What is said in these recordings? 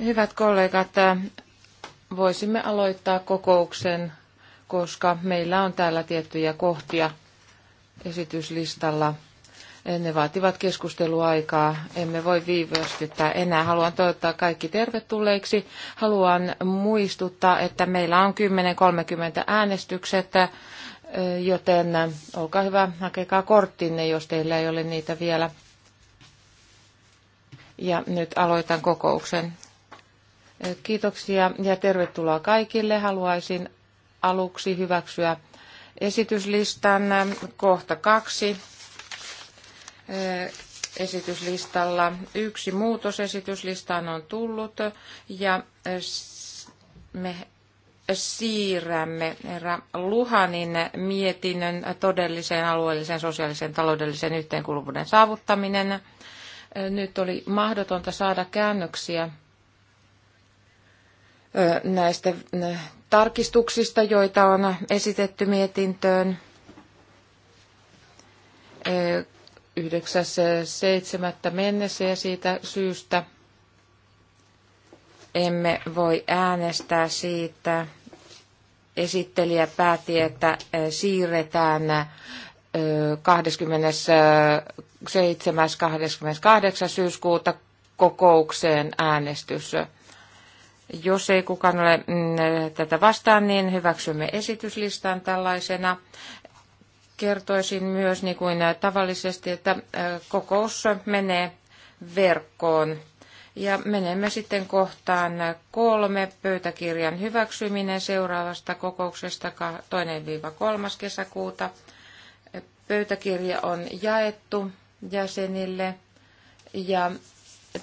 Hyvät kollegat, äh, voisimme aloittaa kokouksen, koska meillä on täällä tiettyjä kohtia esityslistalla. Eh, ne vaativat keskusteluaikaa. Emme voi viivästyttää enää. Haluan toivottaa kaikki tervetulleiksi. Haluan muistuttaa, että meillä on 10.30 äänestykset, eh, joten eh, olkaa hyvä, hakekaa korttinne, jos teillä ei ole niitä vielä ja nyt aloitan kokouksen. Kiitoksia ja tervetuloa kaikille. Haluaisin aluksi hyväksyä esityslistan kohta kaksi. Esityslistalla yksi muutos esityslistaan on tullut ja me siirrämme herra Luhanin mietinnön todellisen alueellisen sosiaalisen taloudellisen yhteenkuuluvuuden saavuttaminen – nyt oli mahdotonta saada käännöksiä näistä tarkistuksista, joita on esitetty mietintöön. 9.7. mennessä ja siitä syystä emme voi äänestää siitä. Esittelijä päätti, että siirretään 20 7.28. syyskuuta kokoukseen äänestys. Jos ei kukaan ole mm, tätä vastaan, niin hyväksymme esityslistan tällaisena. Kertoisin myös niin kuin tavallisesti, että kokous menee verkkoon. Ja menemme sitten kohtaan kolme pöytäkirjan hyväksyminen seuraavasta kokouksesta 2-3. kesäkuuta. Pöytäkirja on jaettu jäsenille. Ja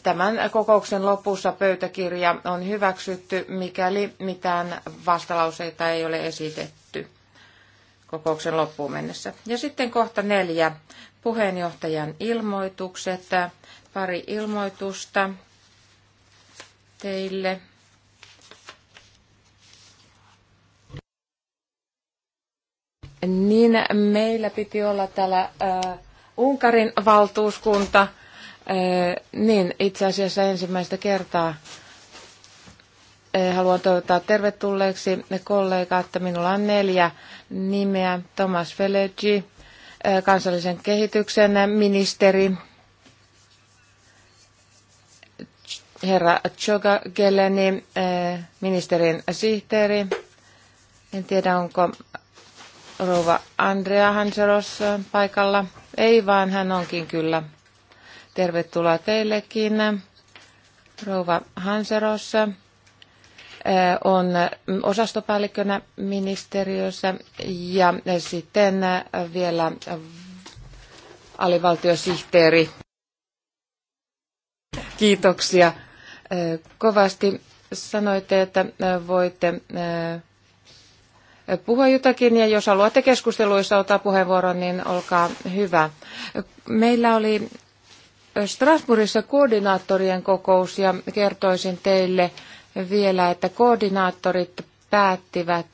tämän kokouksen lopussa pöytäkirja on hyväksytty, mikäli mitään vastalauseita ei ole esitetty kokouksen loppuun mennessä. Ja sitten kohta neljä, puheenjohtajan ilmoitukset. Pari ilmoitusta teille. Niin meillä piti olla täällä äh, Unkarin valtuuskunta, eh, niin itse asiassa ensimmäistä kertaa eh, haluan toivottaa tervetulleeksi ne kollegat. Minulla on neljä nimeä. Thomas Feleggi, eh, kansallisen kehityksen ministeri. Herra Choga Geleni, ministerin sihteeri. En tiedä, onko rouva Andrea Hanseros paikalla. Ei vaan, hän onkin kyllä. Tervetuloa teillekin. Rouva Hanseros äh, on osastopäällikkönä ministeriössä ja sitten äh, vielä alivaltiosihteeri. Kiitoksia äh, kovasti. Sanoitte, että voitte puhua jotakin ja jos haluatte keskusteluissa ottaa puheenvuoron, niin olkaa hyvä. Meillä oli Strasbourgissa koordinaattorien kokous ja kertoisin teille vielä, että koordinaattorit päättivät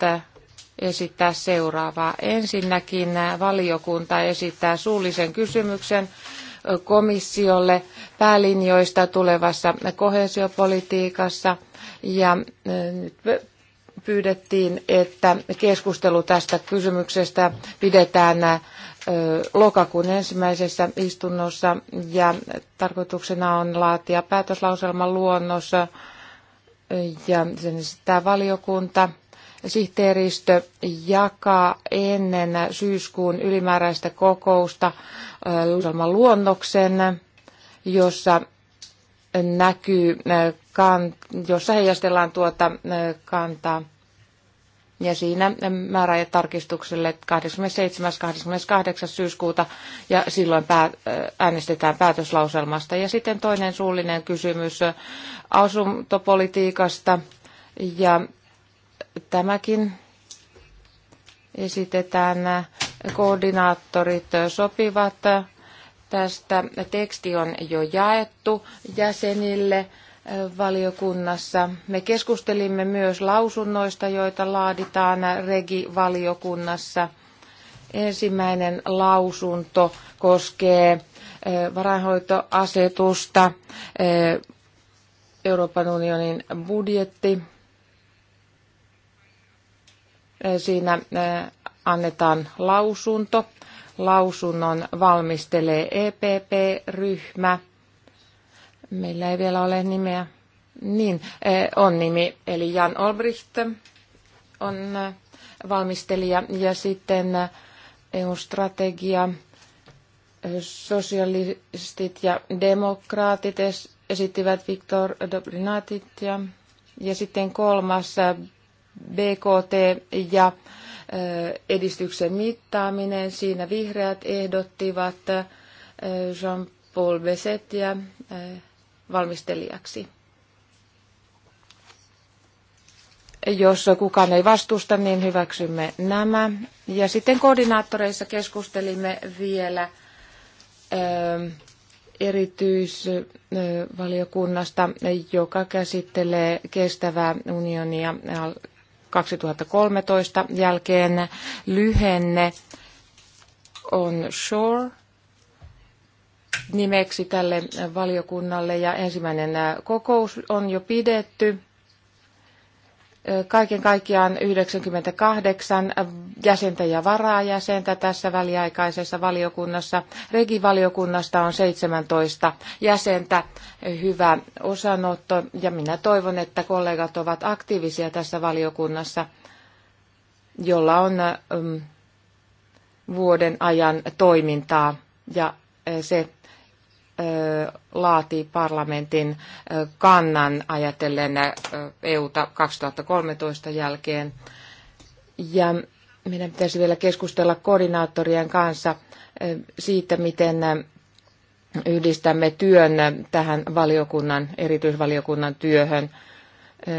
esittää seuraavaa. Ensinnäkin valiokunta esittää suullisen kysymyksen komissiolle päälinjoista tulevassa kohesiopolitiikassa. Ja nyt pyydettiin, että keskustelu tästä kysymyksestä pidetään lokakuun ensimmäisessä istunnossa ja tarkoituksena on laatia päätöslauselman luonnos ja sen esittää valiokunta. Sihteeristö jakaa ennen syyskuun ylimääräistä kokousta lauselman luonnoksen, jossa näkyy, jossa heijastellaan tuota kantaa ja siinä määräajat tarkistukselle 27.–28. syyskuuta ja silloin pää, äänestetään päätöslauselmasta. Ja sitten toinen suullinen kysymys asuntopolitiikasta ja tämäkin esitetään koordinaattorit sopivat. Tästä teksti on jo jaettu jäsenille valiokunnassa. Me keskustelimme myös lausunnoista, joita laaditaan Regi-valiokunnassa. Ensimmäinen lausunto koskee eh, varainhoitoasetusta, eh, Euroopan unionin budjetti. Eh, siinä annetaan lausunto. Lausunnon valmistelee EPP-ryhmä Meillä ei vielä ole nimeä. Niin, eh, on nimi, eli Jan Olbricht on eh, valmistelija ja sitten eh, EU-strategia, sosialistit ja demokraatit esittivät Viktor Dobrinatit ja, ja sitten kolmas BKT ja edistyksen mittaaminen. Siinä vihreät ehdottivat Jean-Paul Besset ja valmistelijaksi. Jos kukaan ei vastusta, niin hyväksymme nämä. Ja sitten koordinaattoreissa keskustelimme vielä ähm, erityisvaliokunnasta, joka käsittelee kestävää unionia 2013 jälkeen lyhenne on SHORE nimeksi tälle valiokunnalle ja ensimmäinen kokous on jo pidetty. Kaiken kaikkiaan 98 jäsentä ja varajäsentä tässä väliaikaisessa valiokunnassa. Regivaliokunnasta on 17 jäsentä. Hyvä osanotto ja minä toivon, että kollegat ovat aktiivisia tässä valiokunnassa, jolla on mm, vuoden ajan toimintaa ja se laati parlamentin kannan ajatellen EUta 2013 jälkeen. Ja meidän pitäisi vielä keskustella koordinaattorien kanssa siitä, miten yhdistämme työn tähän valiokunnan, erityisvaliokunnan työhön,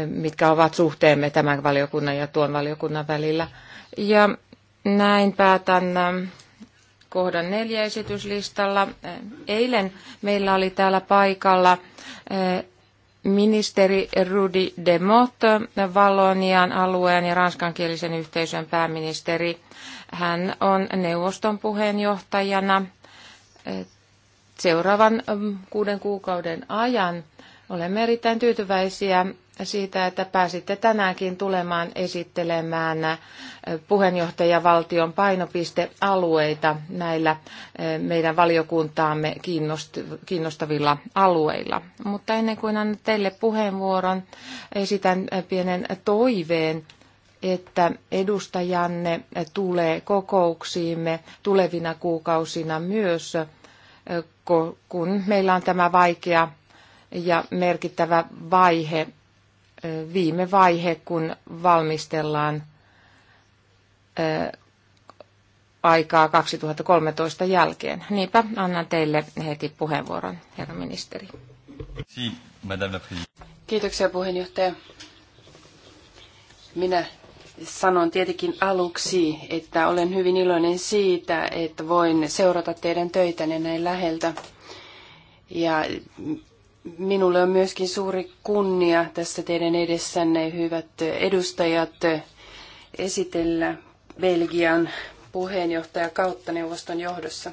mitkä ovat suhteemme tämän valiokunnan ja tuon valiokunnan välillä. Ja näin päätän kohdan neljä esityslistalla. Eilen meillä oli täällä paikalla eh, ministeri Rudi de Mott, Valonian alueen ja ranskankielisen yhteisön pääministeri. Hän on neuvoston puheenjohtajana eh, seuraavan mm, kuuden kuukauden ajan. Olemme erittäin tyytyväisiä siitä, että pääsitte tänäänkin tulemaan esittelemään äh, puheenjohtajavaltion painopistealueita näillä äh, meidän valiokuntaamme kiinnostavilla alueilla. Mutta ennen kuin annan teille puheenvuoron, esitän äh, pienen toiveen että edustajanne tulee kokouksiimme tulevina kuukausina myös, kun meillä on tämä vaikea ja merkittävä vaihe viime vaihe, kun valmistellaan aikaa 2013 jälkeen. Niinpä annan teille heti puheenvuoron, herra ministeri. Kiitoksia puheenjohtaja. Minä sanon tietenkin aluksi, että olen hyvin iloinen siitä, että voin seurata teidän töitänne näin läheltä. Ja Minulle on myöskin suuri kunnia tässä teidän edessänne, hyvät edustajat, esitellä Belgian puheenjohtaja kautta neuvoston johdossa.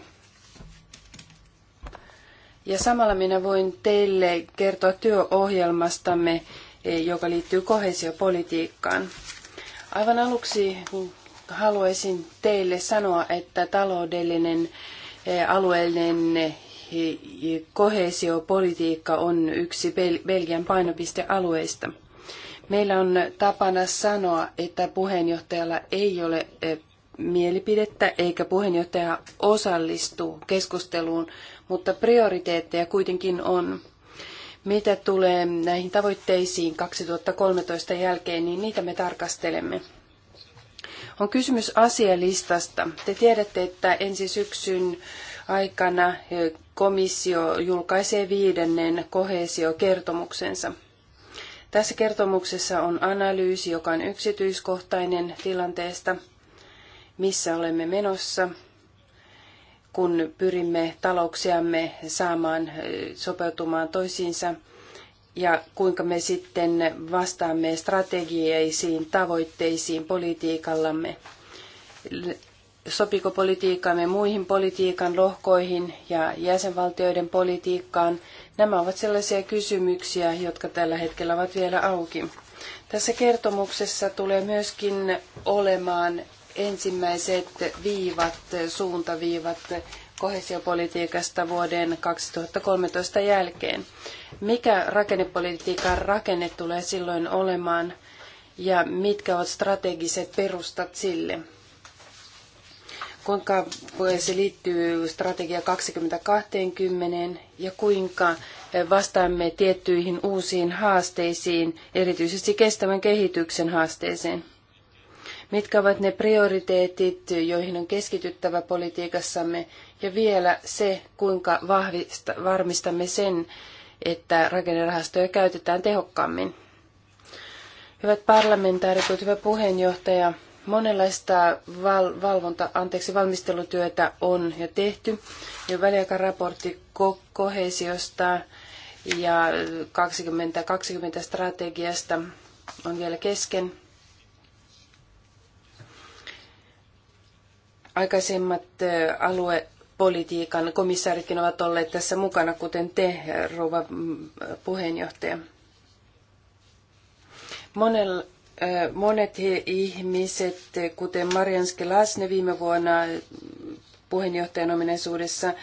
Ja samalla minä voin teille kertoa työohjelmastamme, eh, joka liittyy kohesiopolitiikkaan. Aivan aluksi haluaisin teille sanoa, että taloudellinen, eh, alueellinen kohesiopolitiikka on yksi Belgian painopistealueista. Meillä on tapana sanoa, että puheenjohtajalla ei ole e, mielipidettä eikä puheenjohtaja osallistu keskusteluun, mutta prioriteetteja kuitenkin on. Mitä tulee näihin tavoitteisiin 2013 jälkeen, niin niitä me tarkastelemme. On kysymys asialistasta. Te tiedätte, että ensi syksyn aikana komissio julkaisee viidennen kohesiokertomuksensa. Tässä kertomuksessa on analyysi, joka on yksityiskohtainen tilanteesta, missä olemme menossa, kun pyrimme talouksiamme saamaan sopeutumaan toisiinsa ja kuinka me sitten vastaamme strategieisiin tavoitteisiin politiikallamme sopiiko politiikkaamme muihin politiikan lohkoihin ja jäsenvaltioiden politiikkaan. Nämä ovat sellaisia kysymyksiä, jotka tällä hetkellä ovat vielä auki. Tässä kertomuksessa tulee myöskin olemaan ensimmäiset viivat, suuntaviivat kohesiopolitiikasta vuoden 2013 jälkeen. Mikä rakennepolitiikan rakenne tulee silloin olemaan ja mitkä ovat strategiset perustat sille? kuinka se liittyy strategia 2020 ja kuinka vastaamme tiettyihin uusiin haasteisiin, erityisesti kestävän kehityksen haasteeseen. Mitkä ovat ne prioriteetit, joihin on keskityttävä politiikassamme ja vielä se, kuinka vahvista, varmistamme sen, että rakennerahastoja käytetään tehokkaammin. Hyvät parlamentaarikot, hyvä puheenjohtaja, Monenlaista val- valvonta, anteeksi, valmistelutyötä on jo tehty. Ja väliaikaraportti ko- kohesiosta ja 2020 strategiasta on vielä kesken. Aikaisemmat aluepolitiikan komissaaritkin ovat olleet tässä mukana, kuten te, rouva puheenjohtaja. Monella, Monet ihmiset, kuten Marianske Lasne viime vuonna puheenjohtajan ominaisuudessa,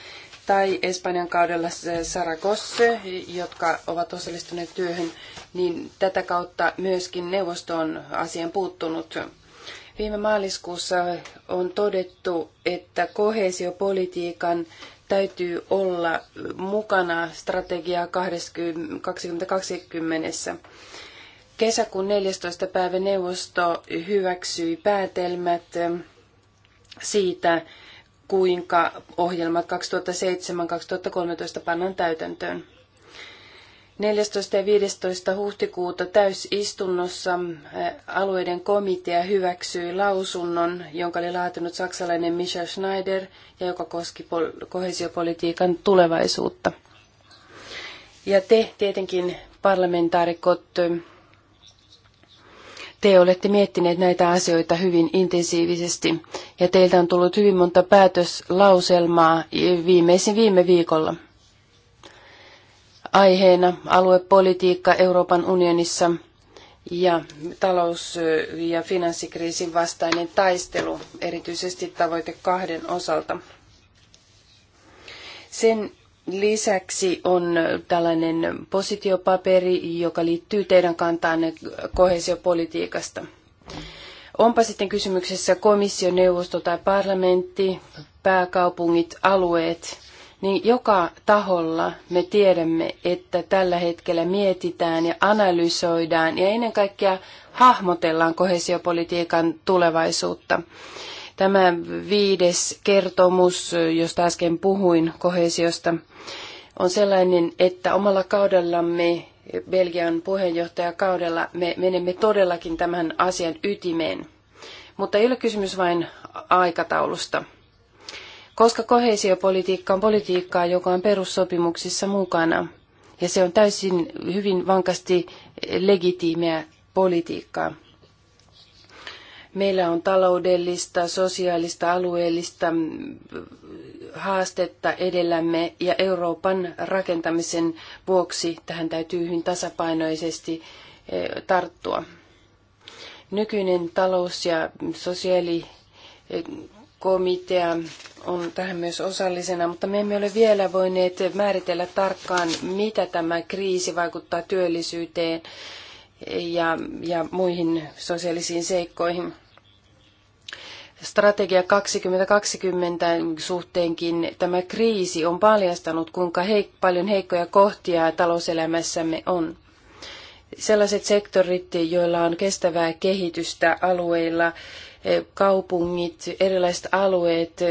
tai Espanjan kaudella Saragosse, jotka ovat osallistuneet työhön, niin tätä kautta myöskin neuvosto on asian puuttunut. Viime maaliskuussa on todettu, että kohesiopolitiikan täytyy olla mukana strategiaa 2020. Kesäkuun 14. päivä neuvosto hyväksyi päätelmät eh, siitä, kuinka ohjelmat 2007-2013 pannaan täytäntöön. 14. ja 15. huhtikuuta täysistunnossa eh, alueiden komitea hyväksyi lausunnon, jonka oli laatinut saksalainen Michel Schneider ja joka koski pol- kohesiopolitiikan tulevaisuutta. Ja te tietenkin parlamentaarikot eh, te olette miettineet näitä asioita hyvin intensiivisesti ja teiltä on tullut hyvin monta päätöslauselmaa viimeisin viime viikolla. Aiheena aluepolitiikka Euroopan unionissa ja talous- ja finanssikriisin vastainen taistelu, erityisesti tavoite kahden osalta. Sen Lisäksi on tällainen positiopaperi, joka liittyy teidän kantaanne kohesiopolitiikasta. Onpa sitten kysymyksessä komissio, neuvosto tai parlamentti, pääkaupungit, alueet, niin joka taholla me tiedämme, että tällä hetkellä mietitään ja analysoidaan ja ennen kaikkea hahmotellaan kohesiopolitiikan tulevaisuutta. Tämä viides kertomus, josta äsken puhuin, kohesiosta, on sellainen, että omalla kaudellamme, Belgian puheenjohtajakaudella, me menemme todellakin tämän asian ytimeen. Mutta ei ole kysymys vain aikataulusta. Koska kohesiopolitiikka on politiikkaa, joka on perussopimuksissa mukana, ja se on täysin hyvin vankasti legitiimeä politiikkaa. Meillä on taloudellista, sosiaalista, alueellista haastetta edellämme ja Euroopan rakentamisen vuoksi tähän täytyy hyvin tasapainoisesti eh, tarttua. Nykyinen talous- ja sosiaalikomitea on tähän myös osallisena, mutta me emme ole vielä voineet määritellä tarkkaan, mitä tämä kriisi vaikuttaa työllisyyteen ja, ja muihin sosiaalisiin seikkoihin. Strategia 2020 suhteenkin tämä kriisi on paljastanut, kuinka heik- paljon heikkoja kohtia talouselämässämme on. Sellaiset sektorit, joilla on kestävää kehitystä alueilla, kaupungit, erilaiset alueet,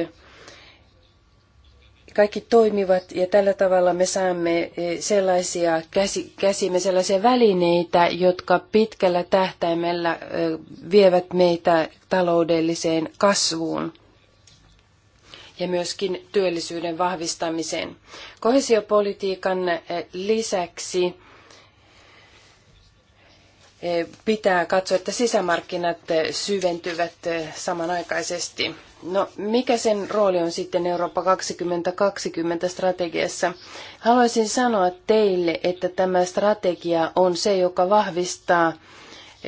kaikki toimivat ja tällä tavalla me saamme e, sellaisia, käsimme sellaisia välineitä, jotka pitkällä tähtäimellä e, vievät meitä taloudelliseen kasvuun ja myöskin työllisyyden vahvistamiseen. Kohesiopolitiikan e, lisäksi pitää katsoa, että sisämarkkinat syventyvät samanaikaisesti. No, mikä sen rooli on sitten Eurooppa 2020 strategiassa? Haluaisin sanoa teille, että tämä strategia on se, joka vahvistaa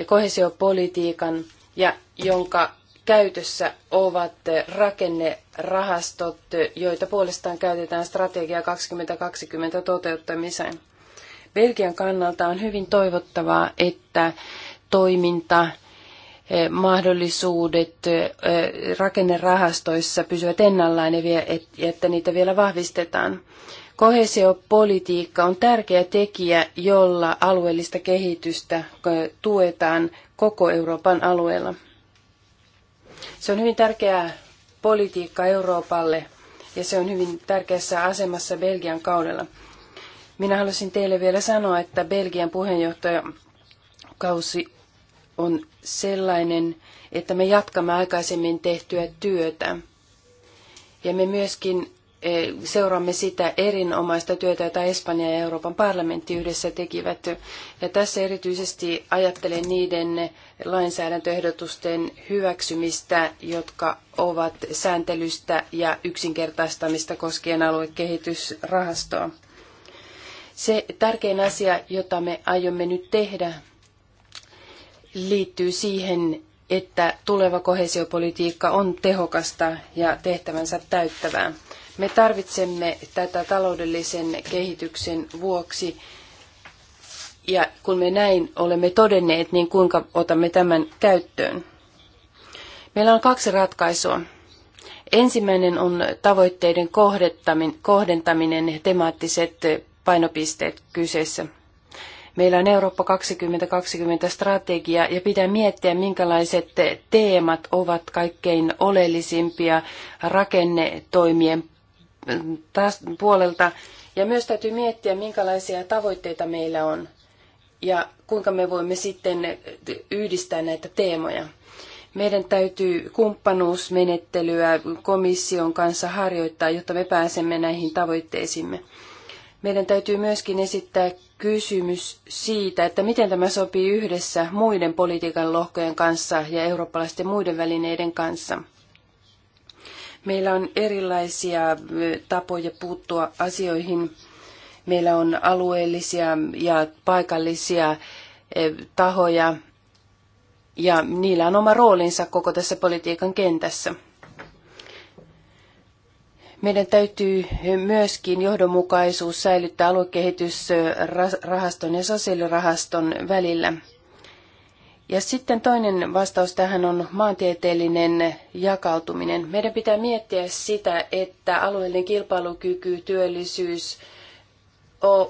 kohesiopolitiikan ja jonka käytössä ovat rakennerahastot, joita puolestaan käytetään strategia 2020 toteuttamiseen. Belgian kannalta on hyvin toivottavaa, että toiminta Eh, mahdollisuudet eh, rakennerahastoissa pysyvät ennallaan ja että niitä vielä vahvistetaan. Kohesiopolitiikka on tärkeä tekijä, jolla alueellista kehitystä eh, tuetaan koko Euroopan alueella. Se on hyvin tärkeää politiikka Euroopalle ja se on hyvin tärkeässä asemassa Belgian kaudella. Minä haluaisin teille vielä sanoa, että Belgian kausi on sellainen, että me jatkamme aikaisemmin tehtyä työtä. Ja me myöskin eh, seuraamme sitä erinomaista työtä, jota Espanja ja Euroopan parlamentti yhdessä tekivät. Ja tässä erityisesti ajattelen niiden lainsäädäntöehdotusten hyväksymistä, jotka ovat sääntelystä ja yksinkertaistamista koskien aluekehitysrahastoa. Se tärkein asia, jota me aiomme nyt tehdä, liittyy siihen, että tuleva kohesiopolitiikka on tehokasta ja tehtävänsä täyttävää. Me tarvitsemme tätä taloudellisen kehityksen vuoksi ja kun me näin olemme todenneet, niin kuinka otamme tämän käyttöön? Meillä on kaksi ratkaisua. Ensimmäinen on tavoitteiden kohdentaminen, ja temaattiset painopisteet kyseessä – Meillä on Eurooppa 2020 strategia ja pitää miettiä, minkälaiset teemat ovat kaikkein oleellisimpia rakennetoimien mm, puolelta. Ja myös täytyy miettiä, minkälaisia tavoitteita meillä on ja kuinka me voimme sitten yhdistää näitä teemoja. Meidän täytyy kumppanuusmenettelyä komission kanssa harjoittaa, jotta me pääsemme näihin tavoitteisimme. Meidän täytyy myöskin esittää kysymys siitä, että miten tämä sopii yhdessä muiden politiikan lohkojen kanssa ja eurooppalaisten muiden välineiden kanssa. Meillä on erilaisia tapoja puuttua asioihin. Meillä on alueellisia ja paikallisia tahoja, ja niillä on oma roolinsa koko tässä politiikan kentässä. Meidän täytyy myöskin johdonmukaisuus säilyttää aluekehitysrahaston ja sosiaalirahaston välillä. Ja sitten toinen vastaus tähän on maantieteellinen jakautuminen. Meidän pitää miettiä sitä, että alueellinen kilpailukyky, työllisyys,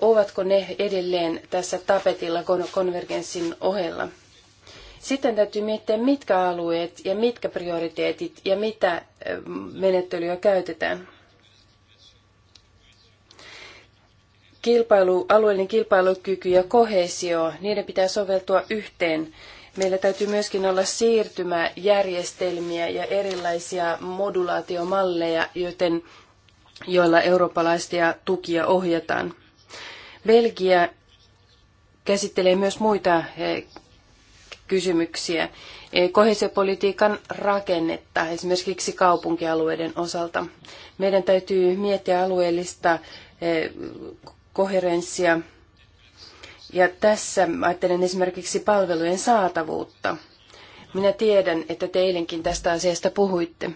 ovatko ne edelleen tässä tapetilla konvergenssin ohella. Sitten täytyy miettiä, mitkä alueet ja mitkä prioriteetit ja mitä menettelyä käytetään. kilpailu, alueellinen kilpailukyky ja kohesio, niiden pitää soveltua yhteen. Meillä täytyy myöskin olla siirtymäjärjestelmiä ja erilaisia modulaatiomalleja, joten, joilla eurooppalaisia tukia ohjataan. Belgia käsittelee myös muita eh, kysymyksiä. Eh, kohesiopolitiikan rakennetta esimerkiksi kaupunkialueiden osalta. Meidän täytyy miettiä alueellista eh, koherenssia. Ja tässä ajattelen esimerkiksi palvelujen saatavuutta. Minä tiedän, että teilenkin tästä asiasta puhuitte.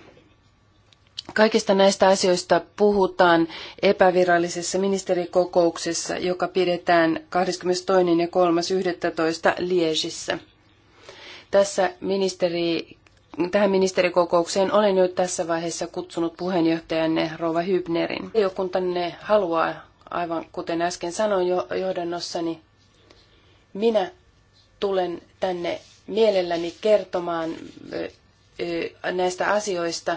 Kaikista näistä asioista puhutaan epävirallisessa ministerikokouksessa, joka pidetään 22. ja 3.11. Liesissä. Tässä ministeri, tähän ministerikokoukseen olen jo tässä vaiheessa kutsunut puheenjohtajanne Rova Hybnerin. Valiokuntanne haluaa aivan kuten äsken sanoin jo johdannossani, minä tulen tänne mielelläni kertomaan näistä asioista.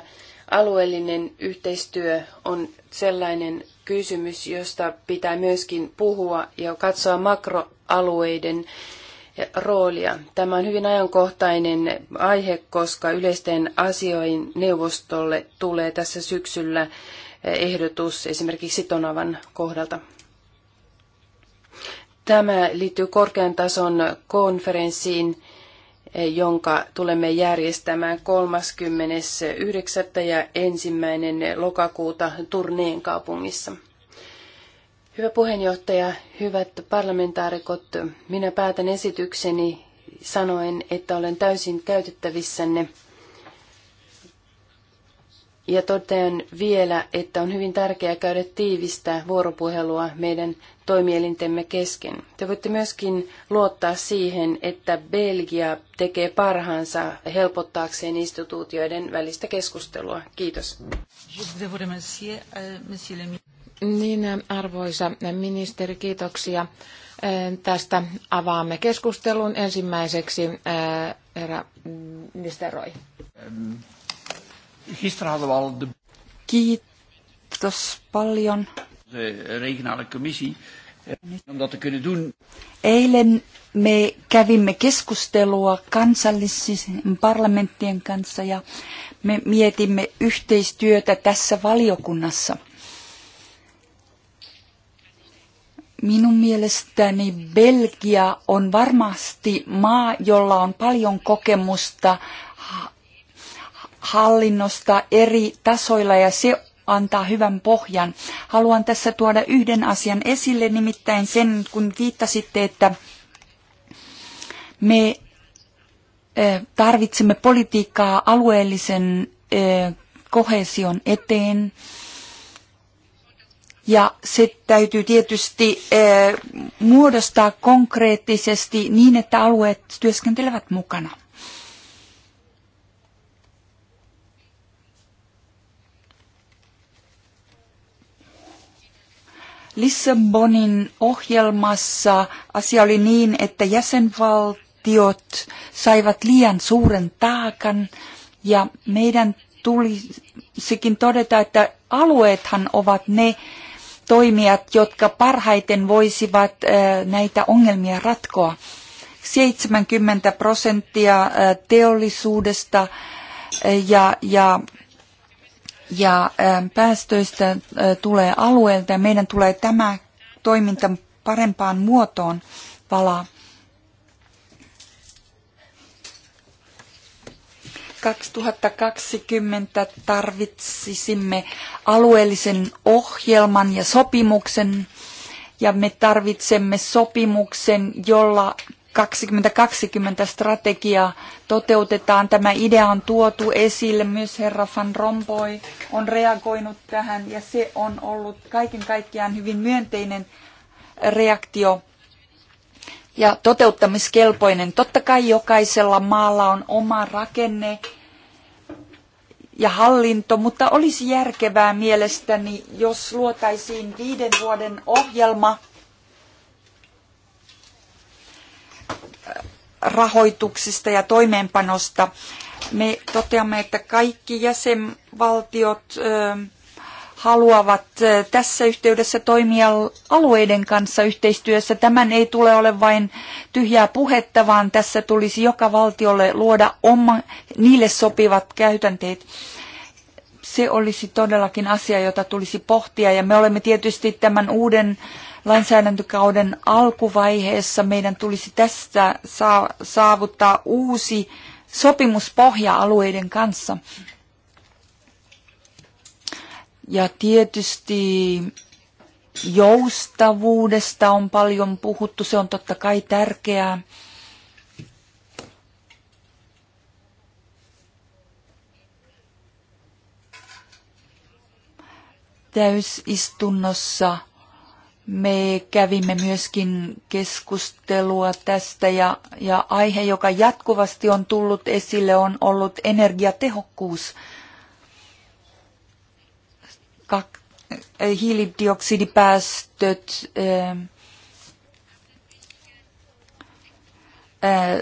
Alueellinen yhteistyö on sellainen kysymys, josta pitää myöskin puhua ja katsoa makroalueiden roolia. Tämä on hyvin ajankohtainen aihe, koska yleisten asioiden neuvostolle tulee tässä syksyllä ehdotus esimerkiksi Tonavan kohdalta. Tämä liittyy korkean tason konferenssiin, jonka tulemme järjestämään 39. ja ensimmäinen lokakuuta Turneen kaupungissa. Hyvä puheenjohtaja, hyvät parlamentaarikot, minä päätän esitykseni sanoen, että olen täysin käytettävissänne ja totean vielä, että on hyvin tärkeää käydä tiivistä vuoropuhelua meidän toimielintemme kesken. Te voitte myöskin luottaa siihen, että Belgia tekee parhaansa helpottaakseen instituutioiden välistä keskustelua. Kiitos. Niin, arvoisa ministeri, kiitoksia. Tästä avaamme keskustelun ensimmäiseksi herra ministeri. Kiitos paljon. Eh, Eilen me kävimme keskustelua kansallisten parlamenttien kanssa ja me mietimme yhteistyötä tässä valiokunnassa. Minun mielestäni Belgia on varmasti maa, jolla on paljon kokemusta hallinnosta eri tasoilla ja se antaa hyvän pohjan. Haluan tässä tuoda yhden asian esille, nimittäin sen, kun viittasitte, että me tarvitsemme politiikkaa alueellisen kohesion eteen. Ja se täytyy tietysti muodostaa konkreettisesti niin, että alueet työskentelevät mukana. Lissabonin ohjelmassa asia oli niin, että jäsenvaltiot saivat liian suuren taakan ja meidän tulisikin todeta, että alueethan ovat ne toimijat, jotka parhaiten voisivat näitä ongelmia ratkoa. 70 prosenttia teollisuudesta ja, ja ja ähm, päästöistä äh, tulee alueelta ja meidän tulee tämä toiminta parempaan muotoon valaa. 2020 tarvitsisimme alueellisen ohjelman ja sopimuksen, ja me tarvitsemme sopimuksen, jolla 2020 strategia toteutetaan. Tämä idea on tuotu esille, myös herra Van Rompuy on reagoinut tähän ja se on ollut kaiken kaikkiaan hyvin myönteinen reaktio ja toteuttamiskelpoinen. Totta kai jokaisella maalla on oma rakenne ja hallinto, mutta olisi järkevää mielestäni, jos luotaisiin viiden vuoden ohjelma, rahoituksista ja toimeenpanosta. Me toteamme, että kaikki jäsenvaltiot haluavat tässä yhteydessä toimia alueiden kanssa yhteistyössä. Tämän ei tule ole vain tyhjää puhetta, vaan tässä tulisi joka valtiolle luoda oma, niille sopivat käytänteet. Se olisi todellakin asia, jota tulisi pohtia ja me olemme tietysti tämän uuden lainsäädäntökauden alkuvaiheessa meidän tulisi tästä saavuttaa uusi sopimuspohja alueiden kanssa. Ja tietysti joustavuudesta on paljon puhuttu, se on totta kai tärkeää. Täysistunnossa me kävimme myöskin keskustelua tästä ja, ja aihe, joka jatkuvasti on tullut esille, on ollut energiatehokkuus. Kak, eh, hiilidioksidipäästöt, ää, eh, eh,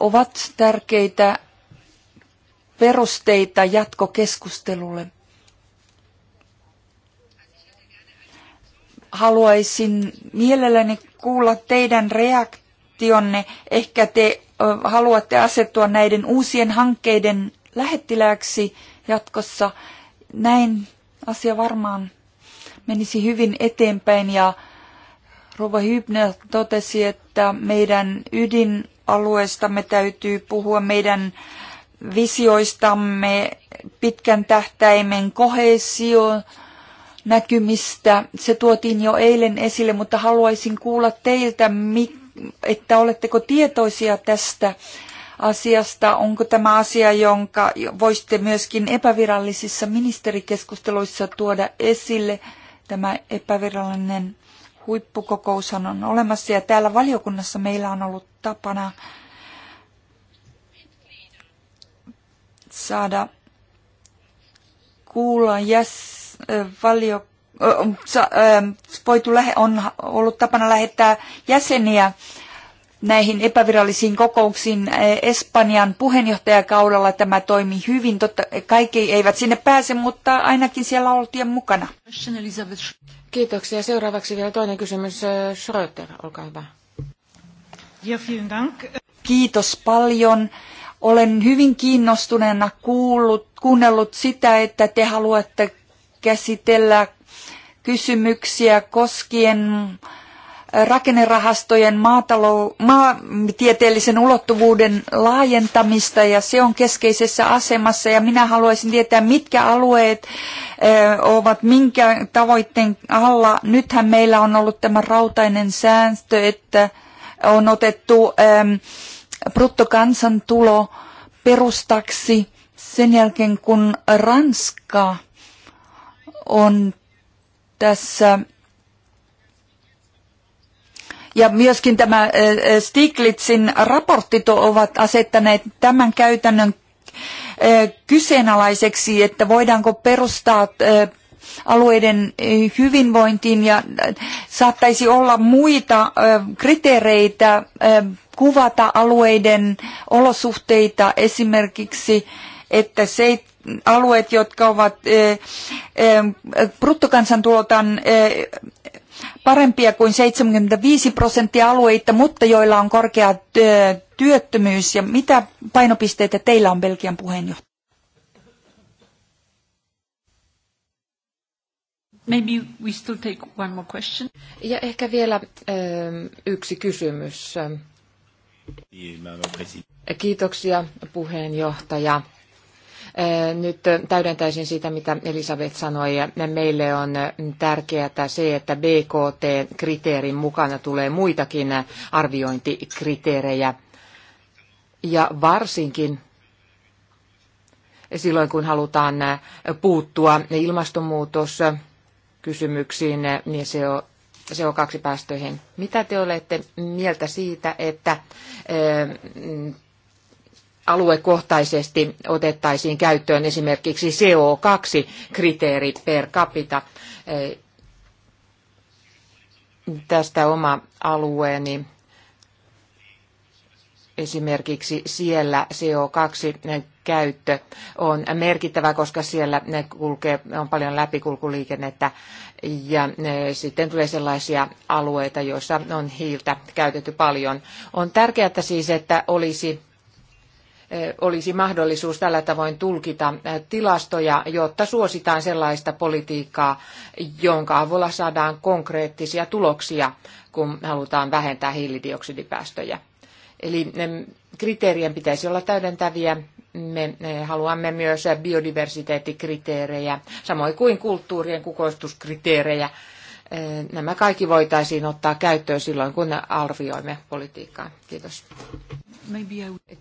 ovat tärkeitä perusteita jatkokeskustelulle. haluaisin mielelläni kuulla teidän reaktionne. Ehkä te haluatte asettua näiden uusien hankkeiden lähettilääksi jatkossa. Näin asia varmaan menisi hyvin eteenpäin ja Rova Hybner totesi, että meidän ydinalueestamme täytyy puhua meidän visioistamme pitkän tähtäimen kohesio, näkymistä. Se tuotiin jo eilen esille, mutta haluaisin kuulla teiltä, että oletteko tietoisia tästä asiasta. Onko tämä asia, jonka voisitte myöskin epävirallisissa ministerikeskusteluissa tuoda esille? Tämä epävirallinen huippukokoushan on olemassa ja täällä valiokunnassa meillä on ollut tapana saada kuulla jäs valio, voitu lähe, on ollut tapana lähettää jäseniä näihin epävirallisiin kokouksiin Espanjan puheenjohtajakaudella tämä toimi hyvin. Totta, kaikki eivät sinne pääse, mutta ainakin siellä oltiin mukana. Kiitoksia. Seuraavaksi vielä toinen kysymys. Schröter, olkaa hyvä. Ja, vielen dank. Kiitos paljon. Olen hyvin kiinnostuneena kuullut, kuunnellut sitä, että te haluatte käsitellä kysymyksiä koskien rakennerahastojen maatalou- maatieteellisen ulottuvuuden laajentamista ja se on keskeisessä asemassa ja minä haluaisin tietää, mitkä alueet ovat minkä tavoitteen alla. Nythän meillä on ollut tämä rautainen sääntö, että on otettu bruttokansantulo perustaksi sen jälkeen, kun Ranska – on tässä ja myöskin tämä äh, äh, Stiglitzin raportit ovat asettaneet tämän käytännön äh, kyseenalaiseksi, että voidaanko perustaa alueiden hyvinvointiin ja saattaisi olla muita kriteereitä kuvata alueiden olosuhteita esimerkiksi, että se alueet, jotka ovat eh, eh, bruttokansantulotan eh, parempia kuin 75 prosenttia alueita, mutta joilla on korkea työttömyys. Ja mitä painopisteitä teillä on Belgian puheenjohtaja? Maybe we still take one more question. Ja ehkä vielä yksi kysymys. Niin, Kiitoksia puheenjohtaja. Nyt täydentäisin sitä, mitä Elisabeth sanoi. Meille on tärkeää se, että BKT-kriteerin mukana tulee muitakin arviointikriteerejä. Ja varsinkin silloin, kun halutaan puuttua ilmastonmuutoskysymyksiin, niin se on CO2-päästöihin. Mitä te olette mieltä siitä, että aluekohtaisesti otettaisiin käyttöön esimerkiksi CO2-kriteeri per capita. Tästä oma alueeni esimerkiksi siellä CO2-käyttö on merkittävä, koska siellä ne kulkee, on paljon läpikulkuliikennettä ja sitten tulee sellaisia alueita, joissa on hiiltä käytetty paljon. On tärkeää siis, että olisi olisi mahdollisuus tällä tavoin tulkita tilastoja, jotta suositaan sellaista politiikkaa, jonka avulla saadaan konkreettisia tuloksia, kun halutaan vähentää hiilidioksidipäästöjä. Eli kriteerien pitäisi olla täydentäviä. Me haluamme myös biodiversiteettikriteerejä, samoin kuin kulttuurien kukoistuskriteerejä. Nämä kaikki voitaisiin ottaa käyttöön silloin, kun arvioimme politiikkaa. Kiitos.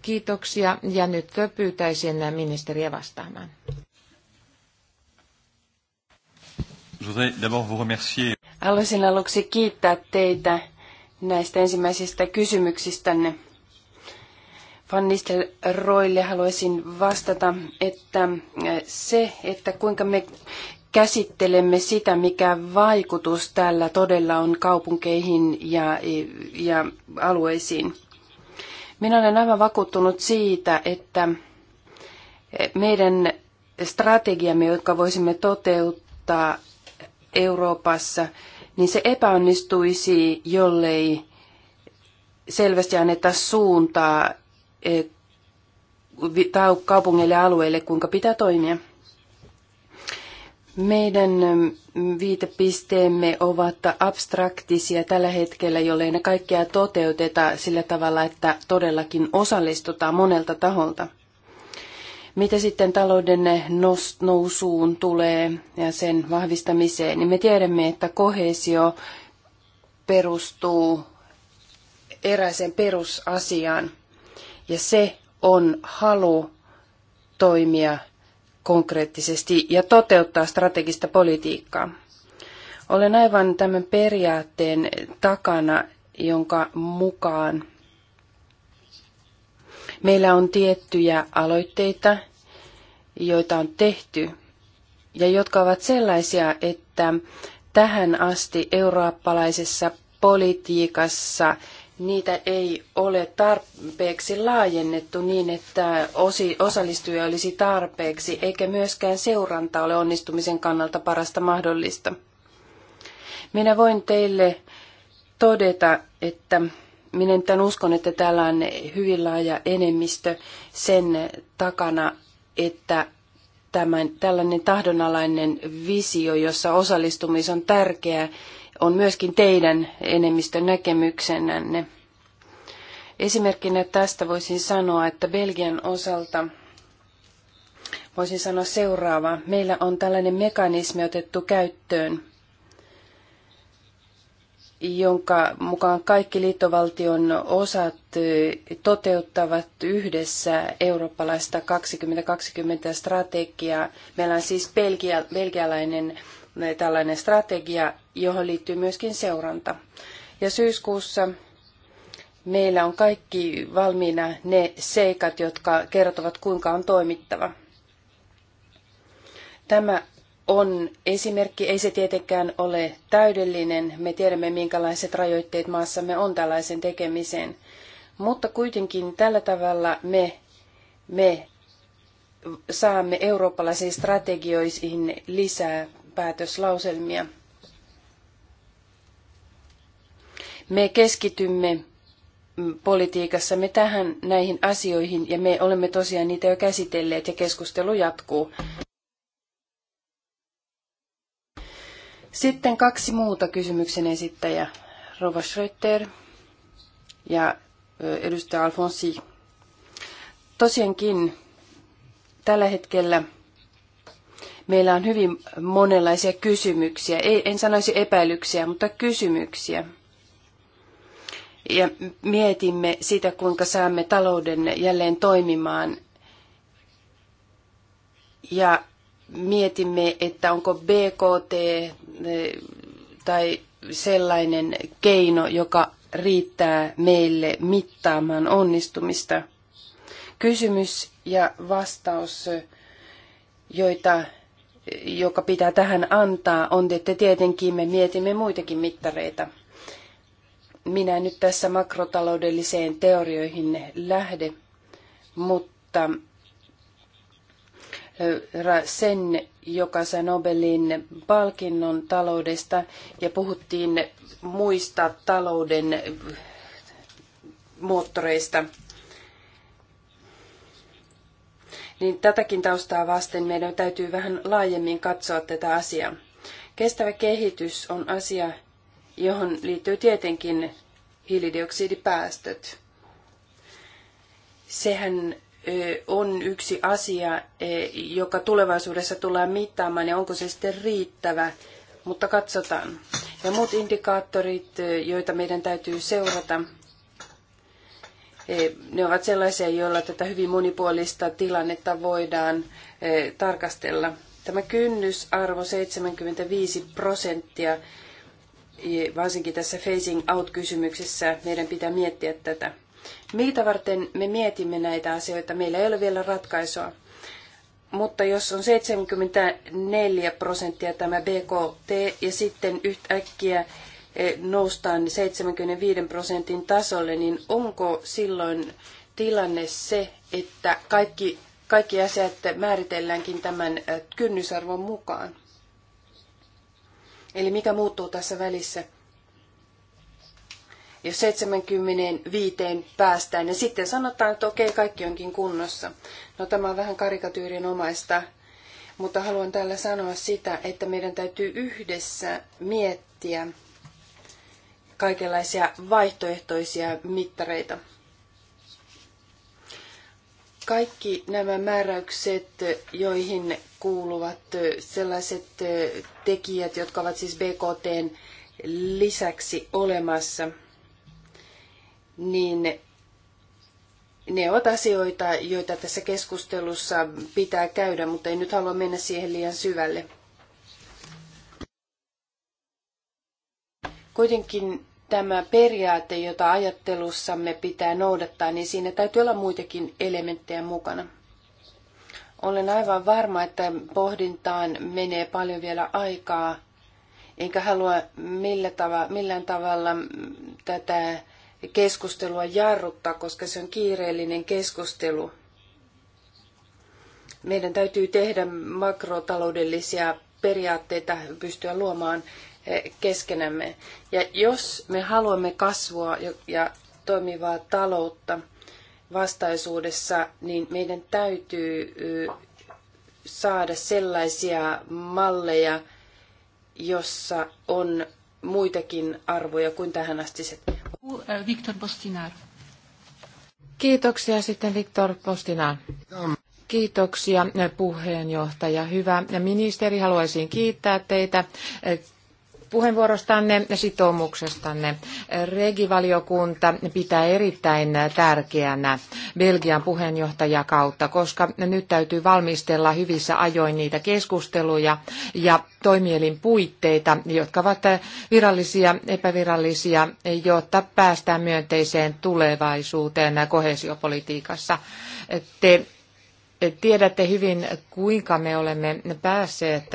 Kiitoksia ja nyt pyytäisin ministeriä vastaamaan. Haluaisin aluksi kiittää teitä näistä ensimmäisistä kysymyksistänne. Van Nistelrooille haluaisin vastata, että eh, se, että kuinka me käsittelemme sitä, mikä vaikutus tällä todella on kaupunkeihin ja, eh, ja alueisiin. Minä olen aivan vakuuttunut siitä, että meidän strategiamme, jotka voisimme toteuttaa Euroopassa, niin se epäonnistuisi, jollei selvästi anneta suuntaa eh, kaupungeille ja alueille, kuinka pitää toimia. Meidän mm, viitepisteemme ovat abstraktisia tällä hetkellä, jollei ne kaikkea toteuteta sillä tavalla, että todellakin osallistutaan monelta taholta. Mitä sitten talouden nousuun tulee ja sen vahvistamiseen, niin me tiedämme, että kohesio perustuu eräisen perusasiaan, ja se on halu toimia konkreettisesti ja toteuttaa strategista politiikkaa. Olen aivan tämän periaatteen takana, jonka mukaan meillä on tiettyjä aloitteita, joita on tehty ja jotka ovat sellaisia, että tähän asti eurooppalaisessa politiikassa niitä ei ole tarpeeksi laajennettu niin, että osi, osallistuja olisi tarpeeksi, eikä myöskään seuranta ole onnistumisen kannalta parasta mahdollista. Minä voin teille todeta, että minä tämän uskon, että täällä on hyvin laaja enemmistö sen takana, että tämän, tällainen tahdonalainen visio, jossa osallistumis on tärkeää, on myöskin teidän enemmistön näkemyksenänne. Esimerkkinä tästä voisin sanoa, että Belgian osalta voisin sanoa seuraava. Meillä on tällainen mekanismi otettu käyttöön, jonka mukaan kaikki liittovaltion osat toteuttavat yhdessä eurooppalaista 2020 strategiaa. Meillä on siis belgia, belgialainen tällainen strategia, johon liittyy myöskin seuranta. Ja syyskuussa meillä on kaikki valmiina ne seikat, jotka kertovat, kuinka on toimittava. Tämä on esimerkki, ei se tietenkään ole täydellinen. Me tiedämme, minkälaiset rajoitteet maassamme on tällaisen tekemiseen. Mutta kuitenkin tällä tavalla me, me saamme eurooppalaisiin strategioihin lisää johtopäätöslauselmia. Me keskitymme mm, politiikassamme tähän näihin asioihin ja me olemme tosiaan niitä jo käsitelleet ja keskustelu jatkuu. Sitten kaksi muuta kysymyksen esittäjä, Rova Schröter ja edustaja Alfonsi. Tosiaankin tällä hetkellä Meillä on hyvin monenlaisia kysymyksiä, Ei, en sanoisi epäilyksiä, mutta kysymyksiä. Ja mietimme sitä, kuinka saamme talouden jälleen toimimaan. Ja mietimme, että onko BKT eh, tai sellainen keino, joka riittää meille mittaamaan onnistumista. Kysymys ja vastaus, joita joka pitää tähän antaa, on, että tietenkin me mietimme muitakin mittareita. Minä nyt tässä makrotaloudelliseen teorioihin lähde, mutta sen, joka sai Nobelin palkinnon taloudesta ja puhuttiin muista talouden moottoreista – niin tätäkin taustaa vasten meidän täytyy vähän laajemmin katsoa tätä asiaa. Kestävä kehitys on asia, johon liittyy tietenkin hiilidioksidipäästöt. Sehän on yksi asia, joka tulevaisuudessa tulee mittaamaan ja onko se sitten riittävä, mutta katsotaan. Ja muut indikaattorit, joita meidän täytyy seurata, E, ne ovat sellaisia, joilla tätä hyvin monipuolista tilannetta voidaan e, tarkastella. Tämä kynnysarvo 75 prosenttia, e, varsinkin tässä phasing out-kysymyksessä, meidän pitää miettiä tätä. Mitä varten me mietimme näitä asioita? Meillä ei ole vielä ratkaisua. Mutta jos on 74 prosenttia tämä BKT ja sitten yhtäkkiä E, noustaan 75 prosentin tasolle, niin onko silloin tilanne se, että kaikki, kaikki asiat määritelläänkin tämän e, kynnysarvon mukaan? Eli mikä muuttuu tässä välissä? Jos 75 päästään, niin sitten sanotaan, että okei, kaikki onkin kunnossa. No tämä on vähän omaista, mutta haluan täällä sanoa sitä, että meidän täytyy yhdessä miettiä, kaikenlaisia vaihtoehtoisia mittareita. Kaikki nämä määräykset, joihin kuuluvat sellaiset tekijät, jotka ovat siis BKTn lisäksi olemassa, niin ne ovat asioita, joita tässä keskustelussa pitää käydä, mutta en nyt halua mennä siihen liian syvälle. Kuitenkin tämä periaate, jota ajattelussamme pitää noudattaa, niin siinä täytyy olla muitakin elementtejä mukana. Olen aivan varma, että pohdintaan menee paljon vielä aikaa, enkä halua millä tava, millään tavalla tätä keskustelua jarruttaa, koska se on kiireellinen keskustelu. Meidän täytyy tehdä makrotaloudellisia periaatteita, pystyä luomaan Eh, keskenämme. Ja jos me haluamme kasvua ja toimivaa taloutta vastaisuudessa, niin meidän täytyy saada sellaisia malleja, jossa on muitakin arvoja kuin tähän asti. Viktor Bostinar. Kiitoksia sitten Viktor Postinaan. Kiitoksia puheenjohtaja. Hyvä ministeri, haluaisin kiittää teitä puheenvuorostanne ja sitoumuksestanne. Regivaliokunta pitää erittäin tärkeänä Belgian puheenjohtajakautta, koska nyt täytyy valmistella hyvissä ajoin niitä keskusteluja ja toimielin puitteita, jotka ovat virallisia, epävirallisia, jotta päästään myönteiseen tulevaisuuteen kohesiopolitiikassa. Te tiedätte hyvin, kuinka me olemme päässeet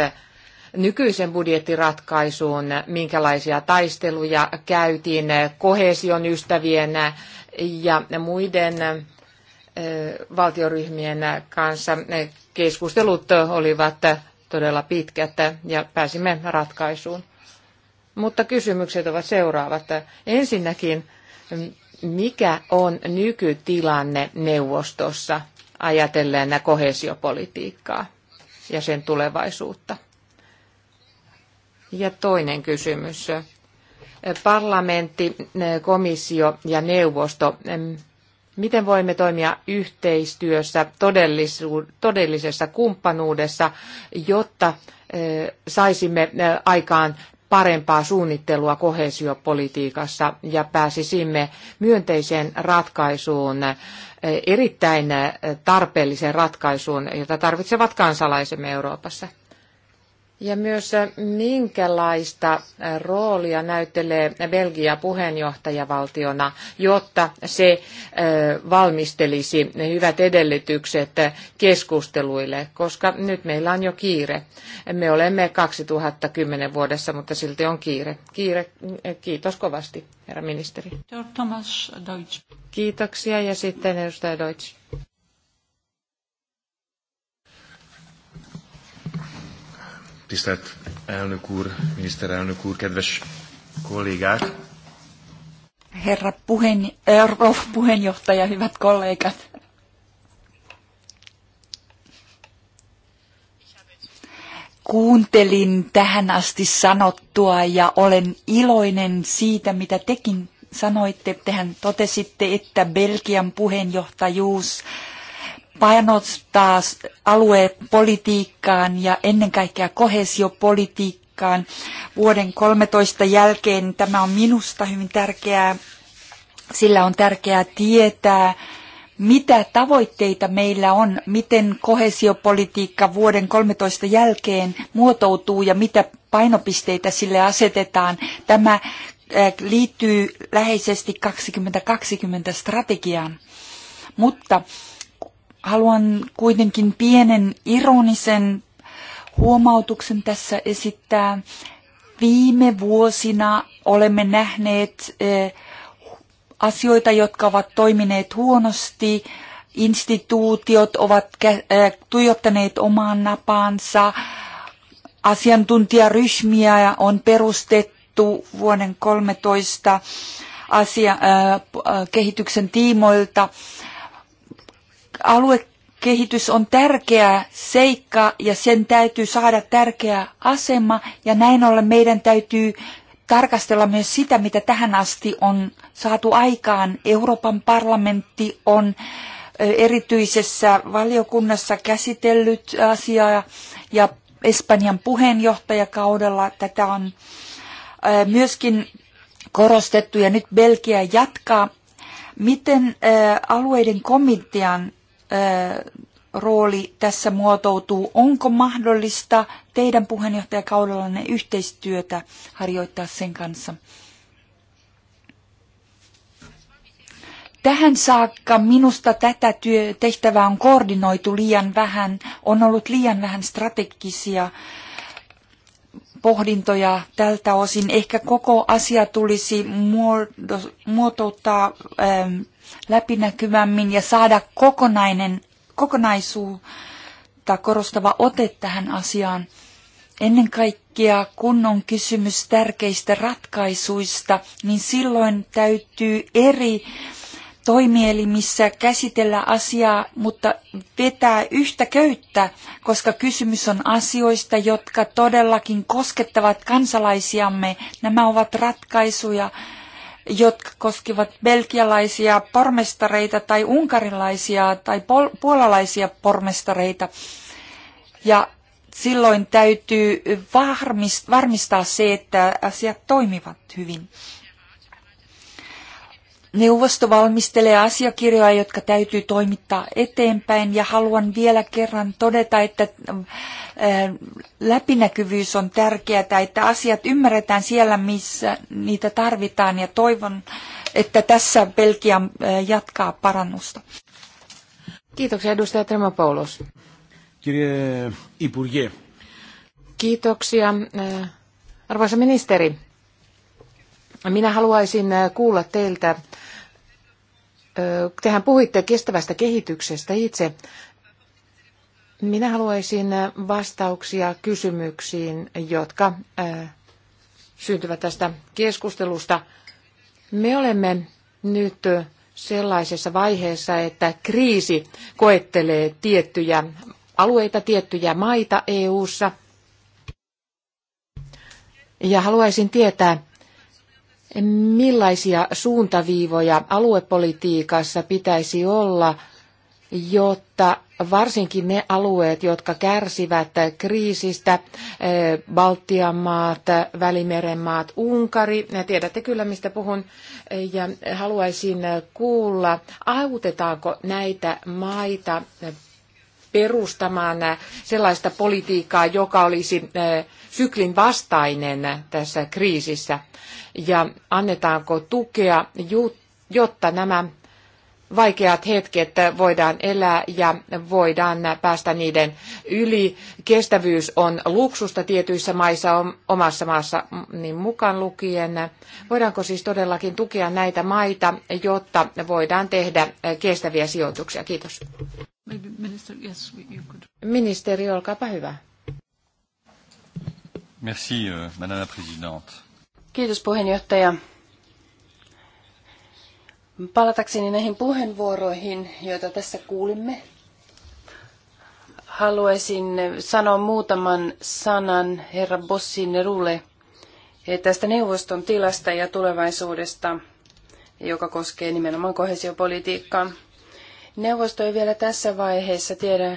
nykyisen budjettiratkaisuun, minkälaisia taisteluja käytiin kohesion ystävien ja muiden valtioryhmien kanssa. Keskustelut olivat todella pitkät ja pääsimme ratkaisuun. Mutta kysymykset ovat seuraavat. Ensinnäkin, mikä on nykytilanne neuvostossa ajatellen kohesiopolitiikkaa ja sen tulevaisuutta? Ja toinen kysymys. Parlamentti, komissio ja neuvosto. Miten voimme toimia yhteistyössä, todellisessa kumppanuudessa, jotta eh, saisimme eh, aikaan parempaa suunnittelua koheesiopolitiikassa ja pääsisimme myönteiseen ratkaisuun, eh, erittäin tarpeelliseen ratkaisuun, jota tarvitsevat kansalaisemme Euroopassa. Ja myös äh, minkälaista äh, roolia näyttelee Belgia puheenjohtajavaltiona, jotta se äh, valmistelisi ne hyvät edellytykset keskusteluille, koska nyt meillä on jo kiire. Me olemme 2010 vuodessa, mutta silti on kiire. kiire kiitos kovasti, herra ministeri. Thomas Deutsch. Kiitoksia ja sitten edustaja Deutsch. Tisztelt elnök úr, miniszterelnök úr, kedves kollégák! Herra puheen, er, eh, puheenjohtaja, hyvät kollegat! Kuuntelin tähän asti sanottua ja olen iloinen siitä, mitä tekin sanoitte. Tehän totesitte, että Belgian puheenjohtajuus painottaa aluepolitiikkaan ja ennen kaikkea kohesiopolitiikkaan vuoden 13 jälkeen. Tämä on minusta hyvin tärkeää. Sillä on tärkeää tietää, mitä tavoitteita meillä on, miten kohesiopolitiikka vuoden 13 jälkeen muotoutuu ja mitä painopisteitä sille asetetaan. Tämä äh, liittyy läheisesti 2020 strategiaan. Mutta haluan kuitenkin pienen ironisen huomautuksen tässä esittää. Viime vuosina olemme nähneet eh, asioita, jotka ovat toimineet huonosti. Instituutiot ovat eh, tuijottaneet omaan napaansa. Asiantuntijaryhmiä on perustettu vuoden 2013 asia, äh, kehityksen tiimoilta. Äh, Aluekehitys on tärkeä seikka ja sen täytyy saada tärkeä asema ja näin ollen meidän täytyy tarkastella myös sitä, mitä tähän asti on saatu aikaan. Euroopan parlamentti on erityisessä valiokunnassa käsitellyt asiaa ja Espanjan puheenjohtajakaudella tätä on myöskin korostettu ja nyt Belgia jatkaa. Miten alueiden komitean rooli tässä muotoutuu? Onko mahdollista teidän puheenjohtajakaudellanne yhteistyötä harjoittaa sen kanssa? Tähän saakka minusta tätä työ, tehtävää on koordinoitu liian vähän, on ollut liian vähän strategisia pohdintoja tältä osin. Ehkä koko asia tulisi muodouttaa ähm, läpinäkyvämmin ja saada kokonainen, kokonaisuutta korostava ote tähän asiaan. Ennen kaikkea, kun on kysymys tärkeistä ratkaisuista, niin silloin täytyy eri toimielimissä käsitellä asiaa, mutta vetää yhtä köyttä, koska kysymys on asioista, jotka todellakin koskettavat kansalaisiamme. Nämä ovat ratkaisuja, jotka koskivat belgialaisia pormestareita tai unkarilaisia tai pol- puolalaisia pormestareita. Ja silloin täytyy varmistaa se, että asiat toimivat hyvin. Neuvosto valmistelee asiakirjoja, jotka täytyy toimittaa eteenpäin ja haluan vielä kerran todeta, että läpinäkyvyys on tärkeää, että asiat ymmärretään siellä, missä niitä tarvitaan ja toivon, että tässä Belgia jatkaa parannusta. Kiitoksia edustaja Trema Kirje Kiitoksia. Arvoisa ministeri, minä haluaisin kuulla teiltä Tehän puhuitte kestävästä kehityksestä itse. Minä haluaisin vastauksia kysymyksiin, jotka syntyvät tästä keskustelusta. Me olemme nyt sellaisessa vaiheessa, että kriisi koettelee tiettyjä alueita, tiettyjä maita EU:ssa. Ja haluaisin tietää, millaisia suuntaviivoja aluepolitiikassa pitäisi olla, jotta varsinkin ne alueet, jotka kärsivät kriisistä, eh, Baltian maat, Välimeren maat, Unkari, tiedätte kyllä mistä puhun, eh, ja haluaisin kuulla, autetaanko näitä maita perustamaan sellaista politiikkaa, joka olisi eh, syklin vastainen tässä kriisissä? Ja annetaanko tukea, jotta nämä vaikeat hetket voidaan elää ja voidaan päästä niiden yli. Kestävyys on luksusta tietyissä maissa, omassa maassa mm, niin mukaan lukien. Voidaanko siis todellakin tukea näitä maita, jotta voidaan tehdä eh, kestäviä sijoituksia? Kiitos. Maybe minister, yes, you could. Ministeri, olkaapa hyvä. Merci, euh, madame la présidente. Kiitos puheenjohtaja. Palatakseni näihin puheenvuoroihin, joita tässä kuulimme, haluaisin sanoa muutaman sanan herra Bossin Rulle eh, tästä neuvoston tilasta ja tulevaisuudesta, joka koskee nimenomaan kohesiopolitiikkaa. Neuvosto ei vielä tässä vaiheessa tiedä,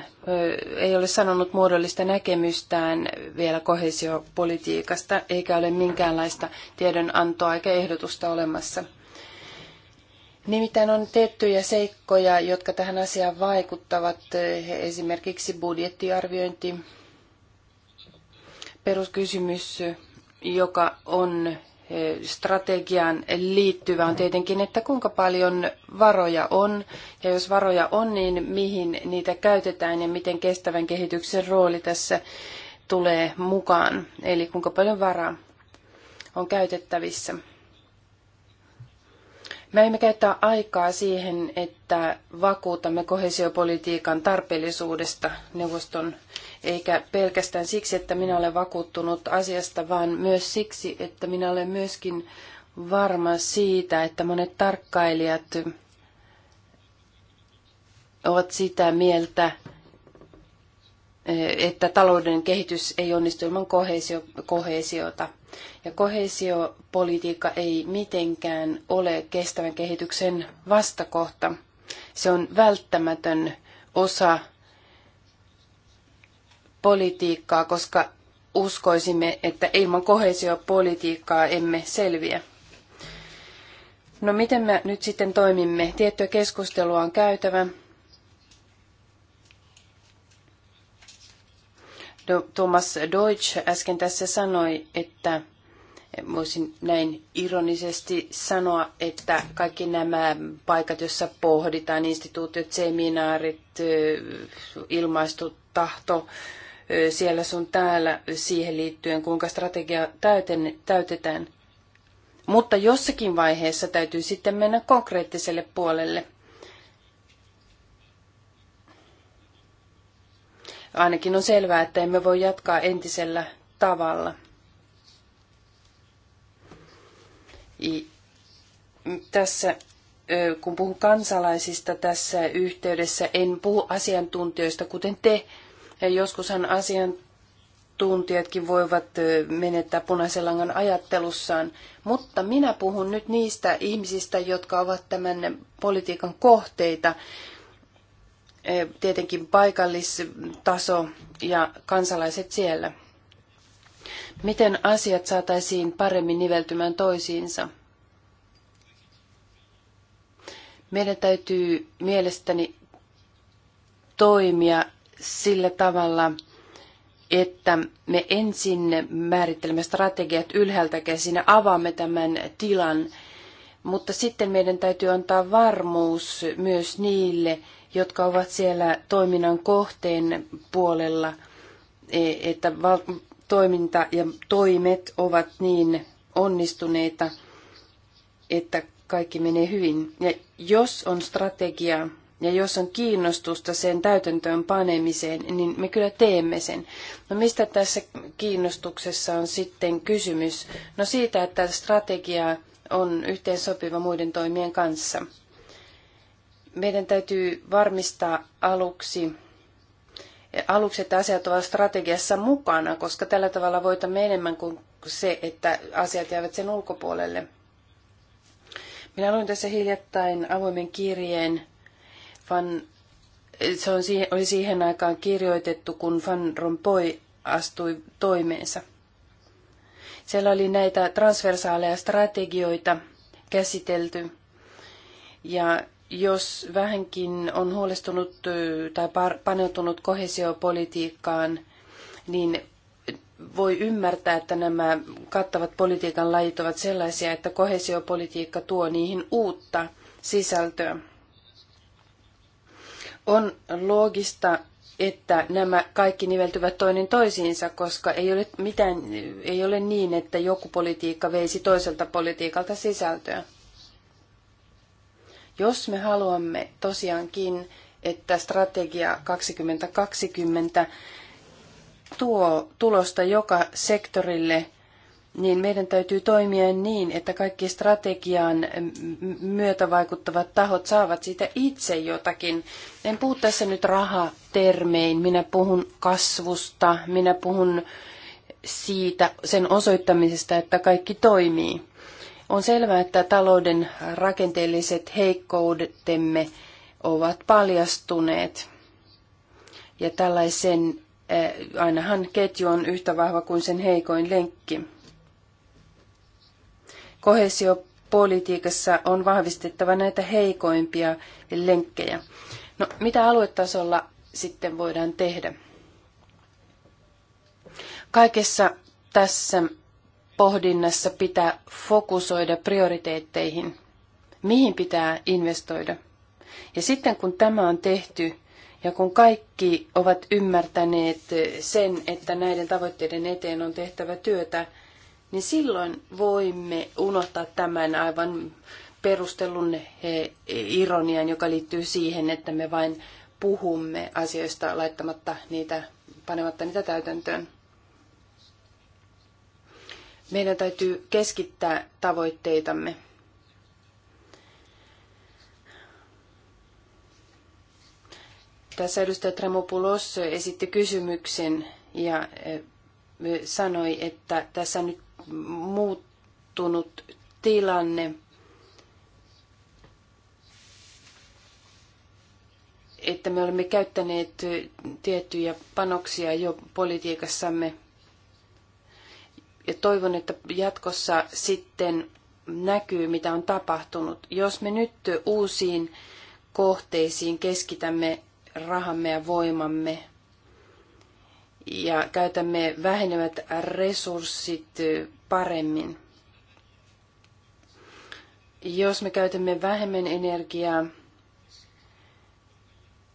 ei ole sanonut muodollista näkemystään vielä kohesiopolitiikasta, eikä ole minkäänlaista tiedonantoa eikä ehdotusta olemassa. Nimittäin on tiettyjä seikkoja, jotka tähän asiaan vaikuttavat, esimerkiksi budjettiarviointi, peruskysymys, joka on strategiaan liittyvä on tietenkin, että kuinka paljon varoja on, ja jos varoja on, niin mihin niitä käytetään ja miten kestävän kehityksen rooli tässä tulee mukaan, eli kuinka paljon varaa on käytettävissä. Me emme käyttää aikaa siihen, että vakuutamme kohesiopolitiikan tarpeellisuudesta neuvoston eikä pelkästään siksi, että minä olen vakuuttunut asiasta, vaan myös siksi, että minä olen myöskin varma siitä, että monet tarkkailijat ovat sitä mieltä, että talouden kehitys ei onnistu ilman kohesio, kohesiota. Ja kohesiopolitiikka ei mitenkään ole kestävän kehityksen vastakohta. Se on välttämätön osa politiikkaa, koska uskoisimme, että ilman kohesiopolitiikkaa emme selviä. No miten me nyt sitten toimimme? Tiettyä keskustelua on käytävä. Thomas Deutsch äsken tässä sanoi, että voisin näin ironisesti sanoa, että kaikki nämä paikat, joissa pohditaan, instituutiot, seminaarit, ilmaistu tahto, siellä sun täällä siihen liittyen, kuinka strategia täyten, täytetään. Mutta jossakin vaiheessa täytyy sitten mennä konkreettiselle puolelle. Ainakin on selvää, että emme voi jatkaa entisellä tavalla. Tässä kun puhun kansalaisista tässä yhteydessä, en puhu asiantuntijoista, kuten te, Joskushan asiantuntijatkin voivat menettää punaisen langan ajattelussaan, mutta minä puhun nyt niistä ihmisistä, jotka ovat tämän politiikan kohteita. Tietenkin paikallistaso ja kansalaiset siellä. Miten asiat saataisiin paremmin niveltymään toisiinsa? Meidän täytyy mielestäni toimia sillä tavalla, että me ensin määrittelemme strategiat ylhäältä käsin, avaamme tämän tilan, mutta sitten meidän täytyy antaa varmuus myös niille, jotka ovat siellä toiminnan kohteen puolella, e, että toiminta ja toimet ovat niin onnistuneita, että kaikki menee hyvin. Ja jos on strategia, ja jos on kiinnostusta sen täytäntöön panemiseen, niin me kyllä teemme sen. No mistä tässä kiinnostuksessa on sitten kysymys? No siitä, että strategia on yhteensopiva muiden toimien kanssa. Meidän täytyy varmistaa aluksi, aluksi, että asiat ovat strategiassa mukana, koska tällä tavalla voitamme enemmän kuin se, että asiat jäävät sen ulkopuolelle. Minä luin tässä hiljattain avoimen kirjeen Van, se on siihen, oli siihen aikaan kirjoitettu, kun Van Rompuy astui toimeensa. Siellä oli näitä transversaaleja strategioita käsitelty. Ja jos vähänkin on huolestunut tai paneutunut kohesiopolitiikkaan, niin voi ymmärtää, että nämä kattavat politiikan lajit ovat sellaisia, että kohesiopolitiikka tuo niihin uutta sisältöä. On loogista, että nämä kaikki niveltyvät toinen toisiinsa, koska ei ole, mitään, ei ole niin, että joku politiikka veisi toiselta politiikalta sisältöä. Jos me haluamme tosiaankin, että strategia 2020 tuo tulosta joka sektorille – niin meidän täytyy toimia niin, että kaikki strategian myötävaikuttavat tahot saavat siitä itse jotakin. En puhu tässä nyt rahatermein, minä puhun kasvusta, minä puhun siitä, sen osoittamisesta, että kaikki toimii. On selvää, että talouden rakenteelliset heikkoudetemme ovat paljastuneet. Ja tällaisen, eh, ainahan ketju on yhtä vahva kuin sen heikoin lenkki kohesiopolitiikassa on vahvistettava näitä heikoimpia lenkkejä. No, mitä aluetasolla sitten voidaan tehdä? Kaikessa tässä pohdinnassa pitää fokusoida prioriteetteihin, mihin pitää investoida. Ja sitten kun tämä on tehty ja kun kaikki ovat ymmärtäneet sen, että näiden tavoitteiden eteen on tehtävä työtä, niin silloin voimme unohtaa tämän aivan perustellun eh, ironian, joka liittyy siihen, että me vain puhumme asioista laittamatta niitä, panematta niitä täytäntöön. Meidän täytyy keskittää tavoitteitamme. Tässä edustaja Tramopoulos esitti kysymyksen ja eh, sanoi, että tässä nyt muuttunut tilanne. että me olemme käyttäneet tiettyjä panoksia jo politiikassamme. Ja toivon, että jatkossa sitten näkyy, mitä on tapahtunut. Jos me nyt uusiin kohteisiin keskitämme rahamme ja voimamme, ja käytämme vähenevät resurssit paremmin. Jos me käytämme vähemmän energiaa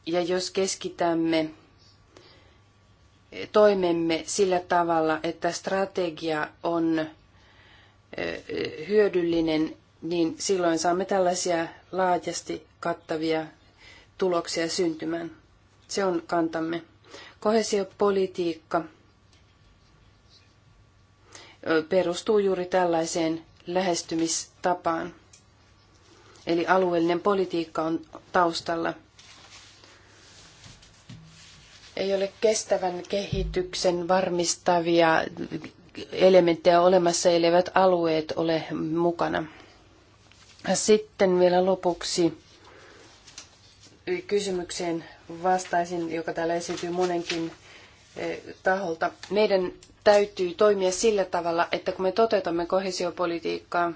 ja jos keskitämme toimemme sillä tavalla, että strategia on hyödyllinen, niin silloin saamme tällaisia laajasti kattavia tuloksia syntymään. Se on kantamme. Kohesiopolitiikka perustuu juuri tällaiseen lähestymistapaan. Eli alueellinen politiikka on taustalla. Ei ole kestävän kehityksen varmistavia elementtejä olemassa, elevät alueet ole mukana. Sitten vielä lopuksi kysymykseen vastaisin, joka täällä esiintyy monenkin eh, taholta. Meidän täytyy toimia sillä tavalla, että kun me toteutamme kohesiopolitiikkaa,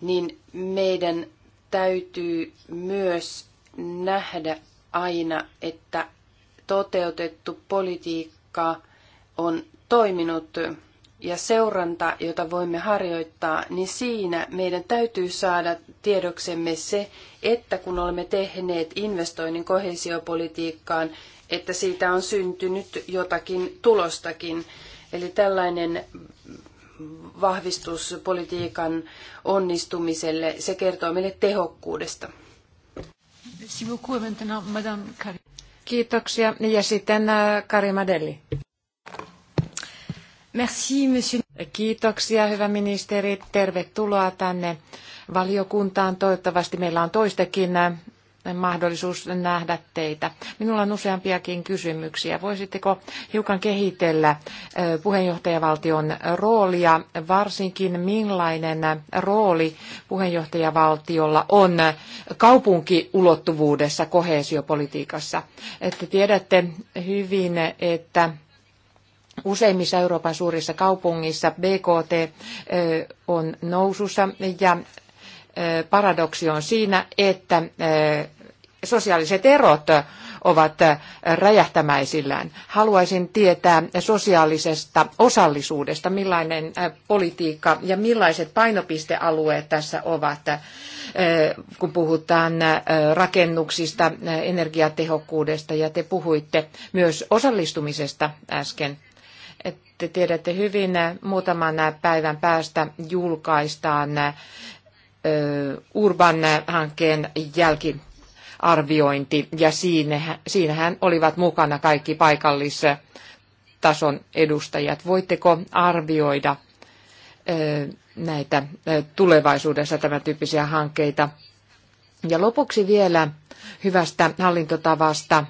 niin meidän täytyy myös nähdä aina, että toteutettu politiikka on toiminut ja seuranta, jota voimme harjoittaa, niin siinä meidän täytyy saada tiedoksemme se, että kun olemme tehneet investoinnin kohesiopolitiikkaan, että siitä on syntynyt jotakin tulostakin. Eli tällainen vahvistus politiikan onnistumiselle, se kertoo meille tehokkuudesta. Kiitoksia. Ja sitten äh, Kari Merci, monsieur. Kiitoksia, hyvä ministeri. Tervetuloa tänne valiokuntaan. Toivottavasti meillä on toistakin äh, mahdollisuus nähdä teitä. Minulla on useampiakin kysymyksiä. Voisitteko hiukan kehitellä äh, puheenjohtajavaltion roolia, varsinkin millainen rooli puheenjohtajavaltiolla on kaupunkiulottuvuudessa kohesiopolitiikassa? Että tiedätte hyvin, että Useimmissa Euroopan suurissa kaupungeissa BKT on nousussa ja paradoksi on siinä, että sosiaaliset erot ovat räjähtämäisillään. Haluaisin tietää sosiaalisesta osallisuudesta, millainen politiikka ja millaiset painopistealueet tässä ovat, kun puhutaan rakennuksista, energiatehokkuudesta ja te puhuitte myös osallistumisesta äsken te tiedätte hyvin, muutaman päivän päästä julkaistaan Urban hankkeen jälkiarviointi ja siinähän olivat mukana kaikki paikallistason edustajat. Voitteko arvioida näitä tulevaisuudessa tämän tyyppisiä hankkeita? Ja lopuksi vielä hyvästä hallintotavasta.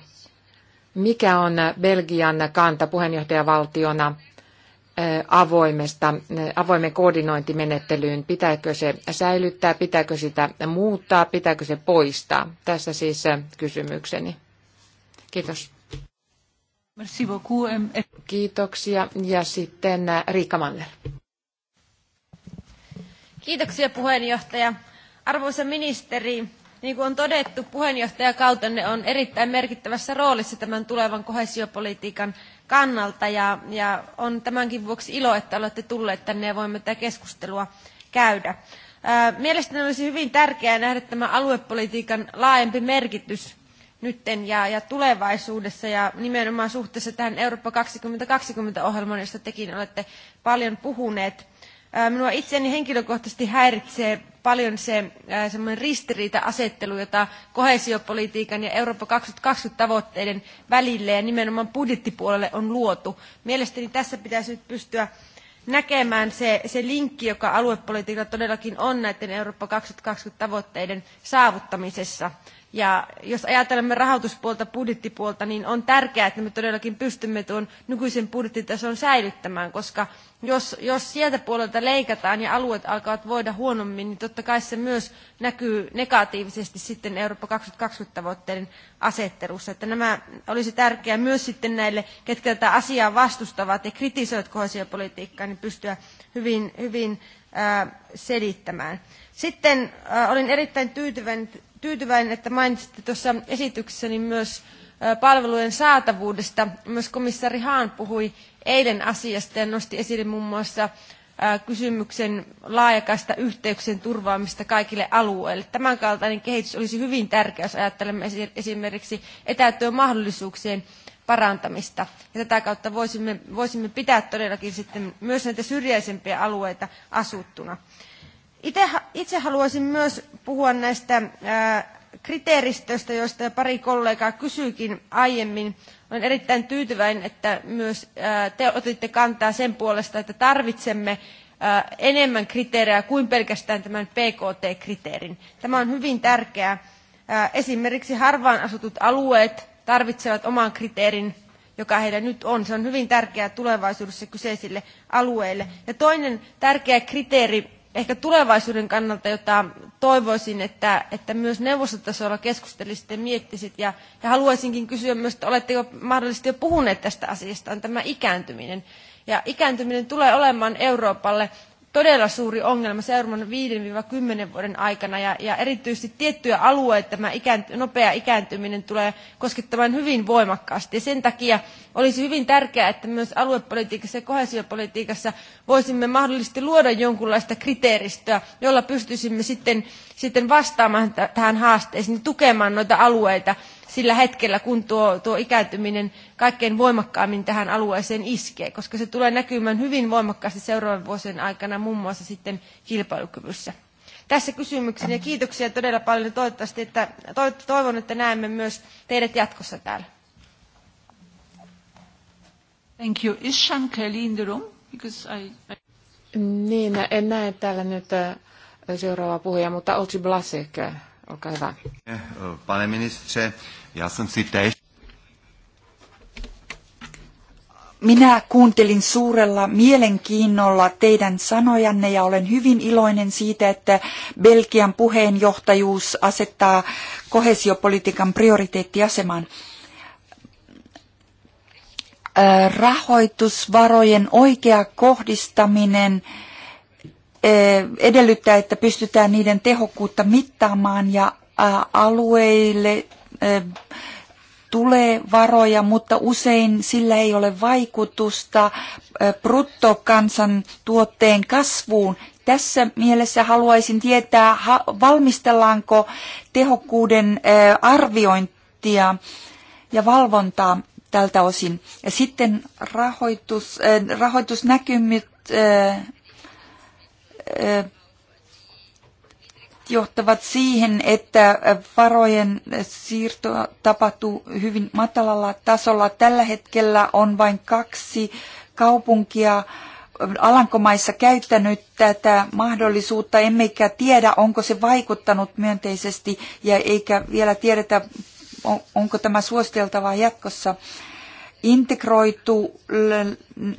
Mikä on Belgian kanta puheenjohtajavaltiona avoimesta, avoimen koordinointimenettelyyn. Pitääkö se säilyttää, pitääkö sitä muuttaa, pitääkö se poistaa? Tässä siis kysymykseni. Kiitos. Kiitoksia. Ja sitten Riikka Manner. Kiitoksia puheenjohtaja. Arvoisa ministeri, niin kuin on todettu, puheenjohtajakautenne on erittäin merkittävässä roolissa tämän tulevan kohesiopolitiikan kannalta. Ja, ja on tämänkin vuoksi ilo, että olette tulleet tänne ja voimme tätä keskustelua käydä. Mielestäni olisi hyvin tärkeää nähdä tämä aluepolitiikan laajempi merkitys nytten ja, ja tulevaisuudessa ja nimenomaan suhteessa tähän Eurooppa 2020-ohjelmaan, josta tekin olette paljon puhuneet. Minua itseäni henkilökohtaisesti häiritsee paljon se semmoinen ristiriita-asettelu, jota kohesiopolitiikan ja Eurooppa 2020 tavoitteiden välille ja nimenomaan budjettipuolelle on luotu. Mielestäni tässä pitäisi nyt pystyä näkemään se, se linkki, joka aluepolitiikalla todellakin on näiden Eurooppa 2020 tavoitteiden saavuttamisessa. Ja jos ajatelemme rahoituspuolta, budjettipuolta, niin on tärkeää, että me todellakin pystymme tuon nykyisen budjettitason säilyttämään, koska jos, jos sieltä puolelta leikataan ja alueet alkavat voida huonommin, niin totta kai se myös näkyy negatiivisesti sitten Eurooppa 2020-tavoitteiden asettelussa. Että nämä olisi tärkeää myös sitten näille, ketkä tätä asiaa vastustavat ja kritisoivat kohesiopolitiikkaa, niin pystyä hyvin, hyvin selittämään. Sitten äh, olin erittäin tyytyväinen, tyytyväinen, että mainitsitte tuossa esityksessäni myös palvelujen saatavuudesta. Myös komissaari Haan puhui eilen asiasta ja nosti esille muun muassa kysymyksen laajakaista yhteyksien turvaamista kaikille alueille. Tämän kaltainen kehitys olisi hyvin tärkeä, jos ajattelemme esimerkiksi etätyömahdollisuuksien parantamista. Ja tätä kautta voisimme, voisimme pitää todellakin sitten myös näitä syrjäisempiä alueita asuttuna. Itse, itse haluaisin myös puhua näistä ää, kriteeristöstä, joista jo pari kollegaa kysyikin aiemmin. Olen erittäin tyytyväinen, että myös te otitte kantaa sen puolesta, että tarvitsemme enemmän kriteerejä kuin pelkästään tämän PKT-kriteerin. Tämä on hyvin tärkeää. Esimerkiksi harvaan asutut alueet tarvitsevat oman kriteerin joka heillä nyt on. Se on hyvin tärkeää tulevaisuudessa kyseisille alueille. Ja toinen tärkeä kriteeri ehkä tulevaisuuden kannalta, jota toivoisin, että, että myös neuvostotasolla keskustelisitte ja miettisit. Ja, ja haluaisinkin kysyä myös, että oletteko mahdollisesti jo puhuneet tästä asiasta, on tämä ikääntyminen. Ja ikääntyminen tulee olemaan Euroopalle todella suuri ongelma seuraavan 5-10 vuoden aikana ja, ja erityisesti tiettyjä alueita tämä ikäänt- nopea ikääntyminen tulee koskettamaan hyvin voimakkaasti. Ja sen takia olisi hyvin tärkeää, että myös aluepolitiikassa ja kohesiopolitiikassa voisimme mahdollisesti luoda jonkunlaista kriteeristöä, jolla pystyisimme sitten, sitten vastaamaan tähän haasteeseen, tukemaan noita alueita sillä hetkellä, kun tuo, tuo ikääntyminen kaikkein voimakkaammin tähän alueeseen iskee, koska se tulee näkymään hyvin voimakkaasti seuraavan vuosien aikana muun muassa sitten kilpailukyvyssä. Tässä kysymykseni ja kiitoksia todella paljon. Toivottavasti, että, toivon, että näemme myös teidät jatkossa täällä. Thank you. Is Sean Kelly in the room? Because I, I... Niin, en näe täällä nyt äh, seuraava puhuja, mutta Olci Blasek, äh, olkaa hyvä. Pane ministre, ja jsem si Minä kuuntelin suurella mielenkiinnolla teidän sanojanne ja olen hyvin iloinen siitä, että Belgian puheenjohtajuus asettaa kohesiopolitiikan prioriteettiasemaan rahoitusvarojen oikea kohdistaminen edellyttää, että pystytään niiden tehokkuutta mittaamaan ja alueille tulee varoja, mutta usein sillä ei ole vaikutusta bruttokansantuotteen kasvuun. Tässä mielessä haluaisin tietää, valmistellaanko tehokkuuden arviointia ja valvontaa tältä osin. Ja sitten rahoitus, äh, rahoitusnäkymät äh, äh, johtavat siihen, että varojen siirto tapahtuu hyvin matalalla tasolla. Tällä hetkellä on vain kaksi kaupunkia Alankomaissa käyttänyt tätä mahdollisuutta, emmekä tiedä, onko se vaikuttanut myönteisesti ja eikä vielä tiedetä, on, onko tämä suositeltavaa jatkossa. Integroitu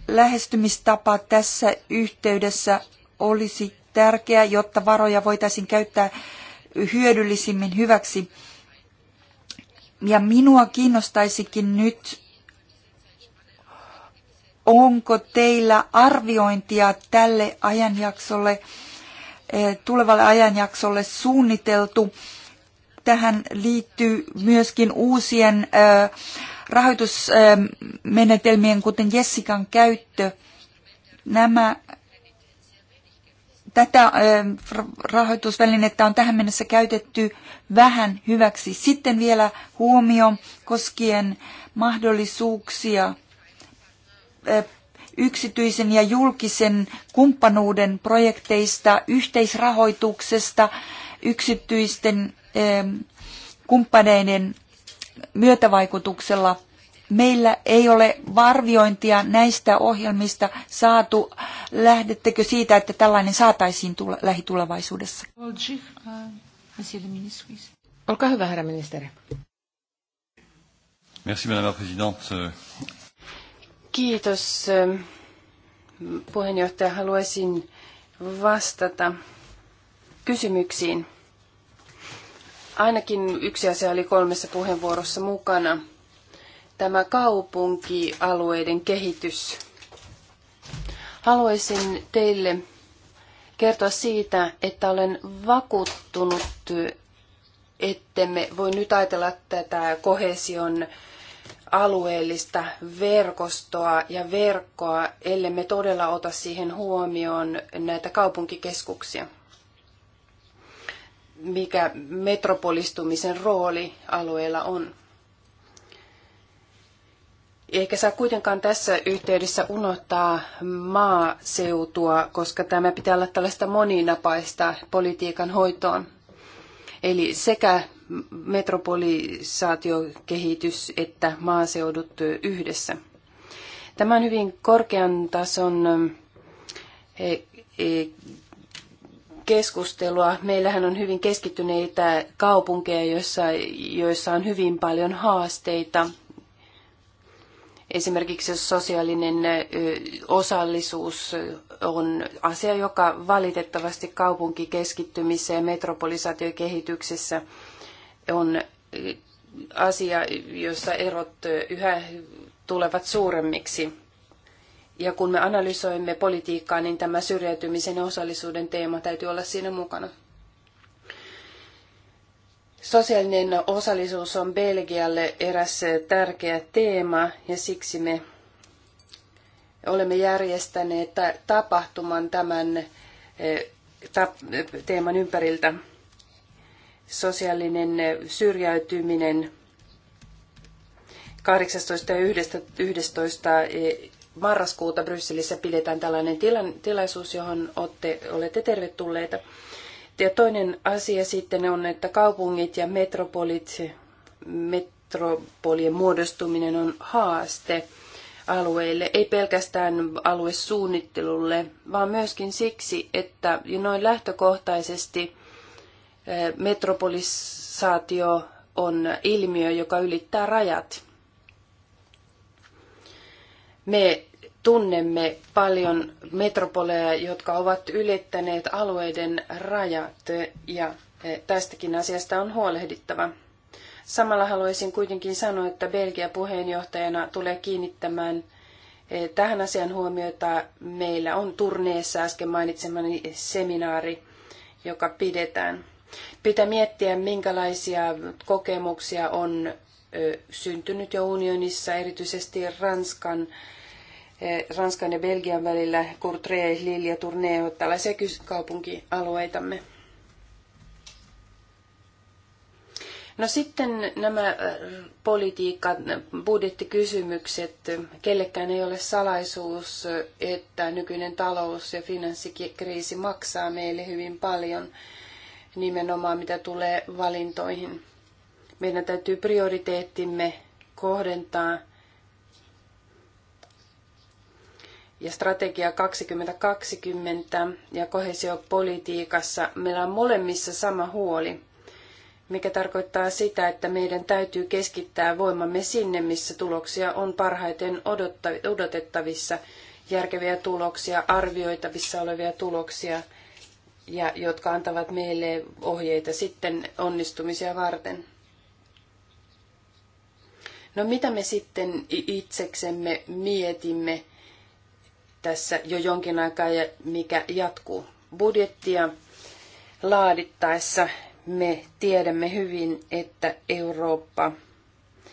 lähestymistapa tässä yhteydessä olisi tärkeä, jotta varoja voitaisiin käyttää hyödyllisimmin hyväksi. Ja minua kiinnostaisikin nyt, onko teillä arviointia tälle ajanjaksolle, eh, tulevalle ajanjaksolle suunniteltu tähän liittyy myöskin uusien rahoitusmenetelmien, kuten Jessikan käyttö. Nämä, tätä rahoitusvälinettä on tähän mennessä käytetty vähän hyväksi. Sitten vielä huomio koskien mahdollisuuksia yksityisen ja julkisen kumppanuuden projekteista, yhteisrahoituksesta, yksityisten kumppaneiden myötävaikutuksella meillä ei ole varviointia näistä ohjelmista saatu. Lähdettekö siitä, että tällainen saataisiin tule- lähitulevaisuudessa? Olkaa hyvä, herra ministeri. Merci, madame la présidente. Kiitos, puheenjohtaja. Haluaisin vastata kysymyksiin. Ainakin yksi asia oli kolmessa puheenvuorossa mukana. Tämä kaupunkialueiden kehitys. Haluaisin teille kertoa siitä, että olen vakuuttunut, ettemme voi nyt ajatella tätä kohesion alueellista verkostoa ja verkkoa, ellei me todella ota siihen huomioon näitä kaupunkikeskuksia mikä metropolistumisen rooli alueella on. Eikä saa kuitenkaan tässä yhteydessä unohtaa maaseutua, koska tämä pitää olla tällaista moninapaista politiikan hoitoon. Eli sekä metropolisaatiokehitys että maaseudut yhdessä. Tämä on hyvin korkean tason eh, eh, keskustelua. Meillähän on hyvin keskittyneitä kaupunkeja, joissa, joissa on hyvin paljon haasteita. Esimerkiksi sosiaalinen osallisuus on asia, joka valitettavasti kaupunkikeskittymissä ja metropolisaatiokehityksessä on asia, jossa erot yhä tulevat suuremmiksi. Ja kun me analysoimme politiikkaa, niin tämä syrjäytymisen ja osallisuuden teema täytyy olla siinä mukana. Sosiaalinen osallisuus on Belgialle eräs tärkeä teema ja siksi me olemme järjestäneet tapahtuman tämän eh, teeman ympäriltä. Sosiaalinen syrjäytyminen 18. ja 11 marraskuuta Brysselissä pidetään tällainen tilaisuus, johon olette, olette tervetulleita. Ja toinen asia sitten on, että kaupungit ja metropolit, metropolien muodostuminen on haaste alueille, ei pelkästään aluesuunnittelulle, vaan myöskin siksi, että noin lähtökohtaisesti eh, metropolisaatio on ilmiö, joka ylittää rajat. Me tunnemme paljon metropoleja, jotka ovat ylittäneet alueiden rajat ja e, tästäkin asiasta on huolehdittava. Samalla haluaisin kuitenkin sanoa, että Belgia puheenjohtajana tulee kiinnittämään e, tähän asian huomiota. Meillä on turneessa äsken mainitsemani seminaari, joka pidetään. Pitää miettiä, minkälaisia kokemuksia on e, syntynyt jo unionissa, erityisesti Ranskan Eh, Ranskan ja Belgian välillä, Courtrai, Lille ja ovat tällaisia kaupunkialueitamme. No sitten nämä äh, politiikka, budjettikysymykset. Kellekään ei ole salaisuus, että nykyinen talous- ja finanssikriisi maksaa meille hyvin paljon nimenomaan mitä tulee valintoihin. Meidän täytyy prioriteettimme kohdentaa – ja strategia 2020 ja kohesiopolitiikassa meillä on molemmissa sama huoli, mikä tarkoittaa sitä, että meidän täytyy keskittää voimamme sinne, missä tuloksia on parhaiten odotettavissa, järkeviä tuloksia, arvioitavissa olevia tuloksia, ja jotka antavat meille ohjeita sitten onnistumisia varten. No mitä me sitten itseksemme mietimme? tässä jo jonkin aikaa ja mikä jatkuu. Budjettia laadittaessa me tiedämme hyvin, että Eurooppa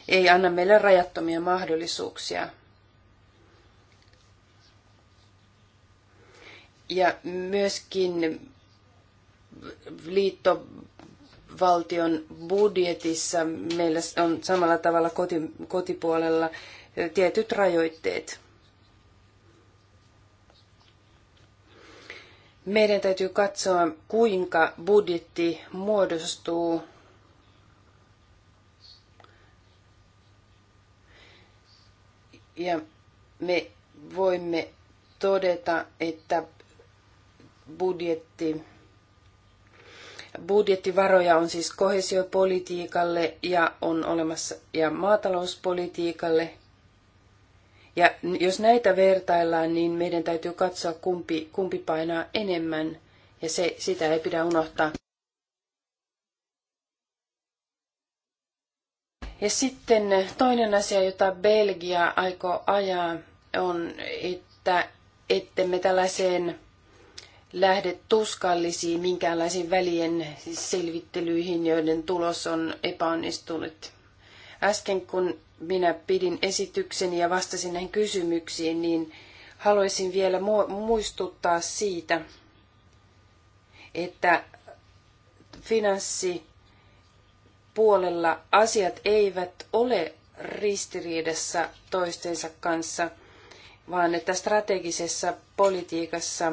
ei anna meille rajattomia mahdollisuuksia. Ja myöskin liittovaltion budjetissa meillä on samalla tavalla kotipuolella tietyt rajoitteet. meidän täytyy katsoa, kuinka budjetti muodostuu. Ja me voimme todeta, että budjetti, budjettivaroja on siis kohesiopolitiikalle ja on olemassa ja maatalouspolitiikalle – ja jos näitä vertaillaan, niin meidän täytyy katsoa, kumpi, kumpi painaa enemmän, ja se, sitä ei pidä unohtaa. Ja sitten toinen asia, jota Belgia aikoo ajaa, on, että ettemme tällaiseen lähde tuskallisiin minkäänlaisiin välien selvittelyihin, joiden tulos on epäonnistunut. Äsken kun minä pidin esitykseni ja vastasin näihin kysymyksiin, niin haluaisin vielä muistuttaa siitä, että finanssipuolella asiat eivät ole ristiriidassa toistensa kanssa, vaan että strategisessa politiikassa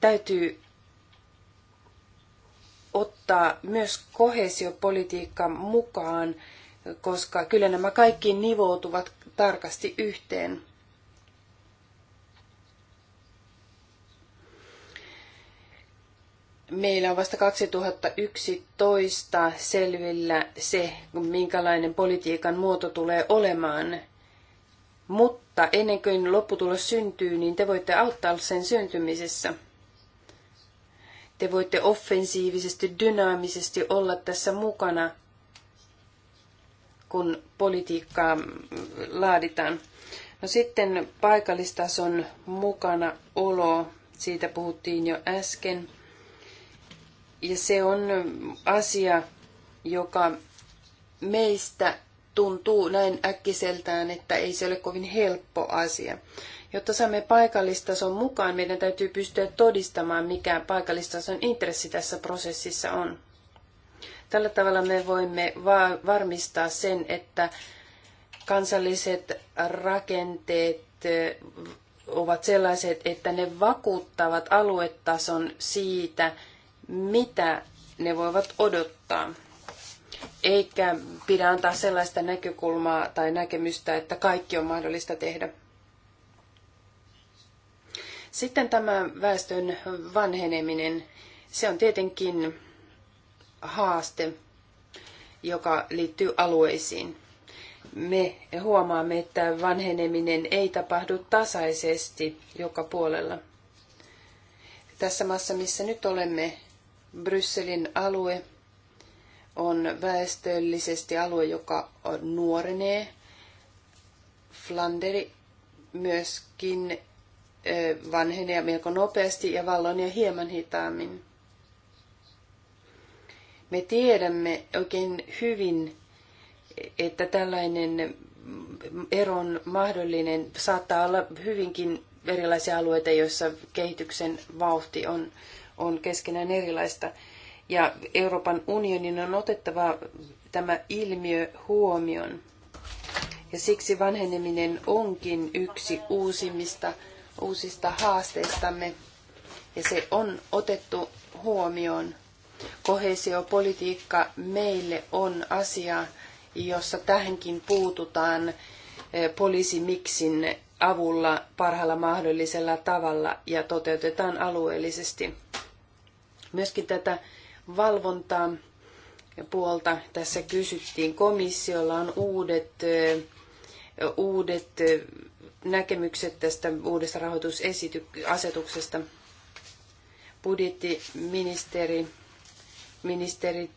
täytyy ottaa myös kohesiopolitiikka mukaan, koska kyllä nämä kaikki nivoutuvat tarkasti yhteen. meillä on vasta 2011 selvillä se, minkälainen politiikan muoto tulee olemaan. Mutta ennen kuin lopputulos syntyy, niin te voitte auttaa sen syntymisessä te voitte offensiivisesti, dynaamisesti olla tässä mukana, kun politiikkaa laaditaan. No sitten paikallistason mukana olo, siitä puhuttiin jo äsken. Ja se on asia, joka meistä tuntuu näin äkkiseltään, että ei se ole kovin helppo asia. Jotta saamme paikallistason mukaan, meidän täytyy pystyä todistamaan, mikä paikallistason intressi tässä prosessissa on. Tällä tavalla me voimme va- varmistaa sen, että kansalliset rakenteet eh, ovat sellaiset, että ne vakuuttavat aluetason siitä, mitä ne voivat odottaa eikä pidä antaa sellaista näkökulmaa tai näkemystä, että kaikki on mahdollista tehdä. Sitten tämä väestön vanheneminen, se on tietenkin haaste, joka liittyy alueisiin. Me huomaamme, että vanheneminen ei tapahdu tasaisesti joka puolella. Tässä maassa, missä nyt olemme, Brysselin alue, on väestöllisesti alue, joka nuorenee. Flanderi myöskin vanhenee melko nopeasti ja Vallonia hieman hitaammin. Me tiedämme oikein hyvin, että tällainen eron mahdollinen saattaa olla hyvinkin erilaisia alueita, joissa kehityksen vauhti on, on keskenään erilaista. Ja Euroopan unionin on otettava tämä ilmiö huomioon. Ja siksi vanheneminen onkin yksi uusimmista, uusista haasteistamme. Ja se on otettu huomioon. Kohesiopolitiikka meille on asia, jossa tähänkin puututaan eh, poliisimiksin avulla parhaalla mahdollisella tavalla ja toteutetaan alueellisesti. Myöskin tätä valvontaa puolta. Tässä kysyttiin, komissiolla on uudet, uudet näkemykset tästä uudesta rahoitusasetuksesta. Budjettiministeri ministerit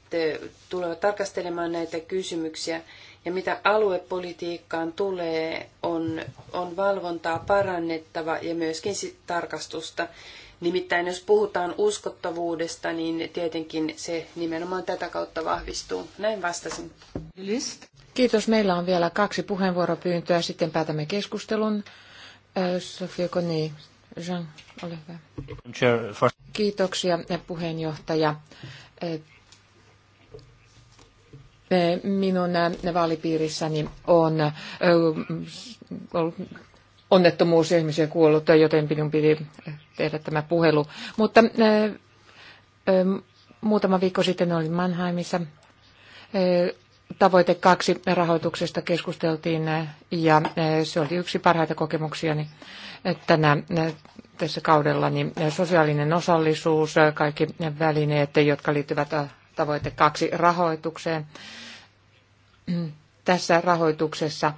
tulevat tarkastelemaan näitä kysymyksiä. Ja mitä aluepolitiikkaan tulee, on, on valvontaa parannettava ja myöskin tarkastusta. Nimittäin jos puhutaan uskottavuudesta, niin tietenkin se nimenomaan tätä kautta vahvistuu. Näin vastasin. List. Kiitos. Meillä on vielä kaksi puheenvuoropyyntöä. Sitten päätämme keskustelun. Sofia Koni, Jean, ole hyvä. Kiitoksia puheenjohtaja. Minun vaalipiirissäni on ollut onnettomuus ihmisiä kuollut, joten minun piti äh, tehdä tämä puhelu. Mutta äh, ähm, muutama viikko sitten olin Mannheimissa. Äh, tavoite kaksi rahoituksesta keskusteltiin ja se oli yksi parhaita kokemuksiani tänä tässä kaudella. Niin sosiaalinen osallisuus, kaikki välineet, jotka liittyvät tavoite kaksi rahoitukseen. Tässä rahoituksessa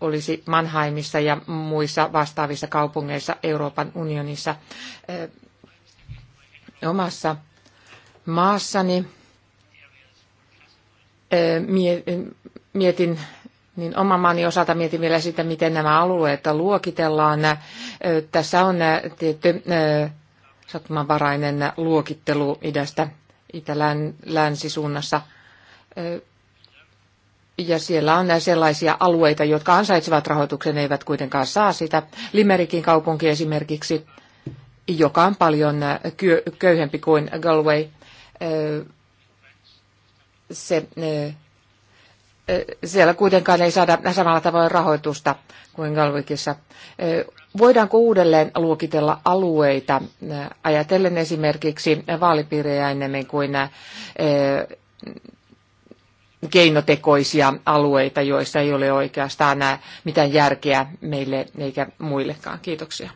olisi Mannheimissa ja muissa vastaavissa kaupungeissa Euroopan unionissa. Omassa maassani mietin, niin oman maani osalta mietin vielä sitä, miten nämä alueet luokitellaan. Tässä on tietty sattumanvarainen luokittelu idästä itä-länsisuunnassa. -län, ja siellä on sellaisia alueita, jotka ansaitsevat rahoituksen, eivät kuitenkaan saa sitä. Limerikin kaupunki esimerkiksi, joka on paljon äh, köyhempi kuin Galway, äh, se, äh, siellä kuitenkaan ei saada samalla tavoin rahoitusta kuin Galwickissa. Voidaanko uudelleen luokitella alueita, ajatellen esimerkiksi vaalipiirejä enemmän kuin keinotekoisia alueita, joissa ei ole oikeastaan enää mitään järkeä meille eikä muillekaan. Kiitoksia.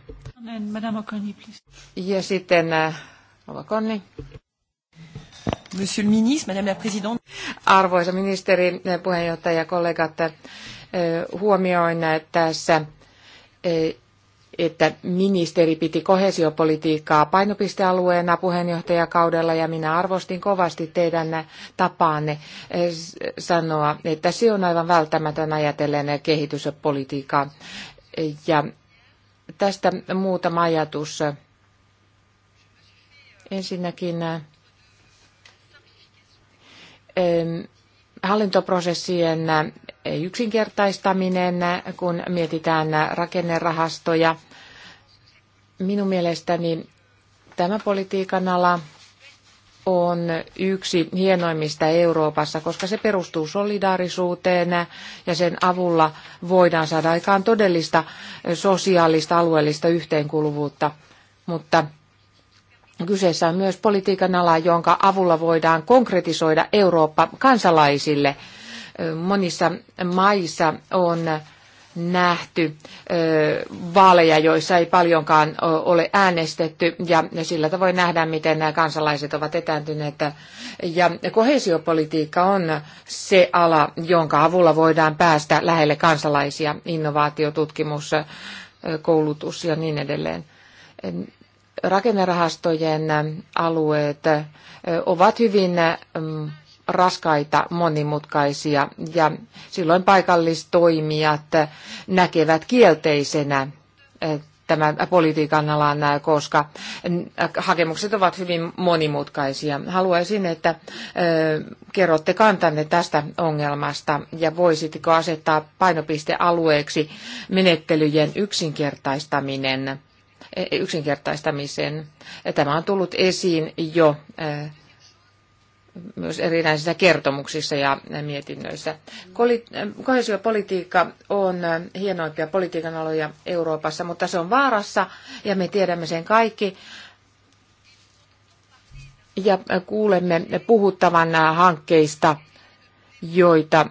Ja sitten äh, Konni. Monsieur le ministre, madame la présidente. Arvoisa ministeri, äh, puheenjohtaja ja kollegat, äh, huomioin tässä että ministeri piti kohesiopolitiikkaa painopistealueena puheenjohtajakaudella ja minä arvostin kovasti teidän tapaanne eh, sanoa, että se on aivan välttämätön ajatellen kehityspolitiikkaa. Ja tästä muutama ajatus. Ensinnäkin hallintoprosessien yksinkertaistaminen, kun mietitään rakennerahastoja – Minun mielestäni tämä politiikan ala on yksi hienoimmista Euroopassa, koska se perustuu solidaarisuuteen ja sen avulla voidaan saada aikaan todellista sosiaalista alueellista yhteenkuuluvuutta. Mutta kyseessä on myös politiikan ala, jonka avulla voidaan konkretisoida Eurooppa kansalaisille. Monissa maissa on nähty vaaleja, joissa ei paljonkaan ole äänestetty ja sillä tavoin nähdään, miten nämä kansalaiset ovat etääntyneet. Ja kohesiopolitiikka on se ala, jonka avulla voidaan päästä lähelle kansalaisia, innovaatiotutkimus, koulutus ja niin edelleen rakennerahastojen alueet ovat hyvin raskaita, monimutkaisia ja silloin paikallistoimijat näkevät kielteisenä eh, tämän politiikan alan, eh, koska eh, hakemukset ovat hyvin monimutkaisia. Haluaisin, että kerrotte kantanne tästä ongelmasta ja voisitko asettaa painopistealueeksi menettelyjen yksinkertaistaminen, yksinkertaistamisen. Tämä on tullut esiin jo myös erinäisissä kertomuksissa ja mietinnöissä. Kohesiopolitiikka on hienoimpia politiikan aloja Euroopassa, mutta se on vaarassa ja me tiedämme sen kaikki. Ja kuulemme puhuttavan hankkeista, joita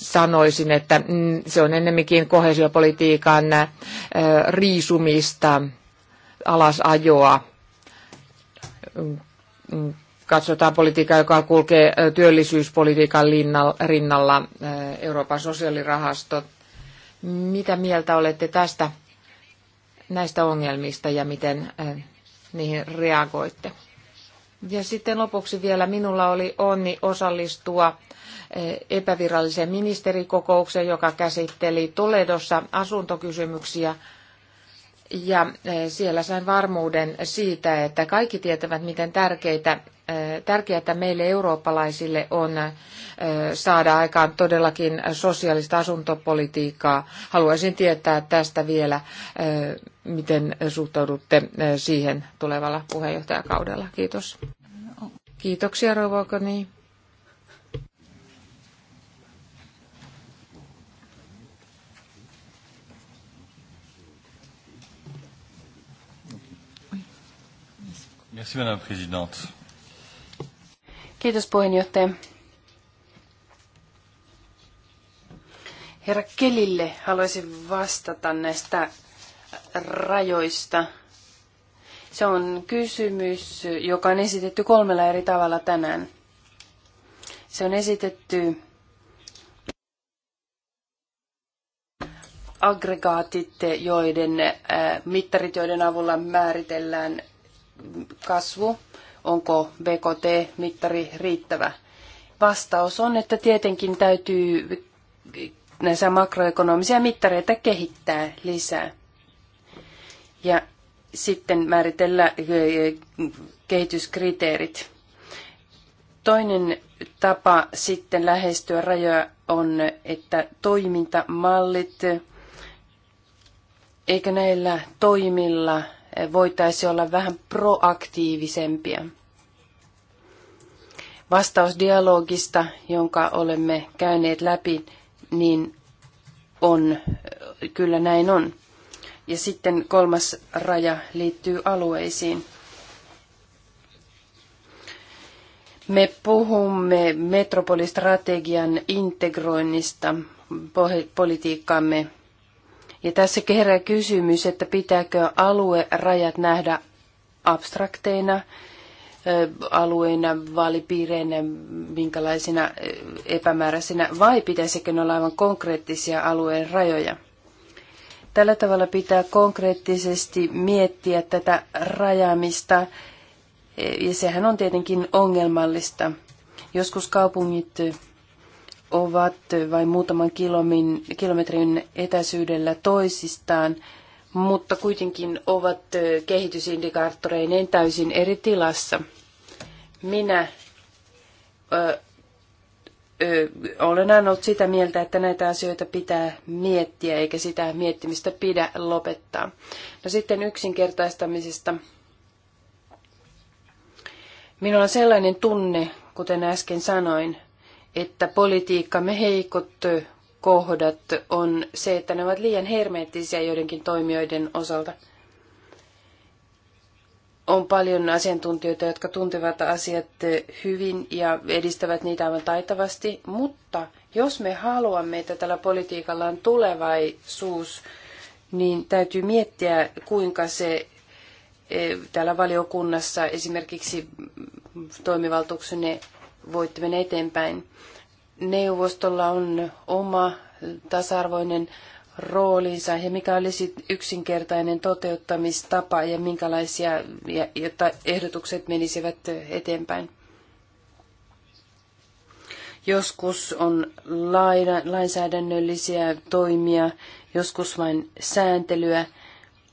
sanoisin, että se on ennemminkin kohesiopolitiikan riisumista, alasajoa, katsotaan politiikkaa, joka kulkee työllisyyspolitiikan rinnalla, Euroopan sosiaalirahasto. Mitä mieltä olette tästä, näistä ongelmista ja miten niihin reagoitte? Ja sitten lopuksi vielä minulla oli onni osallistua epäviralliseen ministerikokoukseen, joka käsitteli Toledossa asuntokysymyksiä – ja e, siellä sain varmuuden siitä, että kaikki tietävät, miten tärkeitä, e, tärkeää meille eurooppalaisille on e, saada aikaan todellakin sosiaalista asuntopolitiikkaa. Haluaisin tietää tästä vielä, miten suhtaudutte siihen tulevalla puheenjohtajakaudella. Kiitos. Kiitoksia, Rovokoni. Merci, Madame Présidente. Kiitos puheenjohtaja. Herra Kelille haluaisin vastata näistä rajoista. Se on kysymys, joka on esitetty kolmella eri tavalla tänään. Se on esitetty aggregaatit, joiden äh, mittarit, joiden avulla määritellään kasvu, onko BKT-mittari riittävä? Vastaus on, että tietenkin täytyy näitä makroekonomisia mittareita kehittää lisää. Ja sitten määritellä eh, kehityskriteerit. Toinen tapa sitten lähestyä rajoja on, että toimintamallit, eikö näillä toimilla – voitaisiin olla vähän proaktiivisempia. Vastausdialogista, jonka olemme käyneet läpi, niin on, kyllä näin on. Ja sitten kolmas raja liittyy alueisiin. Me puhumme metropolistrategian integroinnista politiikkaamme ja tässä kerää kysymys, että pitääkö aluerajat nähdä abstrakteina alueina, vaalipiireinä, minkälaisina epämääräisinä, vai pitäisikö ne olla aivan konkreettisia alueen rajoja? Tällä tavalla pitää konkreettisesti miettiä tätä rajaamista, ja sehän on tietenkin ongelmallista. Joskus kaupungit ovat vain muutaman kilomin, kilometrin etäisyydellä toisistaan, mutta kuitenkin ovat kehitysindikaattoreineen täysin eri tilassa. Minä ö, ö, olen aina ollut sitä mieltä, että näitä asioita pitää miettiä, eikä sitä miettimistä pidä lopettaa. No sitten yksinkertaistamisesta. Minulla on sellainen tunne, kuten äsken sanoin, että politiikkamme heikot kohdat on se, että ne ovat liian hermeettisiä joidenkin toimijoiden osalta. On paljon asiantuntijoita, jotka tuntevat asiat hyvin ja edistävät niitä aivan taitavasti, mutta jos me haluamme, että tällä politiikalla on tulevaisuus, niin täytyy miettiä, kuinka se eh, täällä valiokunnassa esimerkiksi toimivaltuuksenne voitte mennä eteenpäin. Neuvostolla on oma tasa-arvoinen roolinsa ja mikä olisi yksinkertainen toteuttamistapa ja minkälaisia, jotta ehdotukset menisivät eteenpäin. Joskus on lainsäädännöllisiä toimia, joskus vain sääntelyä,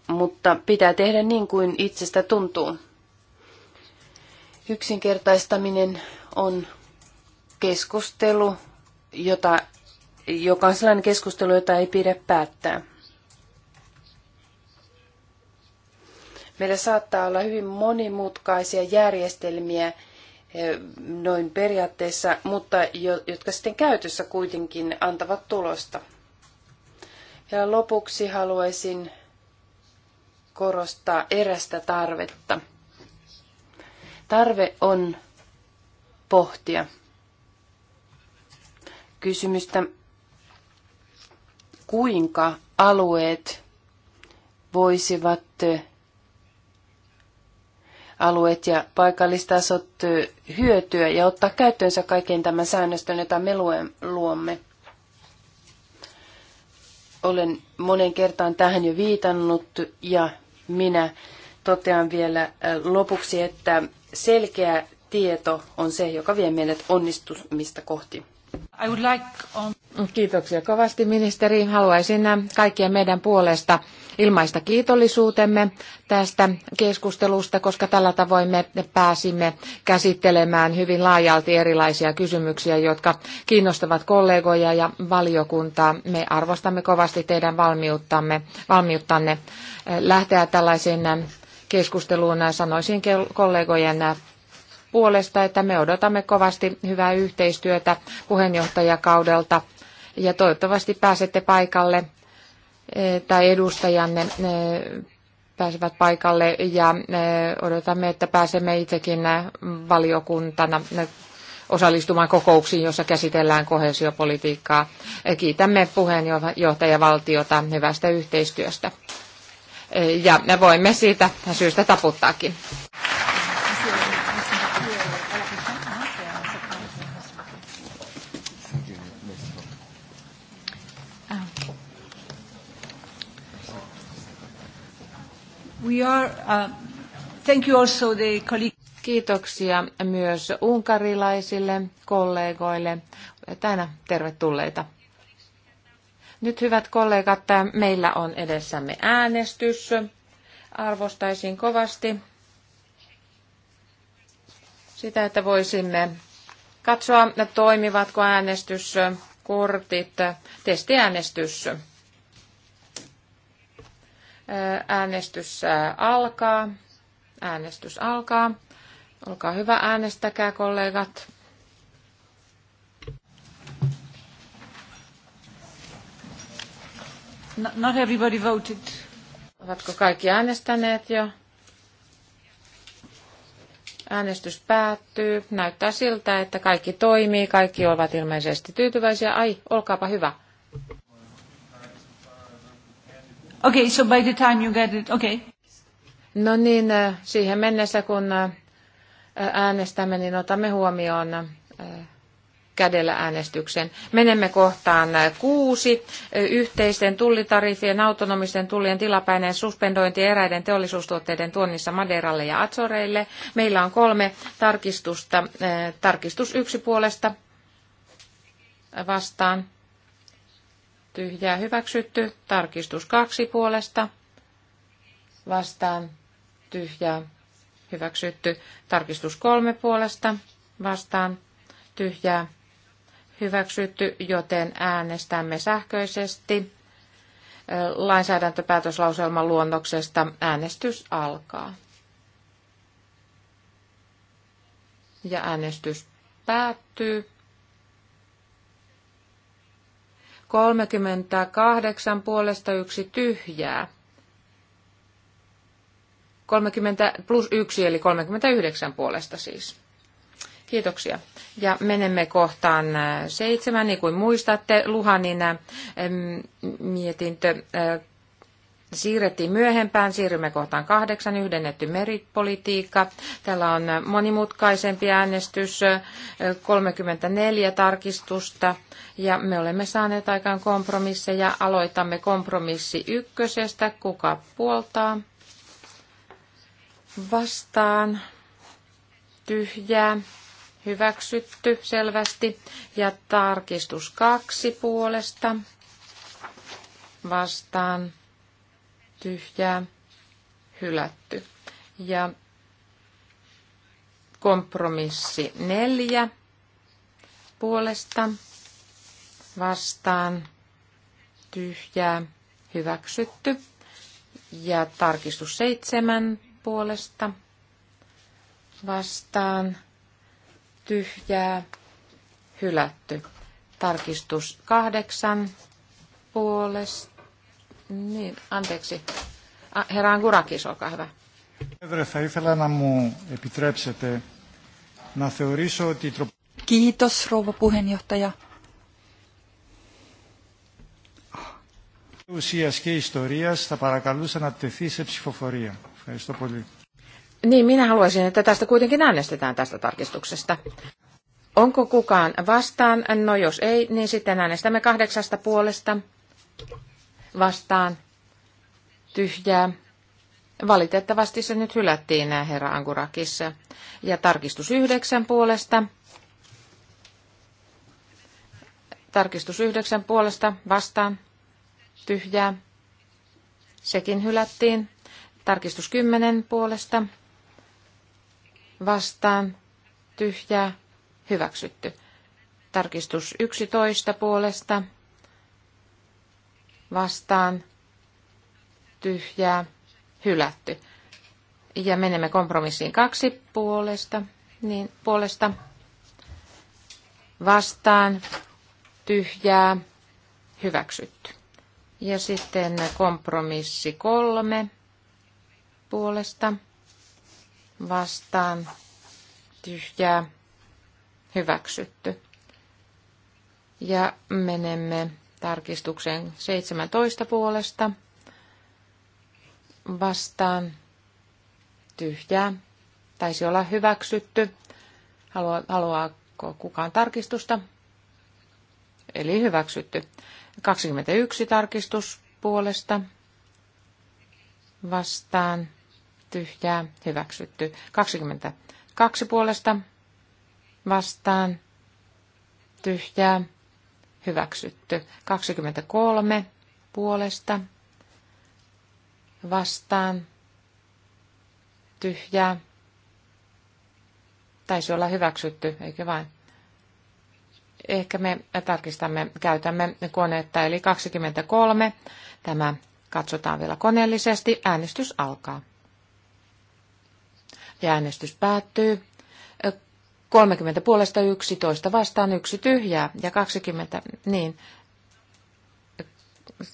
mutta pitää tehdä niin kuin itsestä tuntuu. Yksinkertaistaminen on keskustelu, jota, joka on sellainen keskustelu, jota ei pidä päättää. Meillä saattaa olla hyvin monimutkaisia järjestelmiä eh, noin periaatteessa, mutta jotka sitten käytössä kuitenkin antavat tulosta. Ja lopuksi haluaisin korostaa erästä tarvetta. Tarve on pohtia kysymystä, kuinka alueet voisivat alueet ja paikallistasot hyötyä ja ottaa käyttöönsä kaiken tämän säännöstön, jota me luomme. Olen monen kertaan tähän jo viitannut ja minä totean vielä lopuksi, että selkeä tieto on se, joka vie meidät onnistumista kohti. I would like on... Kiitoksia kovasti ministeri. Haluaisin äh, kaikkien meidän puolesta ilmaista kiitollisuutemme tästä keskustelusta, koska tällä tavoin me pääsimme käsittelemään hyvin laajalti erilaisia kysymyksiä, jotka kiinnostavat kollegoja ja valiokuntaa. Me arvostamme kovasti teidän valmiuttamme, valmiuttanne äh, lähteä tällaiseen äh, keskusteluun. Sanoisin kollegojen puolesta, että me odotamme kovasti hyvää yhteistyötä puheenjohtajakaudelta ja toivottavasti pääsette paikalle eh, tai edustajanne eh, pääsevät paikalle ja eh, odotamme, että pääsemme itsekin valiokuntana osallistumaan kokouksiin, jossa käsitellään kohesiopolitiikkaa. Kiitämme puheenjohtajavaltiota hyvästä yhteistyöstä. Ja me voimme siitä syystä taputtaakin. uh, thank you also the Kiitoksia myös unkarilaisille kollegoille. Tänä tervetulleita. Nyt hyvät kollegat, meillä on edessämme äänestys. Arvostaisin kovasti sitä, että voisimme katsoa, toimivatko äänestyskortit, testiäänestys. Äänestys alkaa. Äänestys alkaa. Olkaa hyvä, äänestäkää kollegat. Not everybody voted. Ovatko kaikki äänestäneet jo? Äänestys päättyy. Näyttää siltä, että kaikki toimii. Kaikki ovat ilmeisesti tyytyväisiä. Ai, olkaapa hyvä. Okay, so by the time you get it, okay. No niin, äh, siihen mennessä kun äh, äänestämme, niin otamme huomioon äh, kädellä äänestyksen. Menemme kohtaan kuusi. Yhteisten tullitariffien autonomisten tullien tilapäinen suspendointi eräiden teollisuustuotteiden tuonnissa Maderalle ja Atsoreille. Meillä on kolme tarkistusta. Tarkistus yksi puolesta vastaan tyhjää hyväksytty. Tarkistus kaksi puolesta vastaan tyhjää hyväksytty. Tarkistus kolme puolesta vastaan tyhjää hyväksytty, joten äänestämme sähköisesti. Lainsäädäntöpäätöslauselman luonnoksesta äänestys alkaa. Ja äänestys päättyy. 38 puolesta yksi tyhjää. 30 plus 1 eli 39 puolesta siis. Kiitoksia. Ja menemme kohtaan äh, seitsemän, niin kuin muistatte, Luhanin ähm, mietintö äh, siirrettiin myöhempään, siirrymme kohtaan kahdeksan, yhdennetty meripolitiikka. Täällä on monimutkaisempi äänestys, 34 tarkistusta, ja me olemme saaneet aikaan kompromisseja. Aloitamme kompromissi ykkösestä, kuka puoltaa vastaan, tyhjää, hyväksytty selvästi, ja tarkistus kaksi puolesta vastaan, tyhjää hylätty. Ja kompromissi neljä puolesta vastaan tyhjää hyväksytty. Ja tarkistus seitsemän puolesta vastaan tyhjää hylätty. Tarkistus kahdeksan puolesta niin, anteeksi. Herra Angurakis, olkaa hyvä. Kiitos, rouva puheenjohtaja. ουσίας και ιστορίας θα παρακαλούσα να τεθεί σε ψηφοφορία. Ευχαριστώ πολύ. Niin, minä haluaisin, että tästä kuitenkin äänestetään tästä tarkistuksesta. Onko kukaan vastaan? No jos ei, niin sitten äänestämme kahdeksasta puolesta vastaan tyhjää. Valitettavasti se nyt hylättiin herra Angurakissa. Ja tarkistus yhdeksän puolesta. Tarkistus yhdeksän puolesta vastaan tyhjää. Sekin hylättiin. Tarkistus kymmenen puolesta vastaan tyhjää hyväksytty. Tarkistus 11 puolesta vastaan tyhjää hylätty. Ja menemme kompromissiin kaksi puolesta, niin puolesta vastaan tyhjää hyväksytty. Ja sitten kompromissi kolme puolesta vastaan tyhjää hyväksytty. Ja menemme tarkistuksen 17 puolesta vastaan tyhjää. Taisi olla hyväksytty. Halua, haluaako kukaan tarkistusta? Eli hyväksytty. 21 tarkistus puolesta vastaan tyhjää hyväksytty. 22 puolesta vastaan tyhjää hyväksytty. 23 puolesta vastaan tyhjää. Taisi olla hyväksytty, eikö vain? Ehkä me tarkistamme, käytämme konetta, eli 23. Tämä katsotaan vielä koneellisesti. Äänestys alkaa. Ja äänestys päättyy. 30 puolesta 11 vastaan yksi tyhjää ja 20, niin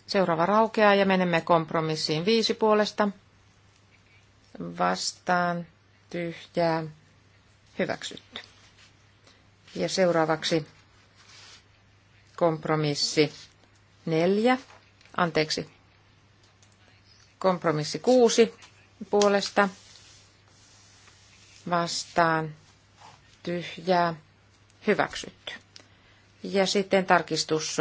seuraava raukeaa ja menemme kompromissiin 5 puolesta vastaan tyhjää hyväksytty. Ja seuraavaksi kompromissi 4 anteeksi, kompromissi 6 puolesta vastaan tyhjää hyväksytty. Ja sitten tarkistus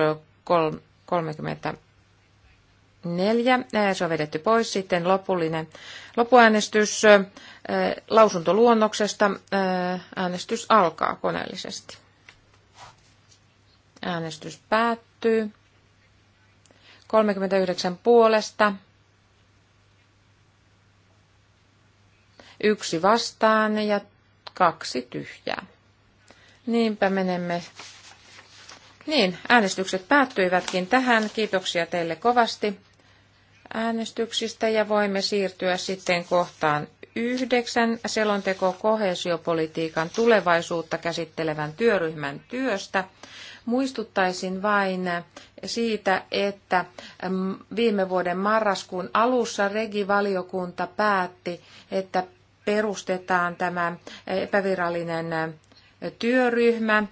34, äh, se on vedetty pois. Sitten lopullinen lopuäänestys äh, lausuntoluonnoksesta. Äh, äänestys alkaa koneellisesti. Äänestys päättyy. 39 puolesta. Yksi vastaan ja kaksi tyhjää. Niinpä menemme. Niin, äänestykset päättyivätkin tähän. Kiitoksia teille kovasti äänestyksistä ja voimme siirtyä sitten kohtaan yhdeksän selonteko kohesiopolitiikan tulevaisuutta käsittelevän työryhmän työstä. Muistuttaisin vain siitä, että mm, viime vuoden marraskuun alussa regivaliokunta päätti, että perustetaan tämä epävirallinen työryhmä.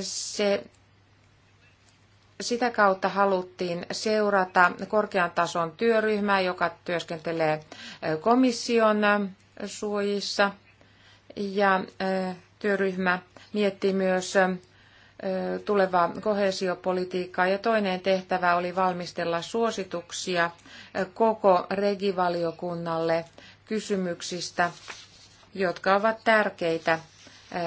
Se, sitä kautta haluttiin seurata korkean tason työryhmää, joka työskentelee komission suojissa. Ja työryhmä mietti myös tulevaa koheesiopolitiikkaa ja toinen tehtävä oli valmistella suosituksia koko regivaliokunnalle kysymyksistä, jotka ovat tärkeitä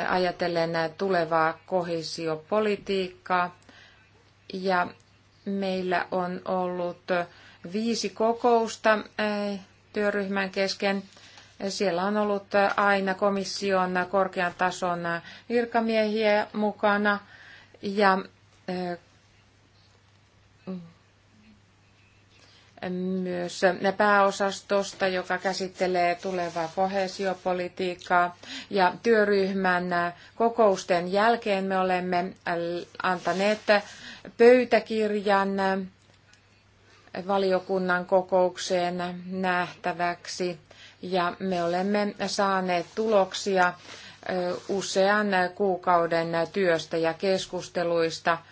ajatellen tulevaa kohesiopolitiikkaa. Ja meillä on ollut viisi kokousta työryhmän kesken. Siellä on ollut aina komission korkean tason virkamiehiä mukana ja myös pääosastosta, joka käsittelee tulevaa kohesiopolitiikkaa. Ja työryhmän kokousten jälkeen me olemme antaneet pöytäkirjan valiokunnan kokoukseen nähtäväksi. Ja me olemme saaneet tuloksia usean kuukauden työstä ja keskusteluista –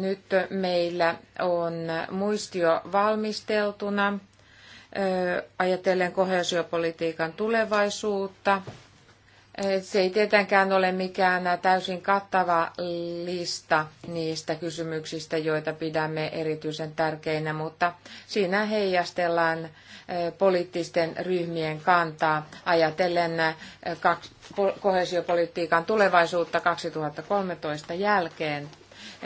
nyt meillä on muistio valmisteltuna ajatellen kohesiopolitiikan tulevaisuutta. Se ei tietenkään ole mikään täysin kattava lista niistä kysymyksistä, joita pidämme erityisen tärkeinä, mutta siinä heijastellaan poliittisten ryhmien kantaa ajatellen kohesiopolitiikan tulevaisuutta 2013 jälkeen.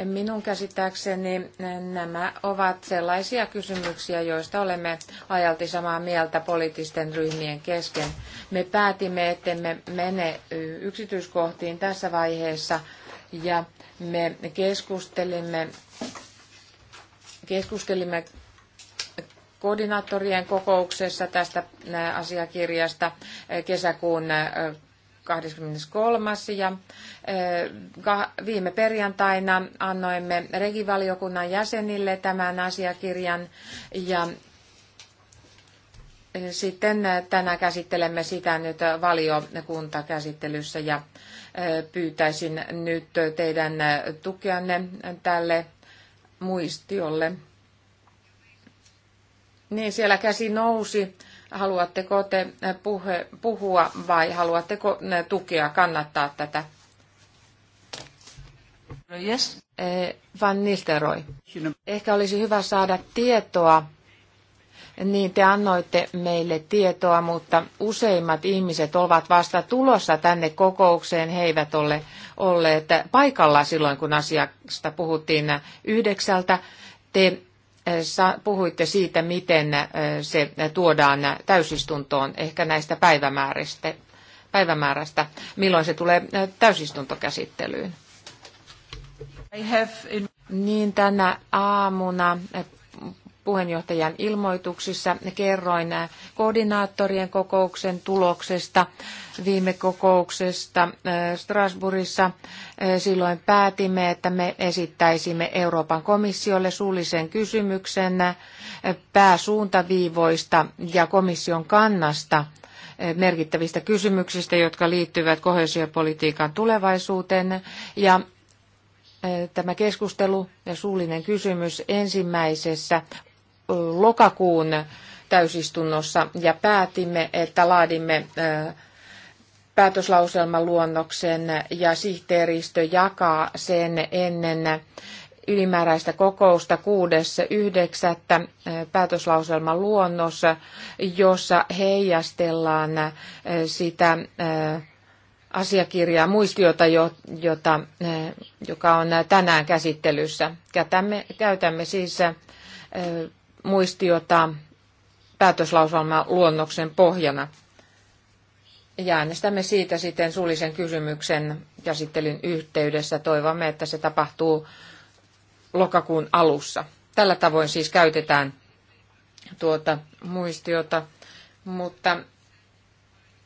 Minun käsittääkseni nämä ovat sellaisia kysymyksiä, joista olemme ajalti samaa mieltä poliittisten ryhmien kesken. Me päätimme, ettemme mene yksityiskohtiin tässä vaiheessa ja me keskustelimme, keskustelimme koordinaattorien kokouksessa tästä asiakirjasta kesäkuun 23. ja eh, viime perjantaina annoimme regivaliokunnan jäsenille tämän asiakirjan ja eh, sitten tänään käsittelemme sitä nyt valiokuntakäsittelyssä ja eh, pyytäisin nyt teidän tukeanne tälle muistiolle. Niin, siellä käsi nousi. Haluatteko te puhe, puhua vai haluatteko tukea, kannattaa tätä? Yes. E, Van Nisteroi. Ehkä olisi hyvä saada tietoa. Niin, te annoitte meille tietoa, mutta useimmat ihmiset ovat vasta tulossa tänne kokoukseen. He eivät ole olleet paikalla silloin, kun asiasta puhuttiin yhdeksältä. Te puhuitte siitä, miten se tuodaan täysistuntoon, ehkä näistä päivämääristä, päivämäärästä, milloin se tulee täysistuntokäsittelyyn. In... Niin tänä aamuna puheenjohtajan ilmoituksissa kerroin koordinaattorien kokouksen tuloksesta viime kokouksesta äh, Strasbourgissa. Äh, silloin päätimme, että me esittäisimme Euroopan komissiolle suullisen kysymyksen äh, pääsuuntaviivoista ja komission kannasta merkittävistä kysymyksistä, jotka liittyvät kohesiopolitiikan tulevaisuuteen. Ja tämä keskustelu ja suullinen kysymys ensimmäisessä lokakuun täysistunnossa ja päätimme, että laadimme päätöslauselman luonnoksen ja sihteeristö jakaa sen ennen ylimääräistä kokousta 6.9. päätöslauselman luonnos, jossa heijastellaan sitä asiakirjaa, muistiota, jota, joka on tänään käsittelyssä. Käytämme, käytämme siis muistiota päätöslauselman luonnoksen pohjana. Ja äänestämme siitä sitten suullisen kysymyksen käsittelyn yhteydessä. Toivomme, että se tapahtuu lokakuun alussa. Tällä tavoin siis käytetään tuota muistiota, mutta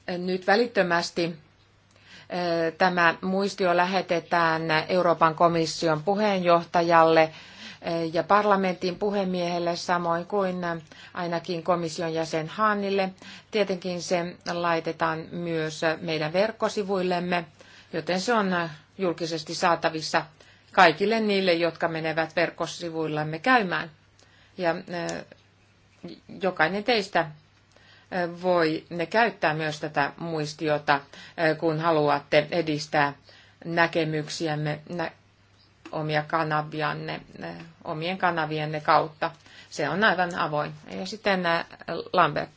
eh, nyt välittömästi eh, tämä muistio lähetetään Euroopan komission puheenjohtajalle – Eh, ja parlamentin puhemiehelle samoin kuin eh, ainakin komission jäsen Hannille. Tietenkin se laitetaan myös eh, meidän verkkosivuillemme, joten se on julkisesti saatavissa kaikille niille, jotka menevät verkkosivuillamme käymään. Ja jokainen teistä voi ne käyttää myös tätä muistiota, kun haluatte edistää näkemyksiämme, omia kanavianne, omien kanavienne kautta. Se on aivan avoin. Ja sitten Lambert.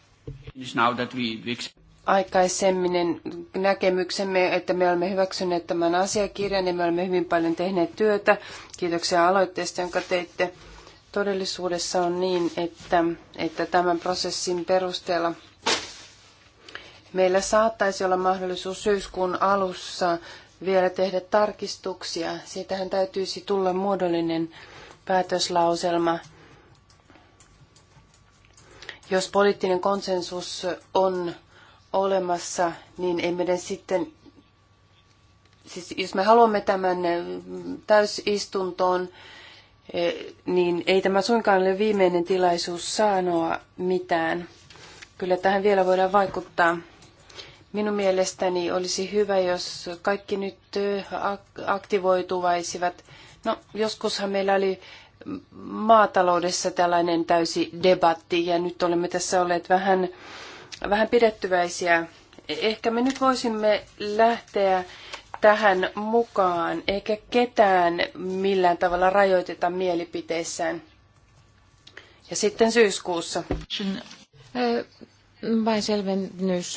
Aikaisemmin näkemyksemme, että me olemme hyväksyneet tämän asiakirjan ja me olemme hyvin paljon tehneet työtä. Kiitoksia aloitteesta, jonka teitte. Todellisuudessa on niin, että, että tämän prosessin perusteella meillä saattaisi olla mahdollisuus syyskuun alussa vielä tehdä tarkistuksia. Siitähän täytyisi tulla muodollinen päätöslauselma. Jos poliittinen konsensus on olemassa, niin ei meidän sitten, siis jos me haluamme tämän täysistuntoon, niin ei tämä suinkaan ole viimeinen tilaisuus sanoa mitään. Kyllä tähän vielä voidaan vaikuttaa. Minun mielestäni olisi hyvä, jos kaikki nyt aktivoituvaisivat. No, joskushan meillä oli maataloudessa tällainen täysi debatti ja nyt olemme tässä olleet vähän, vähän pidettyväisiä. Ehkä me nyt voisimme lähteä tähän mukaan, eikä ketään millään tavalla rajoiteta mielipiteissään. Ja sitten syyskuussa. Vain selvennys.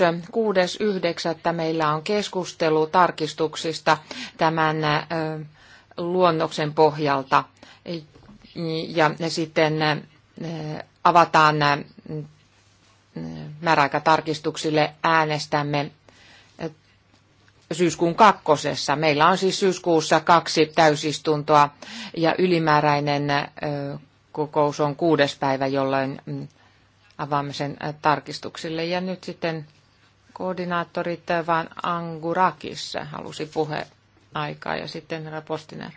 6.9. meillä on keskustelu tarkistuksista tämän luonnoksen pohjalta. Ja sitten avataan määräaikatarkistuksille äänestämme syyskuun kakkosessa. Meillä on siis syyskuussa kaksi täysistuntoa ja ylimääräinen kokous on kuudes päivä, jolloin mm, avaamisen äh, tarkistuksille. Ja nyt sitten koordinaattorit, äh, vaan Angurakis halusi puheaikaa ja sitten herra Postiner.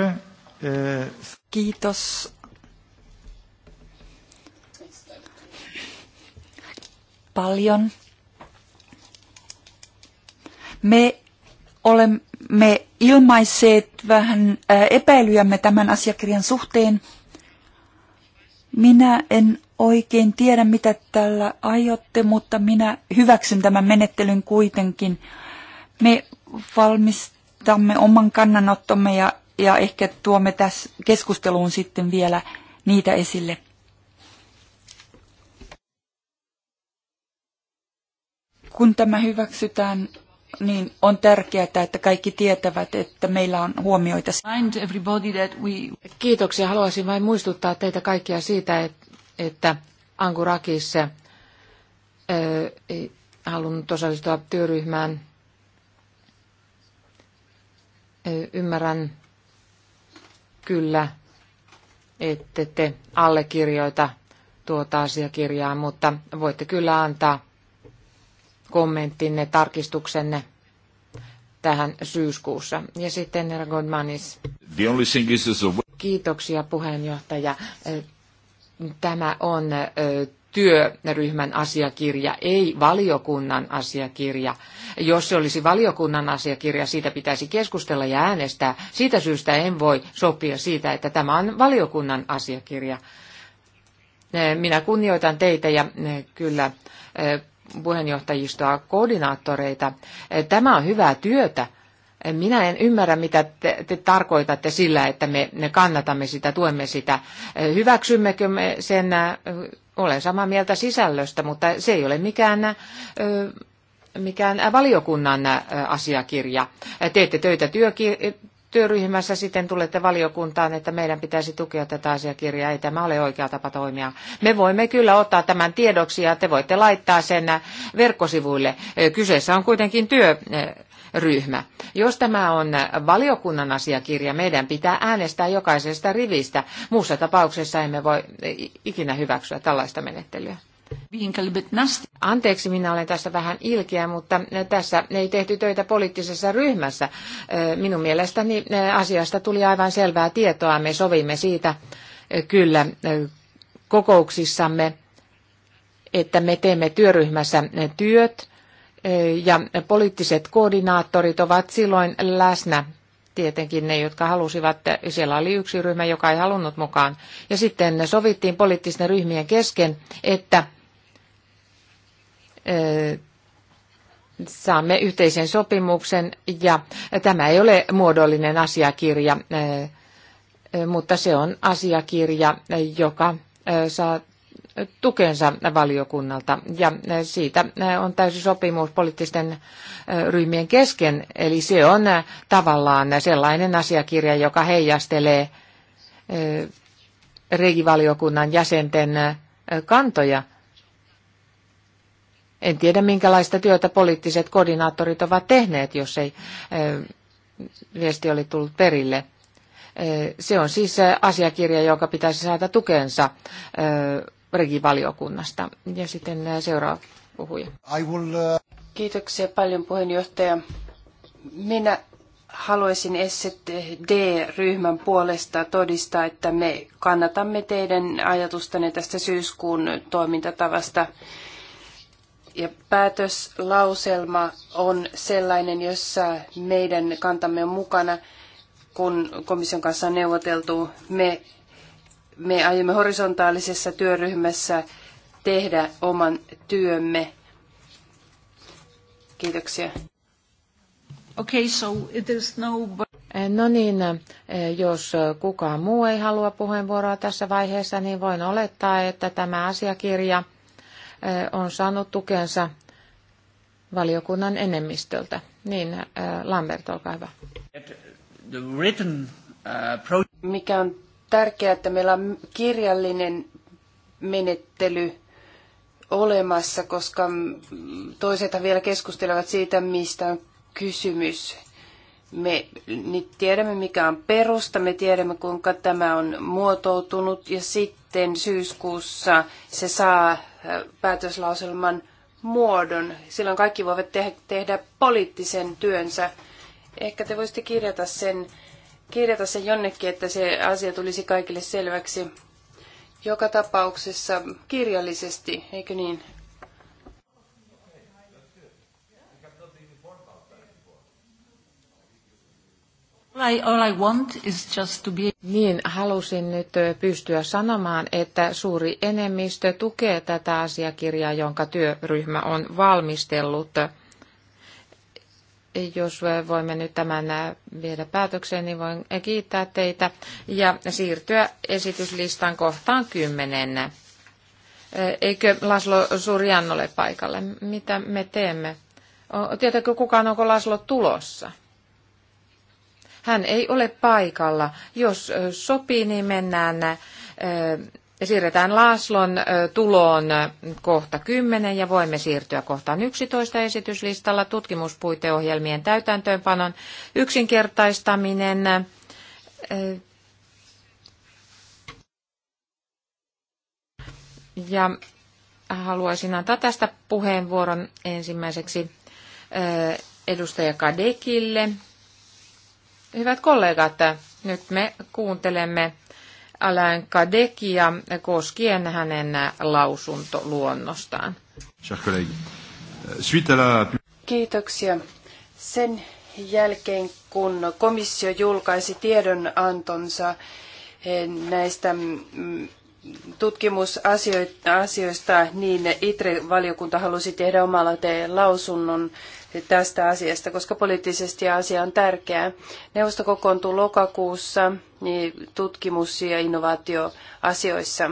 Äh, Kiitos. Paljon. Me olemme ilmaisseet vähän epäilyjämme tämän asiakirjan suhteen. Minä en oikein tiedä, mitä tällä aiotte, mutta minä hyväksyn tämän menettelyn kuitenkin. Me valmistamme oman kannanottomme ja, ja ehkä tuomme tässä keskusteluun sitten vielä niitä esille. Kun tämä hyväksytään niin on tärkeää, että kaikki tietävät, että meillä on huomioita. Kiitoksia. Haluaisin vain muistuttaa teitä kaikkia siitä, että Angurakissa ei halunnut osallistua työryhmään. Ymmärrän kyllä, että te allekirjoita tuota asiakirjaa, mutta voitte kyllä antaa kommenttinne, tarkistuksenne tähän syyskuussa. Ja sitten Herra Godmanis. Kiitoksia puheenjohtaja. Tämä on työryhmän asiakirja, ei valiokunnan asiakirja. Jos se olisi valiokunnan asiakirja, siitä pitäisi keskustella ja äänestää. Siitä syystä en voi sopia siitä, että tämä on valiokunnan asiakirja. Minä kunnioitan teitä ja kyllä puheenjohtajistoa koordinaattoreita. E, tämä on hyvää työtä. E, minä en ymmärrä, mitä te, te tarkoitatte sillä, että me, me kannatamme sitä, tuemme sitä. E, hyväksymmekö me sen, olen samaa mieltä sisällöstä, mutta se ei ole mikään, mikään valiokunnan asiakirja. Teette töitä työkir- työryhmässä sitten tulette valiokuntaan, että meidän pitäisi tukea tätä asiakirjaa. Ei tämä ole oikea tapa toimia. Me voimme kyllä ottaa tämän tiedoksi ja te voitte laittaa sen verkkosivuille. Kyseessä on kuitenkin työryhmä. Jos tämä on valiokunnan asiakirja, meidän pitää äänestää jokaisesta rivistä. Muussa tapauksessa emme voi ikinä hyväksyä tällaista menettelyä. Anteeksi, minä olen tässä vähän ilkeä, mutta tässä ei tehty töitä poliittisessa ryhmässä. Minun mielestäni asiasta tuli aivan selvää tietoa. Me sovimme siitä kyllä kokouksissamme, että me teemme työryhmässä työt ja poliittiset koordinaattorit ovat silloin läsnä tietenkin ne, jotka halusivat, siellä oli yksi ryhmä, joka ei halunnut mukaan. Ja sitten sovittiin poliittisten ryhmien kesken, että saamme yhteisen sopimuksen ja tämä ei ole muodollinen asiakirja, mutta se on asiakirja, joka saa tukensa valiokunnalta ja siitä on täysi sopimus poliittisten ryhmien kesken. Eli se on tavallaan sellainen asiakirja, joka heijastelee regivaliokunnan jäsenten kantoja en tiedä, minkälaista työtä poliittiset koordinaattorit ovat tehneet, jos ei viesti oli tullut perille. Se on siis asiakirja, joka pitäisi saada tukensa regivaliokunnasta. Ja sitten seuraava puhuja. Will... Kiitoksia paljon puheenjohtaja. Minä haluaisin SD-ryhmän puolesta todistaa, että me kannatamme teidän ajatustanne tästä syyskuun toimintatavasta ja päätöslauselma on sellainen, jossa meidän kantamme on mukana, kun komission kanssa on neuvoteltu. Me, me aiomme horisontaalisessa työryhmässä tehdä oman työmme. Kiitoksia. Okay, so it is no... Eh, no niin, eh, jos kukaan muu ei halua puheenvuoroa tässä vaiheessa, niin voin olettaa, että tämä asiakirja on saanut tukensa valiokunnan enemmistöltä. Niin, Lambert, olkaa hyvä. Uh, mikä on tärkeää, että meillä on kirjallinen menettely olemassa, koska toiset vielä keskustelevat siitä, mistä on kysymys. Me nyt tiedämme, mikä on perusta, me tiedämme, kuinka tämä on muotoutunut ja sitten syyskuussa se saa päätöslauselman muodon. Silloin kaikki voivat te- tehdä poliittisen työnsä. Ehkä te voisitte kirjata sen, kirjata sen jonnekin, että se asia tulisi kaikille selväksi. Joka tapauksessa kirjallisesti, eikö niin? Niin, halusin nyt pystyä sanomaan, että suuri enemmistö tukee tätä asiakirjaa, jonka työryhmä on valmistellut. Jos voimme nyt tämän viedä päätökseen, niin voin kiittää teitä ja siirtyä esityslistan kohtaan kymmenen. Eikö Laslo Surjan ole paikalle? Mitä me teemme? Tietääkö kukaan, onko Laslo tulossa? Hän ei ole paikalla. Jos sopii, niin mennään, siirretään Laaslon tuloon kohta 10 ja voimme siirtyä kohtaan 11 esityslistalla tutkimuspuiteohjelmien täytäntöönpanon yksinkertaistaminen. Ja haluaisin antaa tästä puheenvuoron ensimmäiseksi edustaja Kadekille. Hyvät kollegat, nyt me kuuntelemme Alain Kadekia koskien hänen lausuntoluonnostaan. Kiitoksia. Sen jälkeen, kun komissio julkaisi tiedonantonsa eh, näistä mm, tutkimusasioista, niin ITRE-valiokunta halusi tehdä omalla lausunnon tästä asiasta, koska poliittisesti asia on tärkeää. Neuvosto kokoontuu lokakuussa niin tutkimus- ja innovaatioasioissa.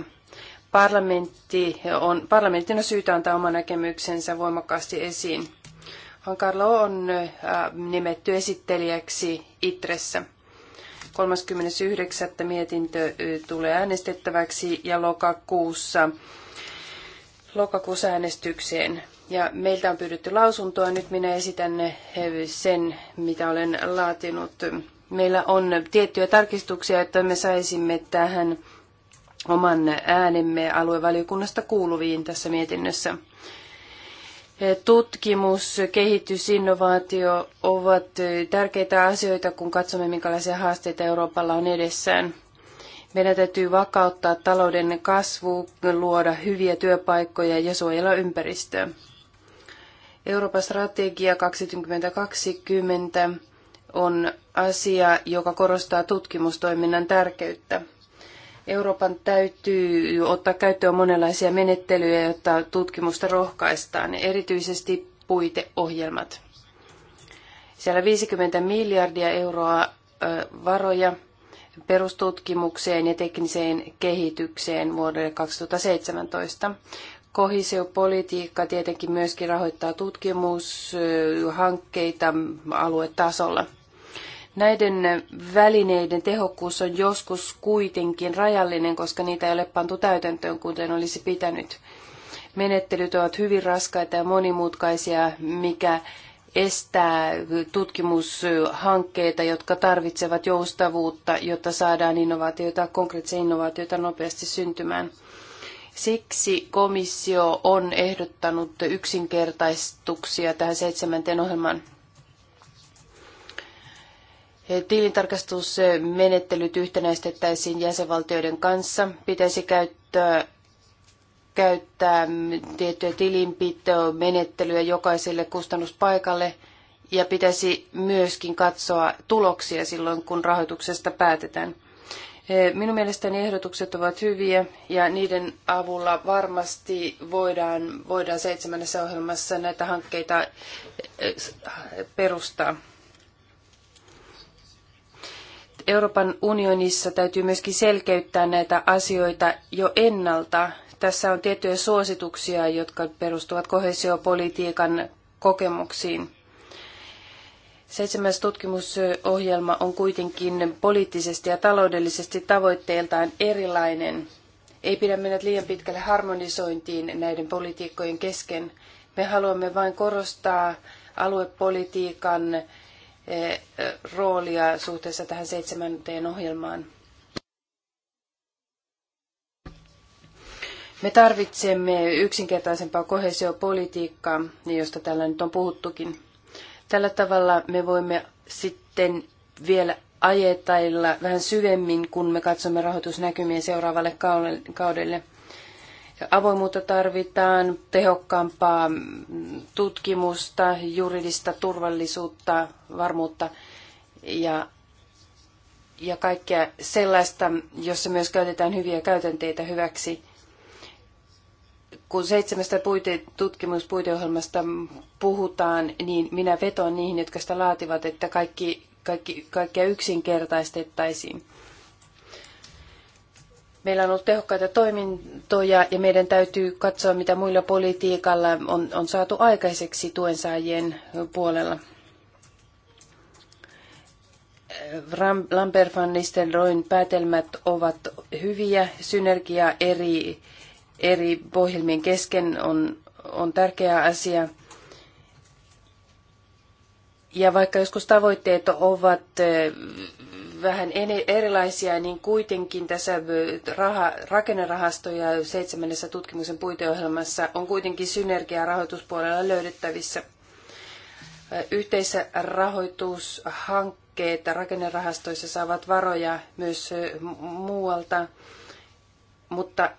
Parlamentti on, parlamentin on syytä antaa oma näkemyksensä voimakkaasti esiin. Hankarlo on nimetty esittelijäksi Itressä. 39. mietintö tulee äänestettäväksi ja lokakuussa, lokakuussa äänestykseen. Ja meiltä on pyydetty lausuntoa, nyt minä esitän sen, mitä olen laatinut. Meillä on tiettyjä tarkistuksia, että me saisimme tähän oman äänemme aluevaliokunnasta kuuluviin tässä mietinnössä. Tutkimus, kehitys, innovaatio ovat tärkeitä asioita, kun katsomme, minkälaisia haasteita Euroopalla on edessään. Meidän täytyy vakauttaa talouden kasvu, luoda hyviä työpaikkoja ja suojella ympäristöä. Euroopan strategia 2020 on asia, joka korostaa tutkimustoiminnan tärkeyttä. Euroopan täytyy ottaa käyttöön monenlaisia menettelyjä, jotta tutkimusta rohkaistaan, erityisesti puiteohjelmat. Siellä 50 miljardia euroa varoja perustutkimukseen ja tekniseen kehitykseen vuodelle 2017. Kohisiopolitiikka tietenkin myöskin rahoittaa tutkimushankkeita aluetasolla. Näiden välineiden tehokkuus on joskus kuitenkin rajallinen, koska niitä ei ole pantu täytäntöön, kuten olisi pitänyt. Menettelyt ovat hyvin raskaita ja monimutkaisia, mikä estää tutkimushankkeita, jotka tarvitsevat joustavuutta, jotta saadaan innovaatioita, konkreettisia innovaatioita nopeasti syntymään. Siksi komissio on ehdottanut yksinkertaistuksia tähän seitsemänteen ohjelmaan. Tilintarkastusmenettelyt yhtenäistettäisiin jäsenvaltioiden kanssa. Pitäisi käyttää, käyttää tiettyä tilinpitomenettelyä jokaiselle kustannuspaikalle ja pitäisi myöskin katsoa tuloksia silloin, kun rahoituksesta päätetään. Minun mielestäni ehdotukset ovat hyviä ja niiden avulla varmasti voidaan, voidaan seitsemännessä ohjelmassa näitä hankkeita e, e, perustaa. Euroopan unionissa täytyy myöskin selkeyttää näitä asioita jo ennalta. Tässä on tiettyjä suosituksia, jotka perustuvat kohesiopolitiikan kokemuksiin. Seitsemäs tutkimusohjelma on kuitenkin poliittisesti ja taloudellisesti tavoitteeltaan erilainen. Ei pidä mennä liian pitkälle harmonisointiin näiden politiikkojen kesken. Me haluamme vain korostaa aluepolitiikan eh, roolia suhteessa tähän seitsemänteen ohjelmaan. Me tarvitsemme yksinkertaisempaa kohesiopolitiikkaa, josta täällä nyt on puhuttukin. Tällä tavalla me voimme sitten vielä ajetailla vähän syvemmin, kun me katsomme rahoitusnäkymiä seuraavalle kaudelle. Avoimuutta tarvitaan, tehokkaampaa mm, tutkimusta, juridista turvallisuutta, varmuutta ja, ja kaikkea sellaista, jossa myös käytetään hyviä käytänteitä hyväksi kun seitsemästä puite, tutkimuspuiteohjelmasta puhutaan, niin minä vetoan niihin, jotka sitä laativat, että kaikki, kaikki, kaikkea yksinkertaistettaisiin. Meillä on ollut tehokkaita toimintoja ja meidän täytyy katsoa, mitä muilla politiikalla on, on saatu aikaiseksi tuensaajien puolella. Ram, Lambert van Nistelrooyn päätelmät ovat hyviä. Synergia eri eri pohjelmien kesken on, on tärkeä asia. Ja vaikka joskus tavoitteet ovat vähän erilaisia, niin kuitenkin tässä raha, rakennerahastoja seitsemännessä tutkimuksen puiteohjelmassa on kuitenkin synergiaa rahoituspuolella löydettävissä. Yhteisrahoitushankkeet rakennerahastoissa saavat varoja myös muualta, mutta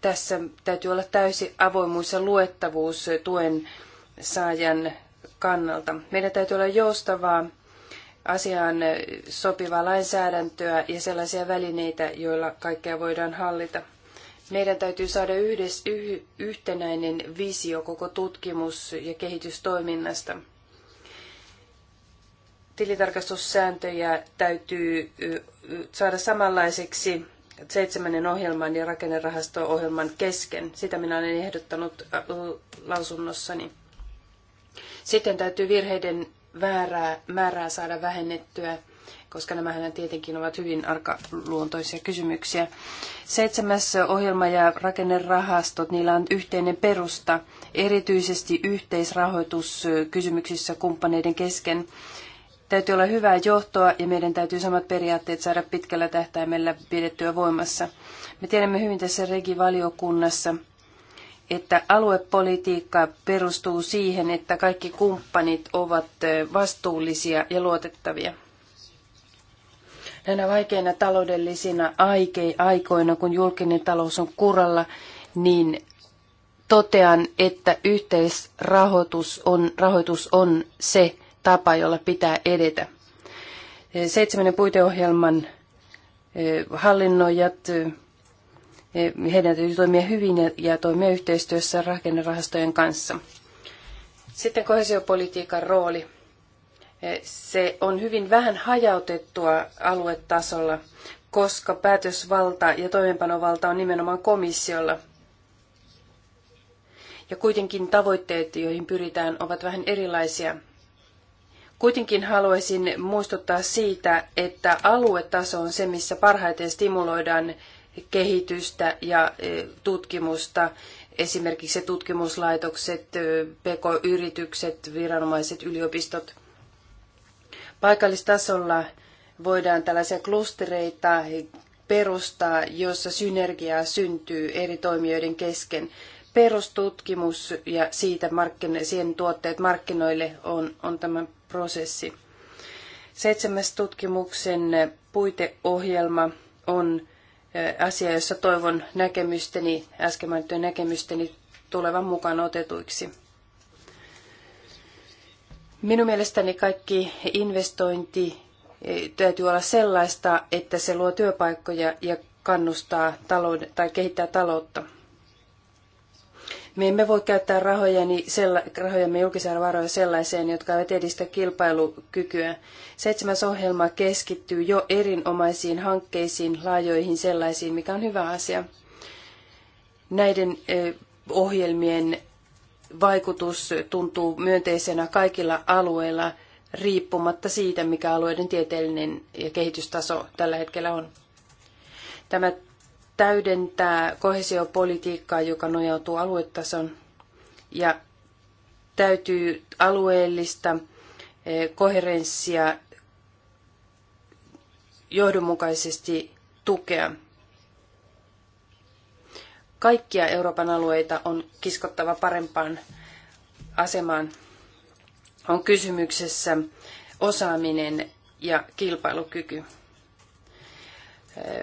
tässä täytyy olla täysi avoimuus ja luettavuus tuen saajan kannalta. Meidän täytyy olla joustavaa asiaan sopivaa lainsäädäntöä ja sellaisia välineitä, joilla kaikkea voidaan hallita. Meidän täytyy saada yhdes, yh, yhtenäinen visio koko tutkimus- ja kehitystoiminnasta. Tilitarkastussääntöjä täytyy saada samanlaiseksi seitsemännen ohjelman ja rakennerahasto-ohjelman kesken. Sitä minä olen ehdottanut äh, lausunnossani. Sitten täytyy virheiden väärää, määrää saada vähennettyä, koska nämä tietenkin ovat hyvin arkaluontoisia kysymyksiä. Seitsemäs ohjelma ja rakennerahastot, niillä on yhteinen perusta, erityisesti yhteisrahoituskysymyksissä kumppaneiden kesken. Täytyy olla hyvää johtoa ja meidän täytyy samat periaatteet saada pitkällä tähtäimellä pidettyä voimassa. Me tiedämme hyvin tässä regivaliokunnassa, että aluepolitiikka perustuu siihen, että kaikki kumppanit ovat vastuullisia ja luotettavia. Näinä vaikeina taloudellisina aikoina, kun julkinen talous on kuralla, niin totean, että yhteisrahoitus on, rahoitus on se, tapa, jolla pitää edetä. Seitsemännen puiteohjelman hallinnoijat, e, heidän täytyy toimia hyvin ja toimia yhteistyössä rakennerahastojen kanssa. Sitten kohesiopolitiikan rooli. E, se on hyvin vähän hajautettua aluetasolla, koska päätösvalta ja toimeenpanovalta on nimenomaan komissiolla. Ja kuitenkin tavoitteet, joihin pyritään, ovat vähän erilaisia – Kuitenkin haluaisin muistuttaa siitä, että aluetaso on se, missä parhaiten stimuloidaan kehitystä ja e, tutkimusta. Esimerkiksi tutkimuslaitokset, e, pk-yritykset, viranomaiset, yliopistot. Paikallistasolla voidaan tällaisia klustereita perustaa, jossa synergiaa syntyy eri toimijoiden kesken perustutkimus ja siitä markkino- siihen tuotteet markkinoille on, on tämä prosessi. Seitsemäs tutkimuksen puiteohjelma on asia, jossa toivon näkemysteni, äsken mainittujen näkemysteni tulevan mukaan otetuiksi. Minun mielestäni kaikki investointi täytyy olla sellaista, että se luo työpaikkoja ja kannustaa talouden, tai kehittää taloutta. Me emme voi käyttää niin sella, rahojamme julkisia varoja sellaiseen, jotka eivät edistä kilpailukykyä. Seitsemäs ohjelma keskittyy jo erinomaisiin hankkeisiin, laajoihin sellaisiin, mikä on hyvä asia. Näiden ohjelmien vaikutus tuntuu myönteisenä kaikilla alueilla riippumatta siitä, mikä alueiden tieteellinen ja kehitystaso tällä hetkellä on. Tämä täydentää kohesiopolitiikkaa, joka nojautuu aluetason ja täytyy alueellista eh, koherenssia johdonmukaisesti tukea. Kaikkia Euroopan alueita on kiskottava parempaan asemaan. On kysymyksessä osaaminen ja kilpailukyky eh,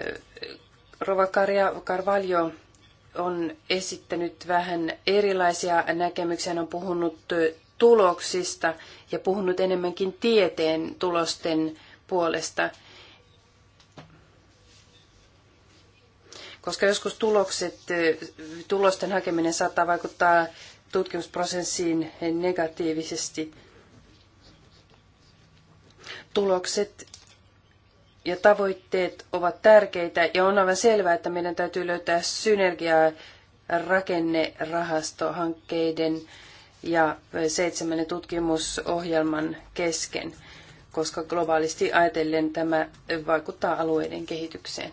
Rova Karja Carvalho on esittänyt vähän erilaisia näkemyksiä. Hän on puhunut tuloksista ja puhunut enemmänkin tieteen tulosten puolesta. Koska joskus tulokset, tulosten hakeminen saattaa vaikuttaa tutkimusprosessiin negatiivisesti. Tulokset ja tavoitteet ovat tärkeitä ja on aivan selvää, että meidän täytyy löytää synergiaa rakennerahastohankkeiden ja seitsemännen tutkimusohjelman kesken, koska globaalisti ajatellen tämä vaikuttaa alueiden kehitykseen.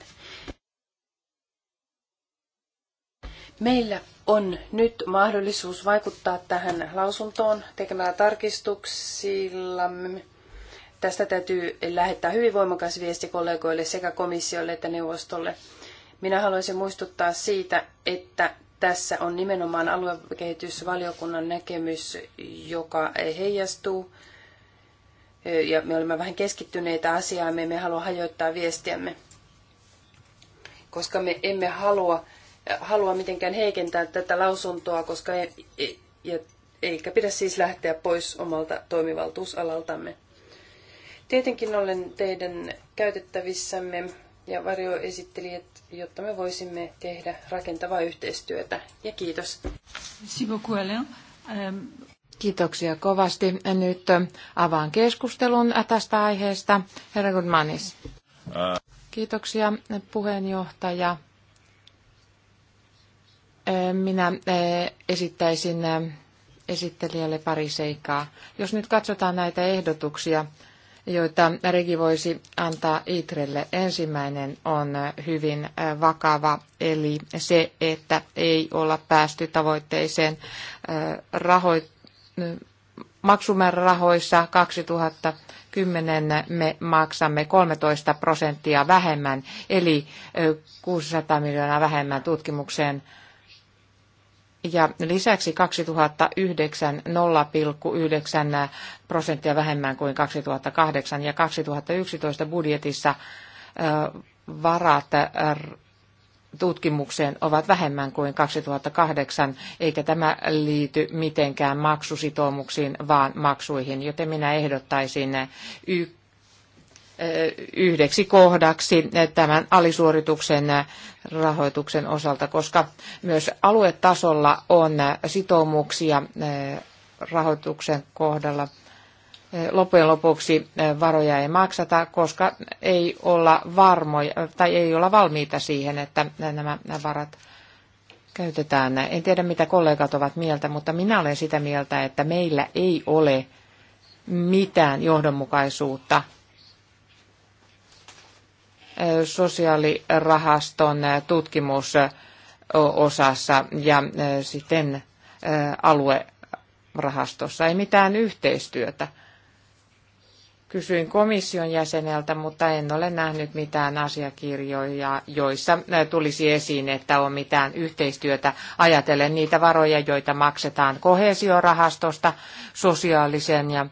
Meillä on nyt mahdollisuus vaikuttaa tähän lausuntoon tekemällä tarkistuksillamme Tästä täytyy lähettää hyvin voimakas viesti kollegoille sekä komissiolle että neuvostolle. Minä haluaisin muistuttaa siitä, että tässä on nimenomaan aluekehitysvaliokunnan näkemys, joka heijastuu. Ja me olemme vähän keskittyneitä asiaan, me emme halua hajoittaa viestiämme, koska me emme halua, halua mitenkään heikentää tätä lausuntoa, koska ei, ei, eikä pidä siis lähteä pois omalta toimivaltuusalaltamme. Tietenkin olen teidän käytettävissämme ja varjoesittelijät, jotta me voisimme tehdä rakentavaa yhteistyötä. Ja kiitos. Ähm, Kiitoksia kovasti. Nyt avaan keskustelun tästä aiheesta. Herra Goodmanis. Äh. Kiitoksia puheenjohtaja. Äh, minä äh, esittäisin esittelijälle pari seikkaa. Jos nyt katsotaan näitä ehdotuksia, joita Regi voisi antaa Itrelle. Ensimmäinen on hyvin äh, vakava, eli se, että ei olla päästy tavoitteeseen äh, rahoit- äh, maksumäärärahoissa 2010 me maksamme 13 prosenttia vähemmän, eli 600 miljoonaa vähemmän tutkimukseen ja lisäksi 2009 0,9 prosenttia vähemmän kuin 2008 ja 2011 budjetissa varat tutkimukseen ovat vähemmän kuin 2008, eikä tämä liity mitenkään maksusitoumuksiin, vaan maksuihin, joten minä ehdottaisin yhdeksi kohdaksi tämän alisuorituksen rahoituksen osalta, koska myös aluetasolla on sitoumuksia rahoituksen kohdalla. Loppujen lopuksi varoja ei maksata, koska ei olla varmoja tai ei olla valmiita siihen, että nämä varat käytetään. En tiedä, mitä kollegat ovat mieltä, mutta minä olen sitä mieltä, että meillä ei ole mitään johdonmukaisuutta sosiaalirahaston tutkimusosassa ja sitten aluerahastossa. Ei mitään yhteistyötä. Kysyin komission jäseneltä, mutta en ole nähnyt mitään asiakirjoja, joissa tulisi esiin, että on mitään yhteistyötä. Ajatellen niitä varoja, joita maksetaan kohesiorahastosta, sosiaalisen ja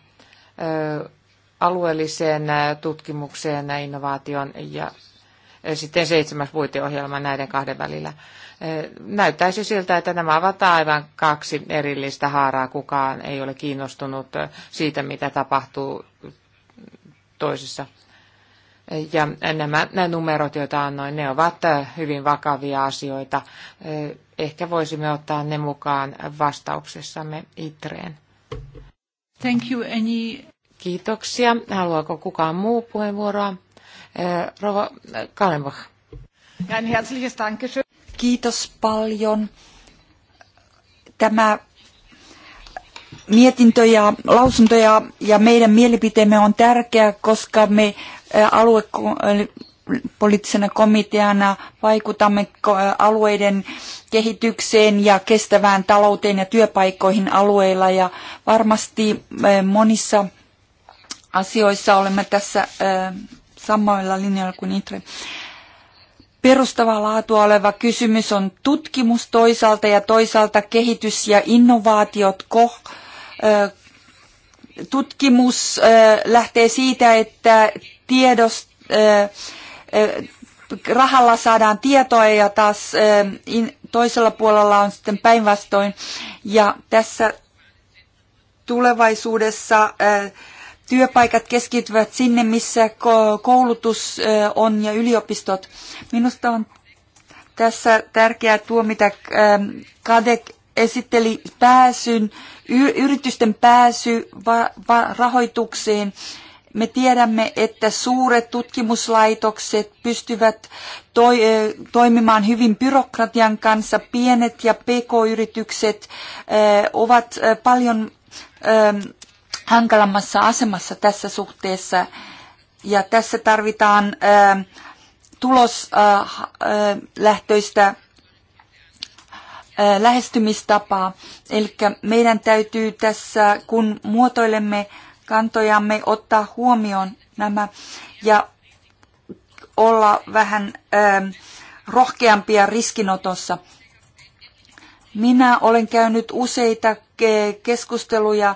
alueelliseen tutkimukseen, innovaation ja sitten seitsemäs puiteohjelma näiden kahden välillä. Näyttäisi siltä, että nämä ovat aivan kaksi erillistä haaraa. Kukaan ei ole kiinnostunut siitä, mitä tapahtuu toisissa. Ja nämä, nämä numerot, joita annoin, ne ovat hyvin vakavia asioita. Ehkä voisimme ottaa ne mukaan vastauksessamme ITREen. Thank you. Any Kiitoksia. Haluaako kukaan muu puheenvuoroa? Rova Kalenbach. Kiitos paljon. Tämä mietintö ja lausunto ja, ja meidän mielipiteemme on tärkeä, koska me aluepoliittisena komiteana vaikutamme alueiden kehitykseen ja kestävään talouteen ja työpaikkoihin alueilla ja varmasti monissa asioissa olemme tässä samoilla linjoilla kuin Itre. Perustavaa laatua oleva kysymys on tutkimus toisaalta ja toisaalta kehitys ja innovaatiot. Ko, tutkimus lähtee siitä, että tiedost, rahalla saadaan tietoa ja taas toisella puolella on sitten päinvastoin. Ja tässä tulevaisuudessa työpaikat keskittyvät sinne, missä koulutus on ja yliopistot. Minusta on tässä tärkeää tuo, mitä Kadek esitteli pääsyn, yritysten pääsy va, va, rahoitukseen. Me tiedämme, että suuret tutkimuslaitokset pystyvät toi, toimimaan hyvin byrokratian kanssa. Pienet ja pk-yritykset ovat paljon hankalammassa asemassa tässä suhteessa. Ja tässä tarvitaan tuloslähtöistä lähestymistapaa. Eli meidän täytyy tässä, kun muotoilemme kantojamme, ottaa huomioon nämä ja olla vähän rohkeampia riskinotossa. Minä olen käynyt useita keskusteluja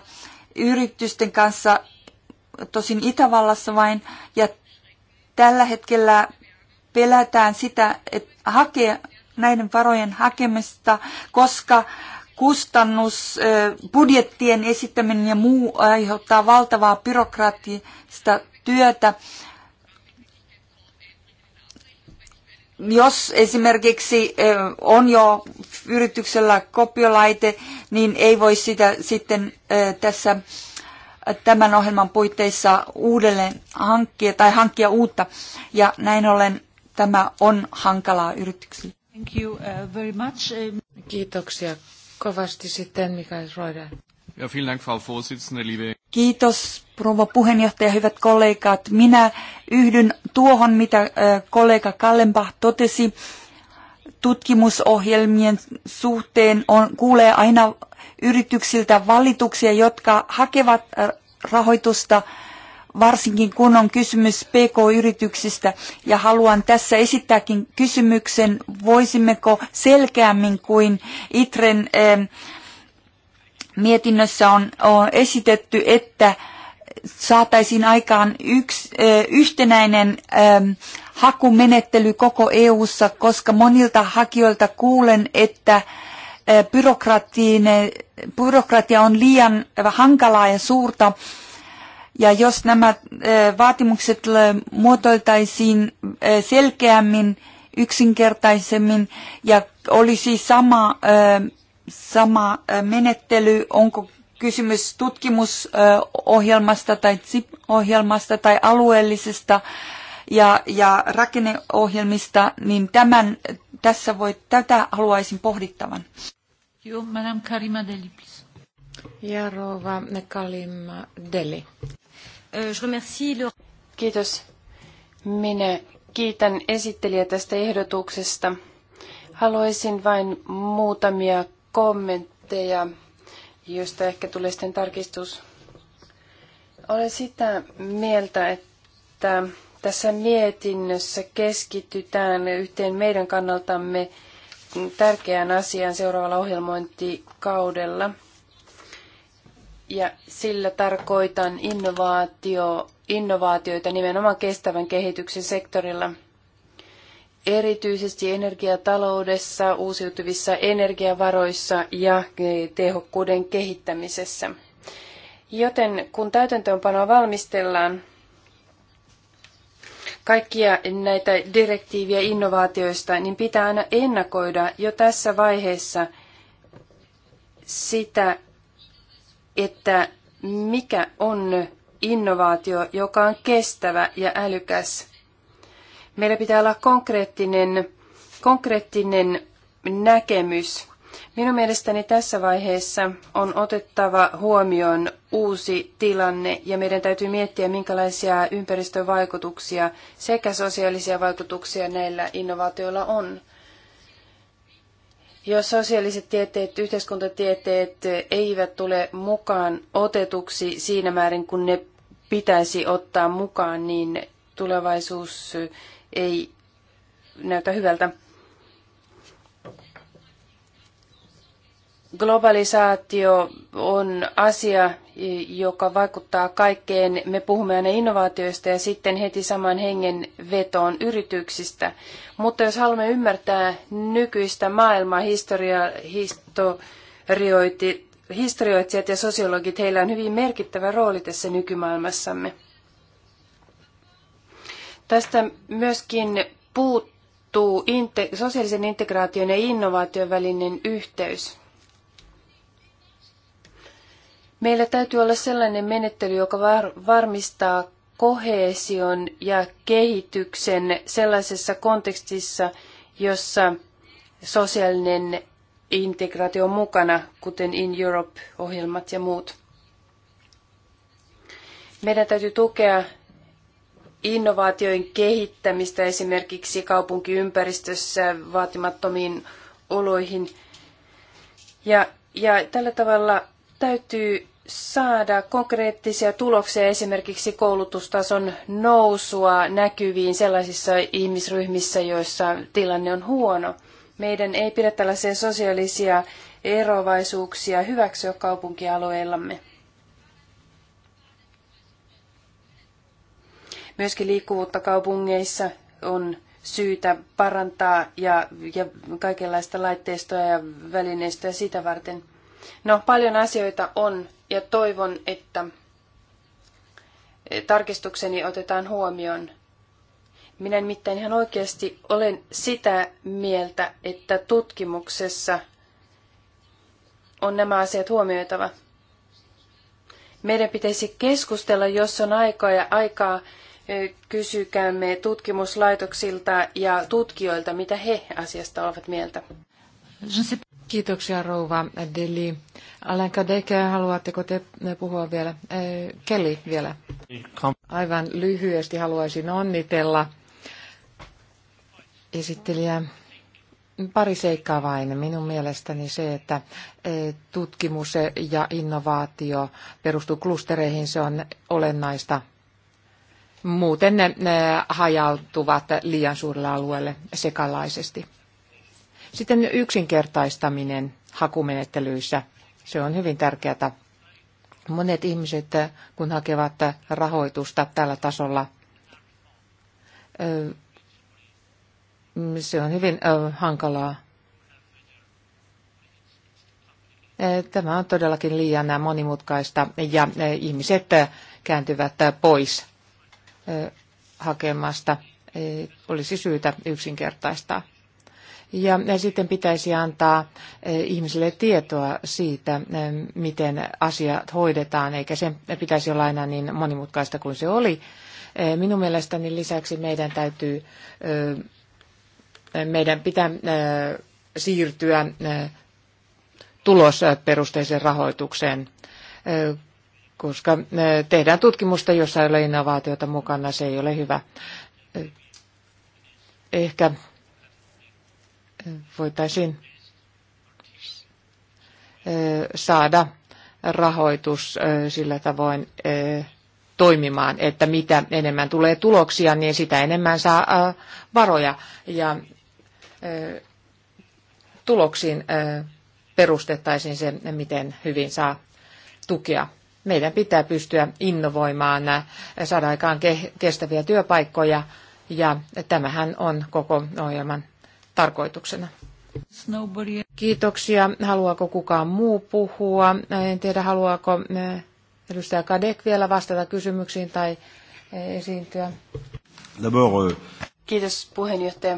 yritysten kanssa, tosin Itävallassa vain, ja tällä hetkellä pelätään sitä, että hakee näiden varojen hakemista, koska kustannus, budjettien esittäminen ja muu aiheuttaa valtavaa byrokraattista työtä jos esimerkiksi on jo yrityksellä kopiolaite, niin ei voi sitä sitten tässä tämän ohjelman puitteissa uudelleen hankkia tai hankkia uutta. Ja näin ollen tämä on hankalaa yrityksille. Thank you uh, very much. Kiitoksia kovasti sitten Mikael Roida. Ja, vielen Dank, Frau Vorsitzende, liebe... Kiitos rouva puheenjohtaja, hyvät kollegat. Minä yhdyn tuohon, mitä äh, kollega Kallenbach totesi. Tutkimusohjelmien suhteen on, kuulee aina yrityksiltä valituksia, jotka hakevat äh, rahoitusta varsinkin kun on kysymys PK-yrityksistä. Ja haluan tässä esittääkin kysymyksen, voisimmeko selkeämmin kuin ITREN äh, mietinnössä on, on esitetty, että saataisiin aikaan yks, yhtenäinen hakumenettely koko EU:ssa, koska monilta hakijoilta kuulen, että byrokratia on liian hankalaa ja suurta. Ja jos nämä vaatimukset muotoiltaisiin selkeämmin, yksinkertaisemmin ja olisi sama, sama menettely, onko kysymys tutkimusohjelmasta tai ZIP-ohjelmasta tai alueellisesta ja, ja rakenneohjelmista, niin tämän, tässä voi, tätä haluaisin pohdittavan. Joo, Madame Karima Deli, please. Ja Rova Karima Deli. Euh, Kiitos. Minä kiitän esittelijä tästä ehdotuksesta. Haluaisin vain muutamia kommentteja josta ehkä tulee sitten tarkistus. Olen sitä mieltä, että tässä mietinnössä keskitytään yhteen meidän kannaltamme tärkeään asiaan seuraavalla ohjelmointikaudella. Ja sillä tarkoitan innovaatio, innovaatioita nimenomaan kestävän kehityksen sektorilla – erityisesti energiataloudessa, uusiutuvissa energiavaroissa ja tehokkuuden kehittämisessä. Joten kun täytäntöönpanoa valmistellaan, kaikkia näitä direktiiviä innovaatioista, niin pitää aina ennakoida jo tässä vaiheessa sitä, että mikä on innovaatio, joka on kestävä ja älykäs. Meillä pitää olla konkreettinen, konkreettinen näkemys. Minun mielestäni tässä vaiheessa on otettava huomioon uusi tilanne ja meidän täytyy miettiä, minkälaisia ympäristövaikutuksia sekä sosiaalisia vaikutuksia näillä innovaatioilla on. Jos sosiaaliset tieteet, yhteiskuntatieteet eivät tule mukaan otetuksi siinä määrin, kun ne pitäisi ottaa mukaan, niin tulevaisuus ei näytä hyvältä. Globalisaatio on asia, joka vaikuttaa kaikkeen. Me puhumme aina innovaatioista ja sitten heti saman hengen vetoon yrityksistä. Mutta jos haluamme ymmärtää nykyistä maailmaa, historia, historioitsijat ja sosiologit, heillä on hyvin merkittävä rooli tässä nykymaailmassamme. Tästä myöskin puuttuu inte- sosiaalisen integraation ja innovaation välinen yhteys. Meillä täytyy olla sellainen menettely, joka var- varmistaa kohesion ja kehityksen sellaisessa kontekstissa, jossa sosiaalinen integraatio on mukana, kuten In Europe-ohjelmat ja muut. Meidän täytyy tukea innovaatioiden kehittämistä esimerkiksi kaupunkiympäristössä vaatimattomiin oloihin. Ja, ja tällä tavalla täytyy saada konkreettisia tuloksia, esimerkiksi koulutustason nousua näkyviin sellaisissa ihmisryhmissä, joissa tilanne on huono. Meidän ei pidä tällaisia sosiaalisia erovaisuuksia hyväksyä kaupunkialueillamme. Myöskin liikkuvuutta kaupungeissa on syytä parantaa ja, ja kaikenlaista laitteistoa ja välineistöä sitä varten. No, paljon asioita on ja toivon, että tarkistukseni otetaan huomioon. Minä nimittäin ihan oikeasti olen sitä mieltä, että tutkimuksessa on nämä asiat huomioitava. Meidän pitäisi keskustella, jos on aikaa ja aikaa kysykäämme tutkimuslaitoksilta ja tutkijoilta, mitä he asiasta ovat mieltä. Kiitoksia rouva Deli. Alain Kadeke, haluatteko te puhua vielä? Keli vielä. Aivan lyhyesti haluaisin onnitella esittelijä. Pari seikkaa vain. Minun mielestäni se, että tutkimus ja innovaatio perustuu klustereihin, se on olennaista Muuten ne hajautuvat liian suurelle alueelle sekalaisesti. Sitten yksinkertaistaminen hakumenettelyissä. Se on hyvin tärkeää. Monet ihmiset, kun hakevat rahoitusta tällä tasolla, se on hyvin hankalaa. Tämä on todellakin liian monimutkaista ja ihmiset kääntyvät pois hakemasta olisi syytä yksinkertaistaa. Ja sitten pitäisi antaa ihmisille tietoa siitä, miten asiat hoidetaan, eikä sen pitäisi olla aina niin monimutkaista kuin se oli. Minun mielestäni lisäksi meidän täytyy, meidän pitää siirtyä tulosperusteiseen rahoitukseen koska eh, tehdään tutkimusta, jossa ei ole innovaatiota mukana, se ei ole hyvä. Eh, ehkä eh, voitaisiin saada rahoitus sillä tavoin toimimaan, että mitä enemmän tulee tuloksia, niin sitä enemmän saa varoja. Ja tuloksiin perustettaisiin se, miten hyvin saa tukea meidän pitää pystyä innovoimaan, saada aikaan kestäviä työpaikkoja ja tämähän on koko ohjelman tarkoituksena. Kiitoksia. Haluaako kukaan muu puhua? En tiedä, haluaako edustaja Kadek vielä vastata kysymyksiin tai esiintyä. Kiitos puheenjohtaja.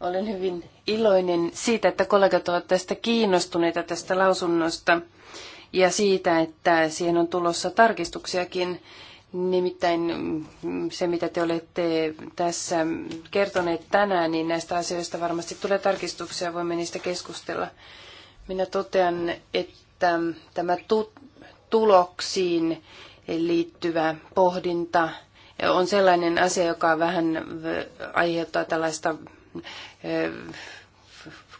Olen hyvin iloinen siitä, että kollegat ovat tästä kiinnostuneita tästä lausunnosta ja siitä, että siihen on tulossa tarkistuksiakin. Nimittäin se, mitä te olette tässä kertoneet tänään, niin näistä asioista varmasti tulee tarkistuksia, voimme niistä keskustella. Minä totean, että tämä tuloksiin liittyvä pohdinta on sellainen asia, joka vähän aiheuttaa tällaista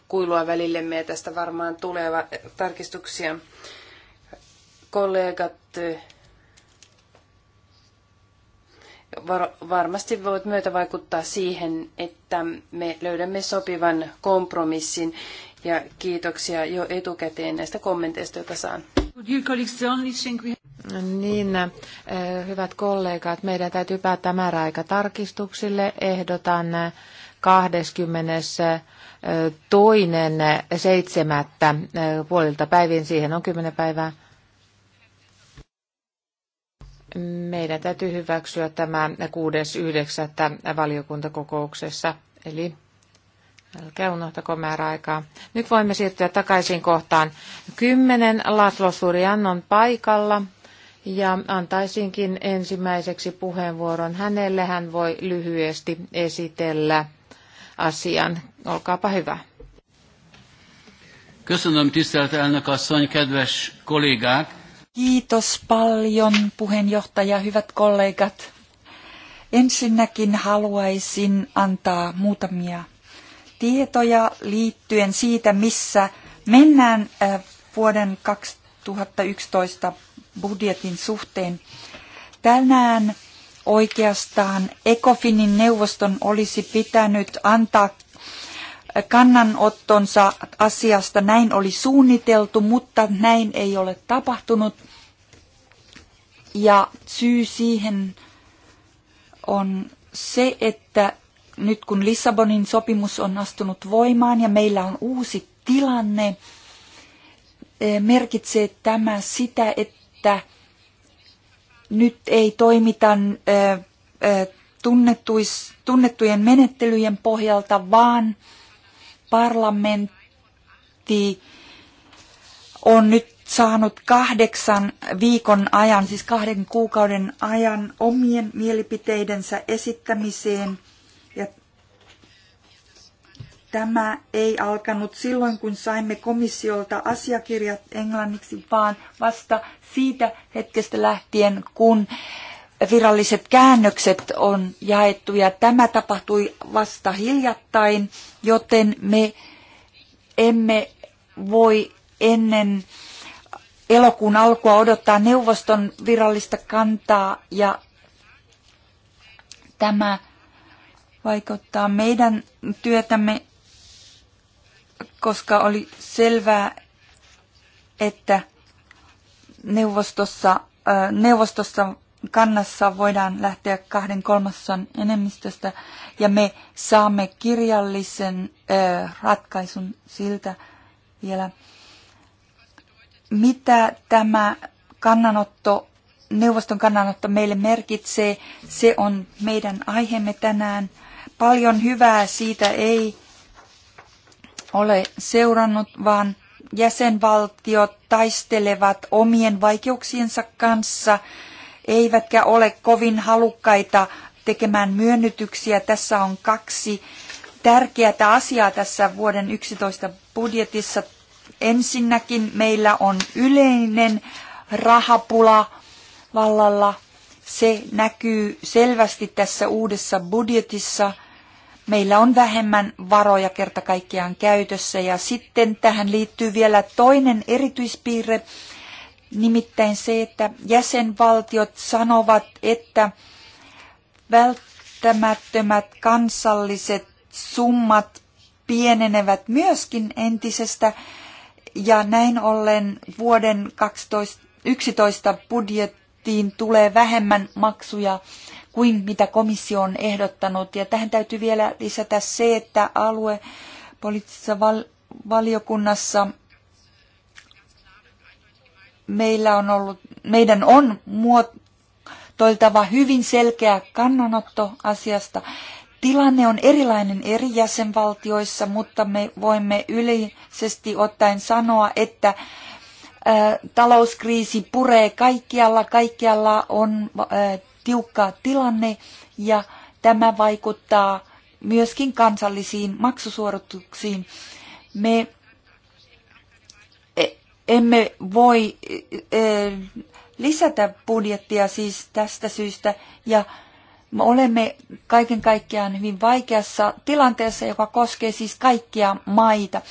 kuilua välillemme ja tästä varmaan tulee tarkistuksia kollegat varmasti voivat myötä vaikuttaa siihen, että me löydämme sopivan kompromissin. Ja kiitoksia jo etukäteen näistä kommenteista, joita saan. Niin, eh, hyvät kollegat, meidän täytyy päättää määräaika tarkistuksille. Ehdotan 22.7. Eh, eh, toinen puolilta päivin, siihen on 10 päivää meidän täytyy hyväksyä tämä 6.9. valiokuntakokouksessa, eli älkää unohtako määräaikaa. Nyt voimme siirtyä takaisin kohtaan. Kymmenen Laslo on paikalla ja antaisinkin ensimmäiseksi puheenvuoron hänelle. Hän voi lyhyesti esitellä asian. Olkaapa hyvä. Köszönöm tisztelt elnök asszony, kedves kollégák! Kiitos paljon puheenjohtaja, hyvät kollegat. Ensinnäkin haluaisin antaa muutamia tietoja liittyen siitä, missä mennään äh, vuoden 2011 budjetin suhteen. Tänään oikeastaan Ecofinin neuvoston olisi pitänyt antaa kannanottonsa asiasta. Näin oli suunniteltu, mutta näin ei ole tapahtunut. Ja syy siihen on se, että nyt kun Lissabonin sopimus on astunut voimaan ja meillä on uusi tilanne, eh, merkitsee tämä sitä, että nyt ei toimita eh, eh, tunnettujen menettelyjen pohjalta, vaan parlamentti on nyt saanut kahdeksan viikon ajan, siis kahden kuukauden ajan omien mielipiteidensä esittämiseen. Ja tämä ei alkanut silloin, kun saimme komissiolta asiakirjat englanniksi, vaan vasta siitä hetkestä lähtien, kun viralliset käännökset on jaettu ja tämä tapahtui vasta hiljattain, joten me emme voi ennen elokuun alkua odottaa neuvoston virallista kantaa ja tämä vaikuttaa meidän työtämme, koska oli selvää, että neuvostossa, neuvostossa kannassa voidaan lähteä kahden kolmasosan enemmistöstä ja me saamme kirjallisen ö, ratkaisun siltä vielä. Mitä tämä kannanotto, neuvoston kannanotto meille merkitsee, se on meidän aiheemme tänään. Paljon hyvää siitä ei ole seurannut, vaan jäsenvaltiot taistelevat omien vaikeuksiensa kanssa – eivätkä ole kovin halukkaita tekemään myönnytyksiä. Tässä on kaksi tärkeää asiaa tässä vuoden 11 budjetissa. Ensinnäkin meillä on yleinen rahapula vallalla. Se näkyy selvästi tässä uudessa budjetissa. Meillä on vähemmän varoja kerta kaikkiaan käytössä ja sitten tähän liittyy vielä toinen erityispiirre, Nimittäin se, että jäsenvaltiot sanovat, että välttämättömät kansalliset summat pienenevät myöskin entisestä ja näin ollen vuoden 2011 budjettiin tulee vähemmän maksuja kuin mitä komissio on ehdottanut. Ja tähän täytyy vielä lisätä se, että aluepoliittisessa val- valiokunnassa meillä on ollut, meidän on muotoiltava hyvin selkeä kannanotto asiasta. Tilanne on erilainen eri jäsenvaltioissa, mutta me voimme yleisesti ottaen sanoa, että talouskriisi puree kaikkialla, kaikkialla on tiukka tilanne ja tämä vaikuttaa myöskin kansallisiin maksusuorituksiin. Me emme voi e, e, lisätä budjettia siis tästä syystä ja me olemme kaiken kaikkiaan hyvin vaikeassa tilanteessa, joka koskee siis kaikkia maita.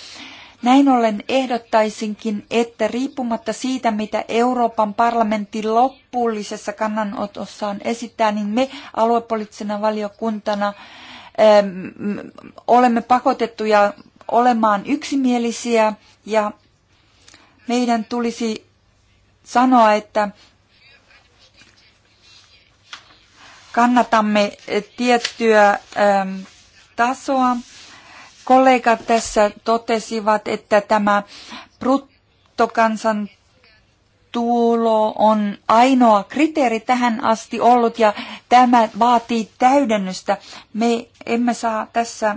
Näin ollen ehdottaisinkin, että riippumatta siitä, mitä Euroopan parlamentti loppuullisessa kannanotossaan esittää, niin me aluepoliittisena valiokuntana ähm, olemme pakotettuja olemaan yksimielisiä ja meidän tulisi sanoa, että kannatamme tiettyä ähm, tasoa. Kollegat tässä totesivat, että tämä bruttokansantulo on ainoa kriteeri tähän asti ollut ja tämä vaatii täydennystä. Me emme saa tässä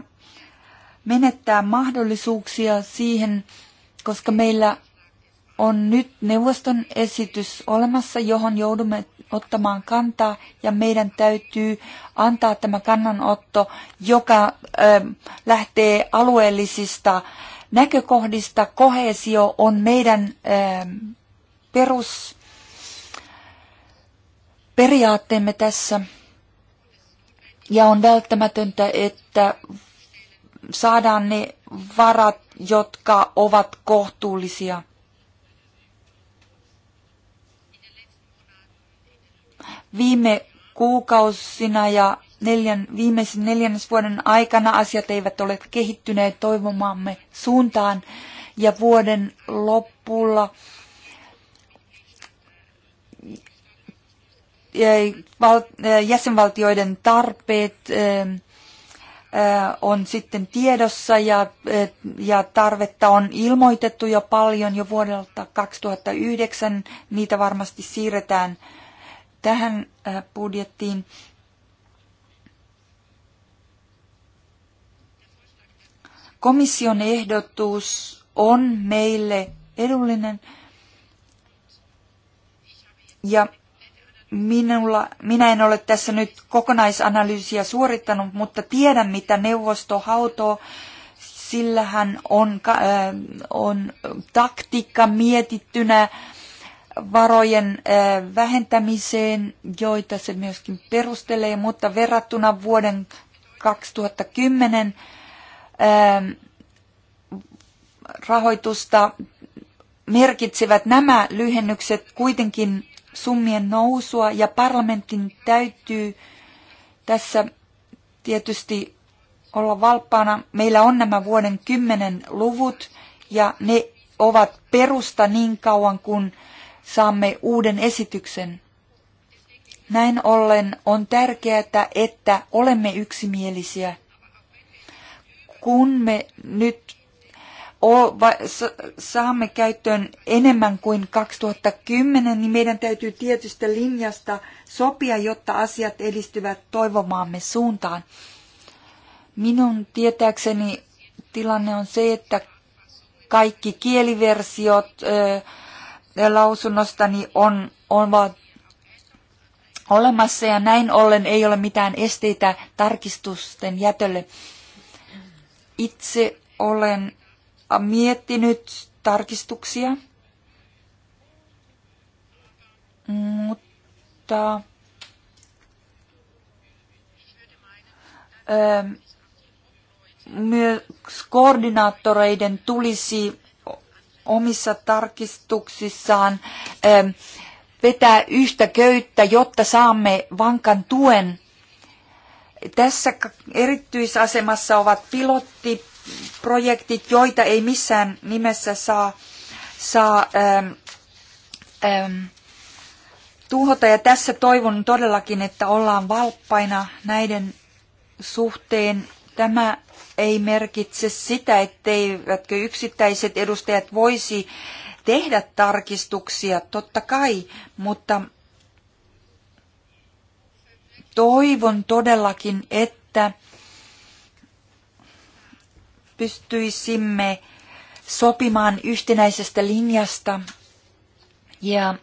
menettää mahdollisuuksia siihen, koska meillä on nyt neuvoston esitys olemassa, johon joudumme ottamaan kantaa ja meidän täytyy antaa tämä kannanotto, joka ö, lähtee alueellisista näkökohdista. Kohesio on meidän ö, perusperiaatteemme tässä ja on välttämätöntä, että saadaan ne varat, jotka ovat kohtuullisia – Viime kuukausina ja neljän, viimeisen neljännesvuoden aikana asiat eivät ole kehittyneet toivomamme suuntaan ja vuoden lopulla eh, jäsenvaltioiden tarpeet eh, eh, on sitten tiedossa ja, ja tarvetta on ilmoitettu jo paljon jo vuodelta 2009. Niitä varmasti siirretään tähän budjettiin. Komission ehdotus on meille edullinen ja minulla, minä en ole tässä nyt kokonaisanalyysiä suorittanut, mutta tiedän mitä neuvosto hautoo. Sillähän on, äh, on taktiikka mietittynä varojen vähentämiseen, joita se myöskin perustelee, mutta verrattuna vuoden 2010 rahoitusta merkitsevät nämä lyhennykset kuitenkin summien nousua ja parlamentin täytyy tässä tietysti olla valppaana. Meillä on nämä vuoden 10 luvut ja ne ovat perusta niin kauan kuin saamme uuden esityksen. Näin ollen on tärkeää, että olemme yksimielisiä. Kun me nyt saamme käyttöön enemmän kuin 2010, niin meidän täytyy tietystä linjasta sopia, jotta asiat edistyvät toivomaamme suuntaan. Minun tietääkseni tilanne on se, että kaikki kieliversiot, äh, lausunnostani niin on, on vaan olemassa ja näin ollen ei ole mitään esteitä tarkistusten jätölle. Itse olen miettinyt tarkistuksia, mutta myös koordinaattoreiden tulisi omissa tarkistuksissaan ähm, vetää yhtä köyttä, jotta saamme vankan tuen. Tässä erityisasemassa ovat pilottiprojektit, joita ei missään nimessä saa, saa ähm, ähm, tuhota. Ja tässä toivon todellakin, että ollaan valppaina näiden suhteen. Tämä ei merkitse sitä, etteivätkö yksittäiset edustajat voisi tehdä tarkistuksia, totta kai, mutta toivon todellakin, että pystyisimme sopimaan yhtenäisestä linjasta ja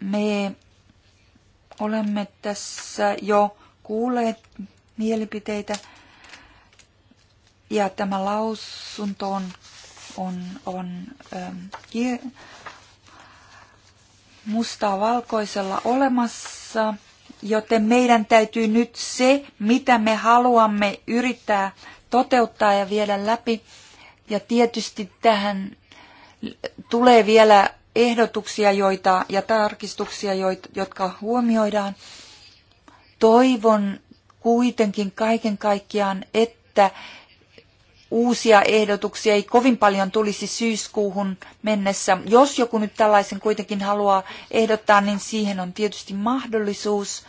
me olemme tässä jo kuulleet mielipiteitä ja tämä lausunto on, on, on ähm, mustaa valkoisella olemassa, joten meidän täytyy nyt se, mitä me haluamme yrittää toteuttaa ja viedä läpi. Ja tietysti tähän tulee vielä ehdotuksia joita, ja tarkistuksia, joita, jotka huomioidaan. Toivon kuitenkin kaiken kaikkiaan, että uusia ehdotuksia ei kovin paljon tulisi syyskuuhun mennessä. Jos joku nyt tällaisen kuitenkin haluaa ehdottaa, niin siihen on tietysti mahdollisuus.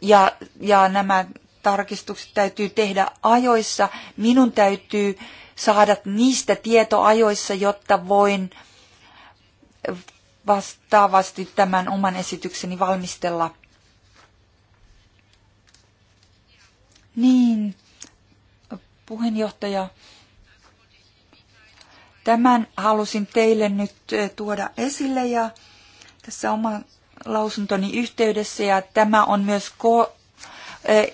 Ja, ja nämä tarkistukset täytyy tehdä ajoissa. Minun täytyy saada niistä tieto ajoissa, jotta voin vastaavasti tämän oman esitykseni valmistella. Niin, puheenjohtaja. Tämän halusin teille nyt tuoda esille ja tässä oman lausuntoni yhteydessä ja tämä on myös ko-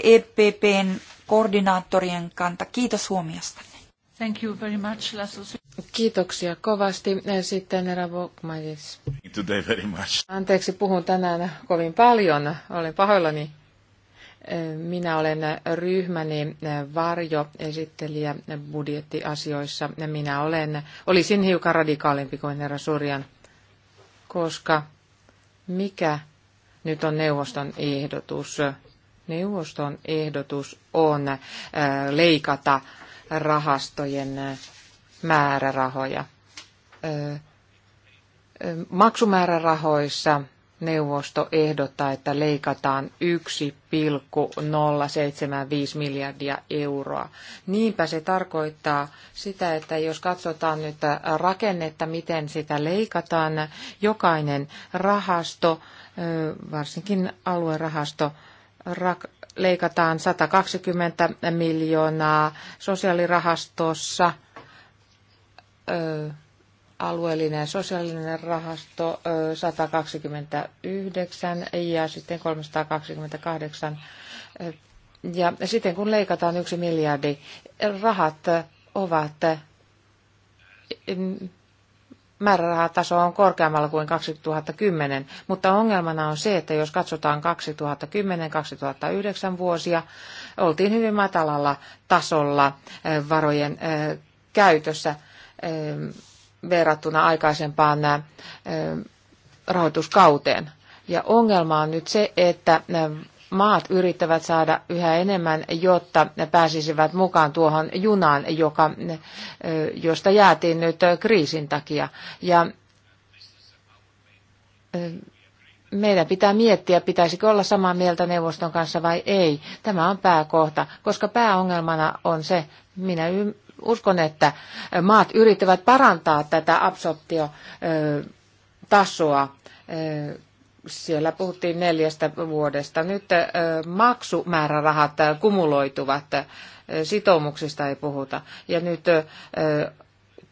EPPn koordinaattorien kanta. Kiitos huomiosta. Thank you very much, Kiitoksia kovasti. Sitten Ravo very much. Anteeksi, puhun tänään kovin paljon. Olen pahoillani. Minä olen ryhmäni varjoesittelijä budjettiasioissa. Minä olen, olisin hiukan radikaalimpi kuin herra Surjan, koska mikä nyt on neuvoston ehdotus? Neuvoston ehdotus on äh, leikata rahastojen äh, määrärahoja. Äh, maksumäärärahoissa neuvosto ehdottaa, että leikataan 1,075 miljardia euroa. Niinpä se tarkoittaa sitä, että jos katsotaan nyt rakennetta, miten sitä leikataan, jokainen rahasto, varsinkin aluerahasto, leikataan 120 miljoonaa sosiaalirahastossa, alueellinen sosiaalinen rahasto 129 ja sitten 328. Ja sitten kun leikataan yksi miljardi, rahat ovat, määrärahataso on korkeammalla kuin 2010, mutta ongelmana on se, että jos katsotaan 2010-2009 vuosia, oltiin hyvin matalalla tasolla varojen käytössä verrattuna aikaisempaan rahoituskauteen. Ja ongelma on nyt se, että maat yrittävät saada yhä enemmän, jotta ne pääsisivät mukaan tuohon junaan, joka, josta jäätiin nyt kriisin takia. Ja meidän pitää miettiä, pitäisikö olla samaa mieltä neuvoston kanssa vai ei. Tämä on pääkohta, koska pääongelmana on se, minä uskon, että maat yrittävät parantaa tätä absorptiotasoa. Siellä puhuttiin neljästä vuodesta. Nyt maksumäärärahat kumuloituvat, sitoumuksista ei puhuta. Ja nyt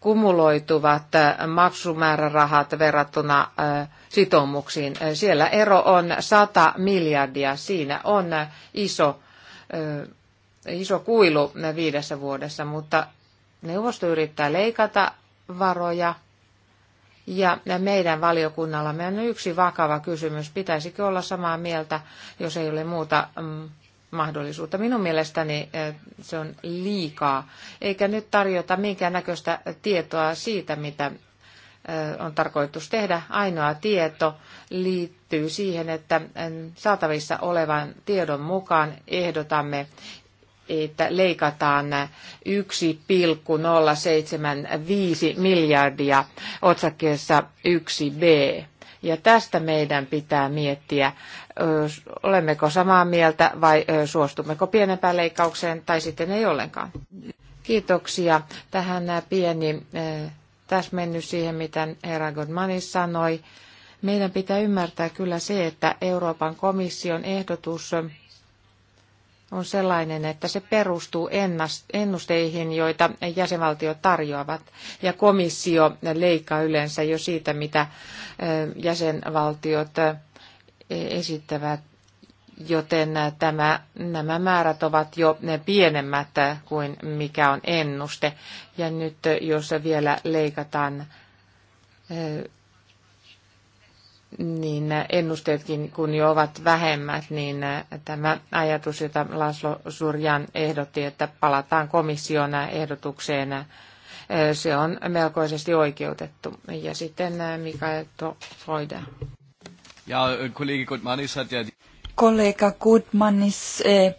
kumuloituvat maksumäärärahat verrattuna sitoumuksiin. Siellä ero on 100 miljardia. Siinä on iso iso kuilu viidessä vuodessa, mutta neuvosto yrittää leikata varoja. Ja meidän valiokunnallamme on yksi vakava kysymys. Pitäisikö olla samaa mieltä, jos ei ole muuta mm, mahdollisuutta. Minun mielestäni se on liikaa, eikä nyt tarjota minkäännäköistä tietoa siitä, mitä on tarkoitus tehdä. Ainoa tieto liittyy siihen, että saatavissa olevan tiedon mukaan ehdotamme että leikataan 1,075 miljardia otsakkeessa 1b. Ja tästä meidän pitää miettiä, olemmeko samaa mieltä vai suostummeko pienempään leikkaukseen tai sitten ei ollenkaan. Kiitoksia. Tähän pieni mennyt siihen, mitä herra Godmanis sanoi. Meidän pitää ymmärtää kyllä se, että Euroopan komission ehdotus on sellainen, että se perustuu ennusteihin, joita jäsenvaltiot tarjoavat, ja komissio leikkaa yleensä jo siitä, mitä jäsenvaltiot esittävät, joten tämä, nämä määrät ovat jo pienemmät kuin mikä on ennuste. Ja nyt jos vielä leikataan niin ennusteetkin kun jo ovat vähemmät, niin tämä ajatus, jota Laslo Surjan ehdotti, että palataan komission ehdotukseen, se on melkoisesti oikeutettu. Ja sitten Mikael Freude. Ja kollega Goodmanis hat ja... Kollega Goodmanis eh,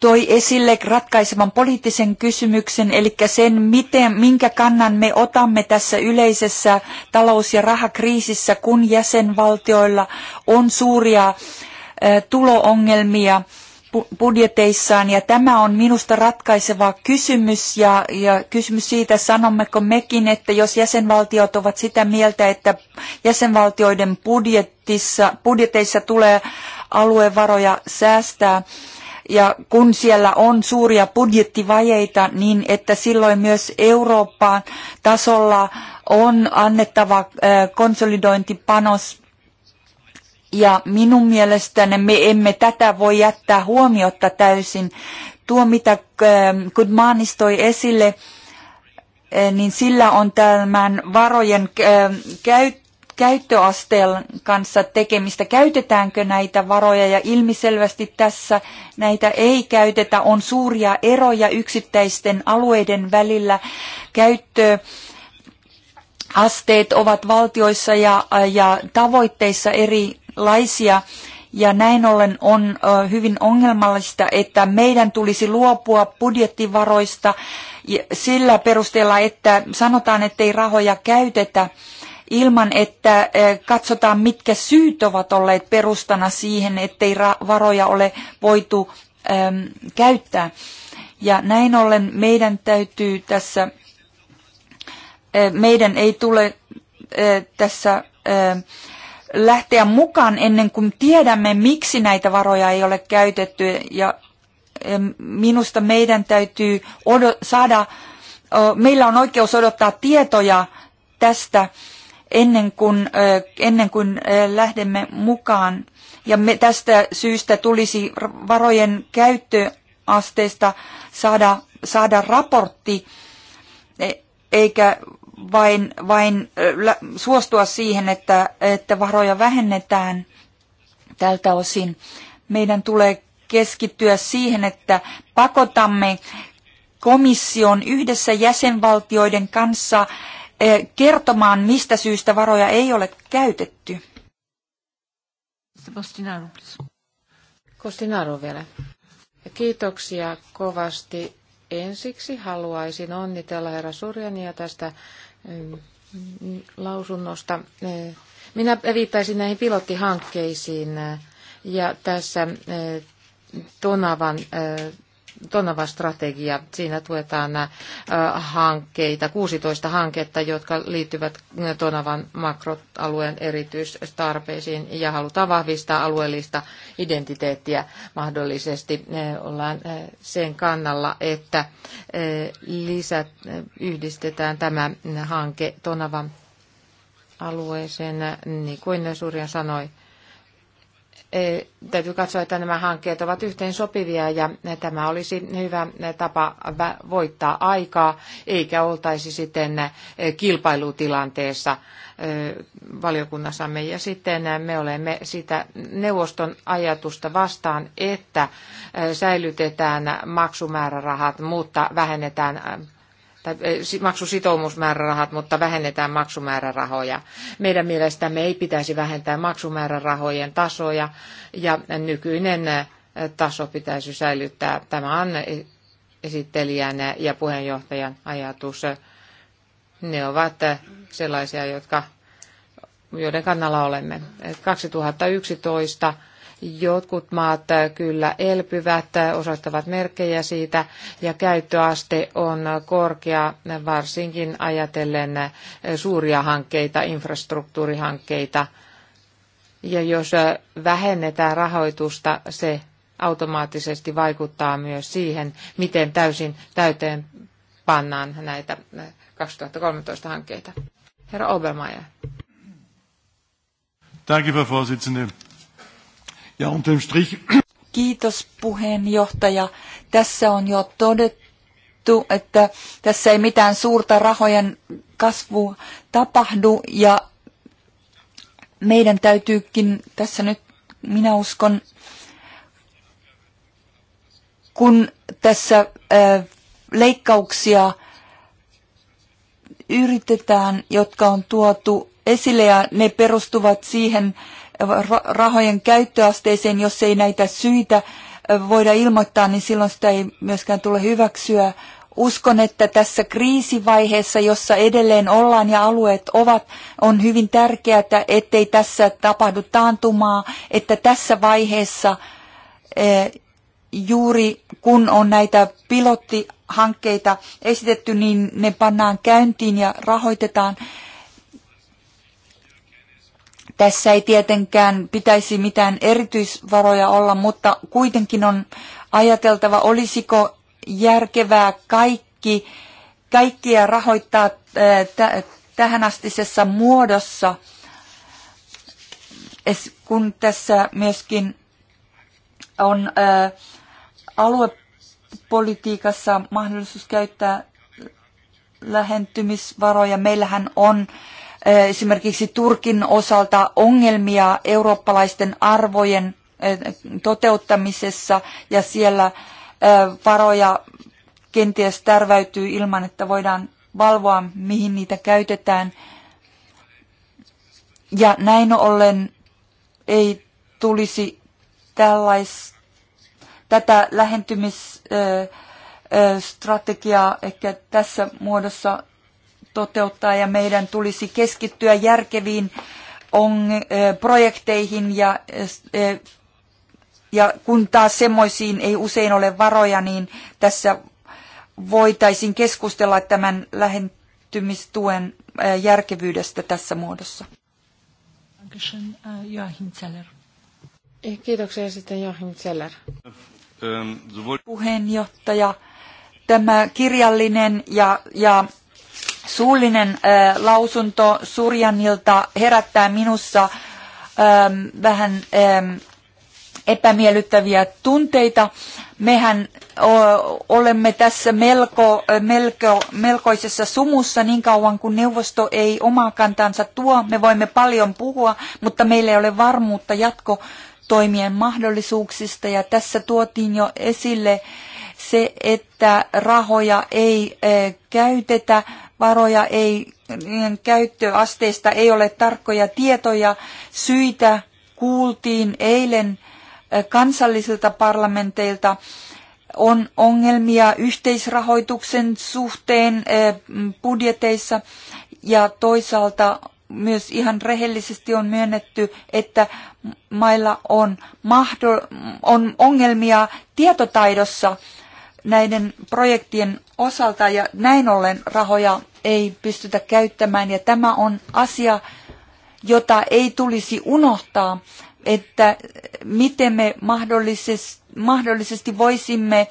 toi esille ratkaisevan poliittisen kysymyksen, eli sen, miten, minkä kannan me otamme tässä yleisessä talous- ja rahakriisissä, kun jäsenvaltioilla on suuria tuloongelmia budjeteissaan ja tämä on minusta ratkaiseva kysymys ja, ja kysymys siitä, sanommeko mekin, että jos jäsenvaltiot ovat sitä mieltä, että jäsenvaltioiden budjetissa, budjeteissa tulee aluevaroja säästää, ja kun siellä on suuria budjettivajeita, niin että silloin myös Euroopan tasolla on annettava konsolidointipanos ja minun mielestäni me emme tätä voi jättää huomiotta täysin. Tuo, mitä Goodmanis toi esille, niin sillä on tämän varojen käyttö käyttöasteen kanssa tekemistä. Käytetäänkö näitä varoja ja ilmiselvästi tässä näitä ei käytetä. On suuria eroja yksittäisten alueiden välillä käyttöä asteet ovat valtioissa ja, ja tavoitteissa erilaisia. Ja näin ollen on hyvin ongelmallista, että meidän tulisi luopua budjettivaroista sillä perusteella, että sanotaan, että ei rahoja käytetä ilman, että eh, katsotaan, mitkä syyt ovat olleet perustana siihen, ettei varoja ole voitu käyttää. Ja näin ollen meidän täytyy tässä, eh, meidän ei tule eh, tässä lähteä mukaan ennen kuin tiedämme, miksi näitä varoja ei ole käytetty. Ja minusta meidän täytyy saada, meillä on oikeus odottaa tietoja tästä ennen kuin, ennen kuin lähdemme mukaan. Ja me tästä syystä tulisi varojen käyttöasteesta saada, saada raportti, e, eikä vain, vain suostua siihen, että, että varoja vähennetään tältä osin. Meidän tulee keskittyä siihen, että pakotamme komission yhdessä jäsenvaltioiden kanssa E, kertomaan, mistä syystä varoja ei ole käytetty. Kostinaru vielä. Kiitoksia kovasti. Ensiksi haluaisin onnitella herra Surjania tästä lausunnosta. E, minä viittaisin näihin pilottihankkeisiin e, ja tässä Tonavan Tonava-strategia. Siinä tuetaan äh, hankkeita, 16 hanketta, jotka liittyvät äh, Tonavan makroalueen erityistarpeisiin ja halutaan vahvistaa alueellista identiteettiä mahdollisesti. Äh, ollaan sen kannalla, että lisät, yhdistetään tämä hanke Tonavan alueeseen, niin kuin Surja sanoi, täytyy katsoa, että nämä hankkeet ovat yhteen sopivia ja tämä olisi hyvä tapa voittaa aikaa, eikä oltaisi sitten kilpailutilanteessa valiokunnassamme. Ja sitten me olemme sitä neuvoston ajatusta vastaan, että säilytetään maksumäärärahat, mutta vähennetään tai eh, maksusitoumusmäärärahat, mutta vähennetään maksumäärärahoja. Meidän mielestämme ei pitäisi vähentää maksumäärärahojen tasoja ja nykyinen eh, taso pitäisi säilyttää. Tämä on esittelijän ja puheenjohtajan ajatus. Ne ovat eh, sellaisia, jotka, joiden kannalla olemme. 2011 Jotkut maat äh, kyllä elpyvät, äh, osoittavat merkkejä siitä ja käyttöaste on korkea, varsinkin ajatellen äh, suuria hankkeita, infrastruktuurihankkeita. Ja jos vähennetään rahoitusta, se automaattisesti vaikuttaa myös siihen, miten täysin täyteen pannaan näitä 2013 hankkeita. Herra Obermaier. Danke, Frau Vorsitzende. Ja unterm Strich... Kiitos puheenjohtaja. Tässä on jo todettu, että tässä ei mitään suurta rahojen kasvu tapahdu ja meidän täytyykin tässä nyt, minä uskon, kun tässä äh, leikkauksia yritetään, jotka on tuotu esille ja ne perustuvat siihen äh, rahojen käyttöasteeseen, jos ei näitä syitä voida ilmoittaa, niin silloin sitä ei myöskään tule hyväksyä. Uskon, että tässä kriisivaiheessa, jossa edelleen ollaan ja alueet ovat, on hyvin tärkeää, ettei tässä tapahdu taantumaa, että tässä vaiheessa juuri kun on näitä pilottihankkeita esitetty, niin ne pannaan käyntiin ja rahoitetaan tässä ei tietenkään pitäisi mitään erityisvaroja olla, mutta kuitenkin on ajateltava, olisiko järkevää kaikki, kaikkia rahoittaa tähänastisessa muodossa, kun tässä myöskin on aluepolitiikassa mahdollisuus käyttää lähentymisvaroja. Meillähän on äh, esimerkiksi Turkin osalta ongelmia eurooppalaisten arvojen toteuttamisessa ja siellä varoja kenties tärväytyy ilman, että voidaan valvoa, mihin niitä käytetään. Ja näin ollen ei tulisi tällais, tätä lähentymisstrategiaa ehkä tässä muodossa toteuttaa ja meidän tulisi keskittyä järkeviin on, projekteihin ja, ja kun taas semmoisiin ei usein ole varoja, niin tässä voitaisiin keskustella tämän lähentymistuen järkevyydestä tässä muodossa. Äh, eh, kiitoksia sitten Joachim Zeller. Ähm, Puheenjohtaja, tämä kirjallinen ja, ja Suullinen äh, lausunto Surjanilta herättää minussa ähm, vähän ähm, epämiellyttäviä tunteita. Mehän olemme tässä melko, melko, melkoisessa sumussa niin kauan kuin neuvosto ei omaa kantansa tuo. Me voimme paljon puhua, mutta meillä ei ole varmuutta toimien mahdollisuuksista. Ja tässä tuotiin jo esille se, että rahoja ei käytetä varoja ei, niiden käyttöasteista ei ole tarkkoja tietoja. Syitä kuultiin eilen eh, kansallisilta parlamenteilta. On ongelmia yhteisrahoituksen suhteen eh, budjeteissa ja toisaalta myös ihan rehellisesti on myönnetty, että mailla on, mahdoll- on ongelmia tietotaidossa näiden projektien osalta ja näin ollen rahoja ei pystytä käyttämään ja tämä on asia, jota ei tulisi unohtaa, että miten me mahdollisesti, mahdollisesti voisimme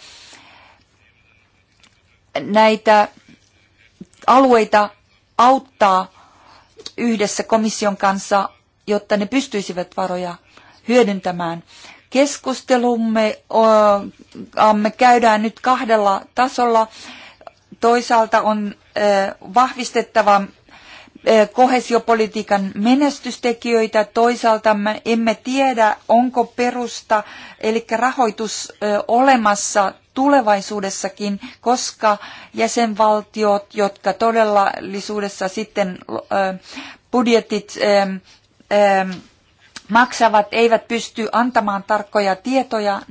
näitä alueita auttaa yhdessä komission kanssa, jotta ne pystyisivät varoja hyödyntämään. Keskustelumme käydään nyt kahdella tasolla. Toisaalta on vahvistettava kohesiopolitiikan menestystekijöitä. Toisaalta me emme tiedä, onko perusta, eli rahoitus olemassa tulevaisuudessakin, koska jäsenvaltiot, jotka todellisuudessa sitten budjetit maksavat eivät pysty antamaan tarkkoja tietoja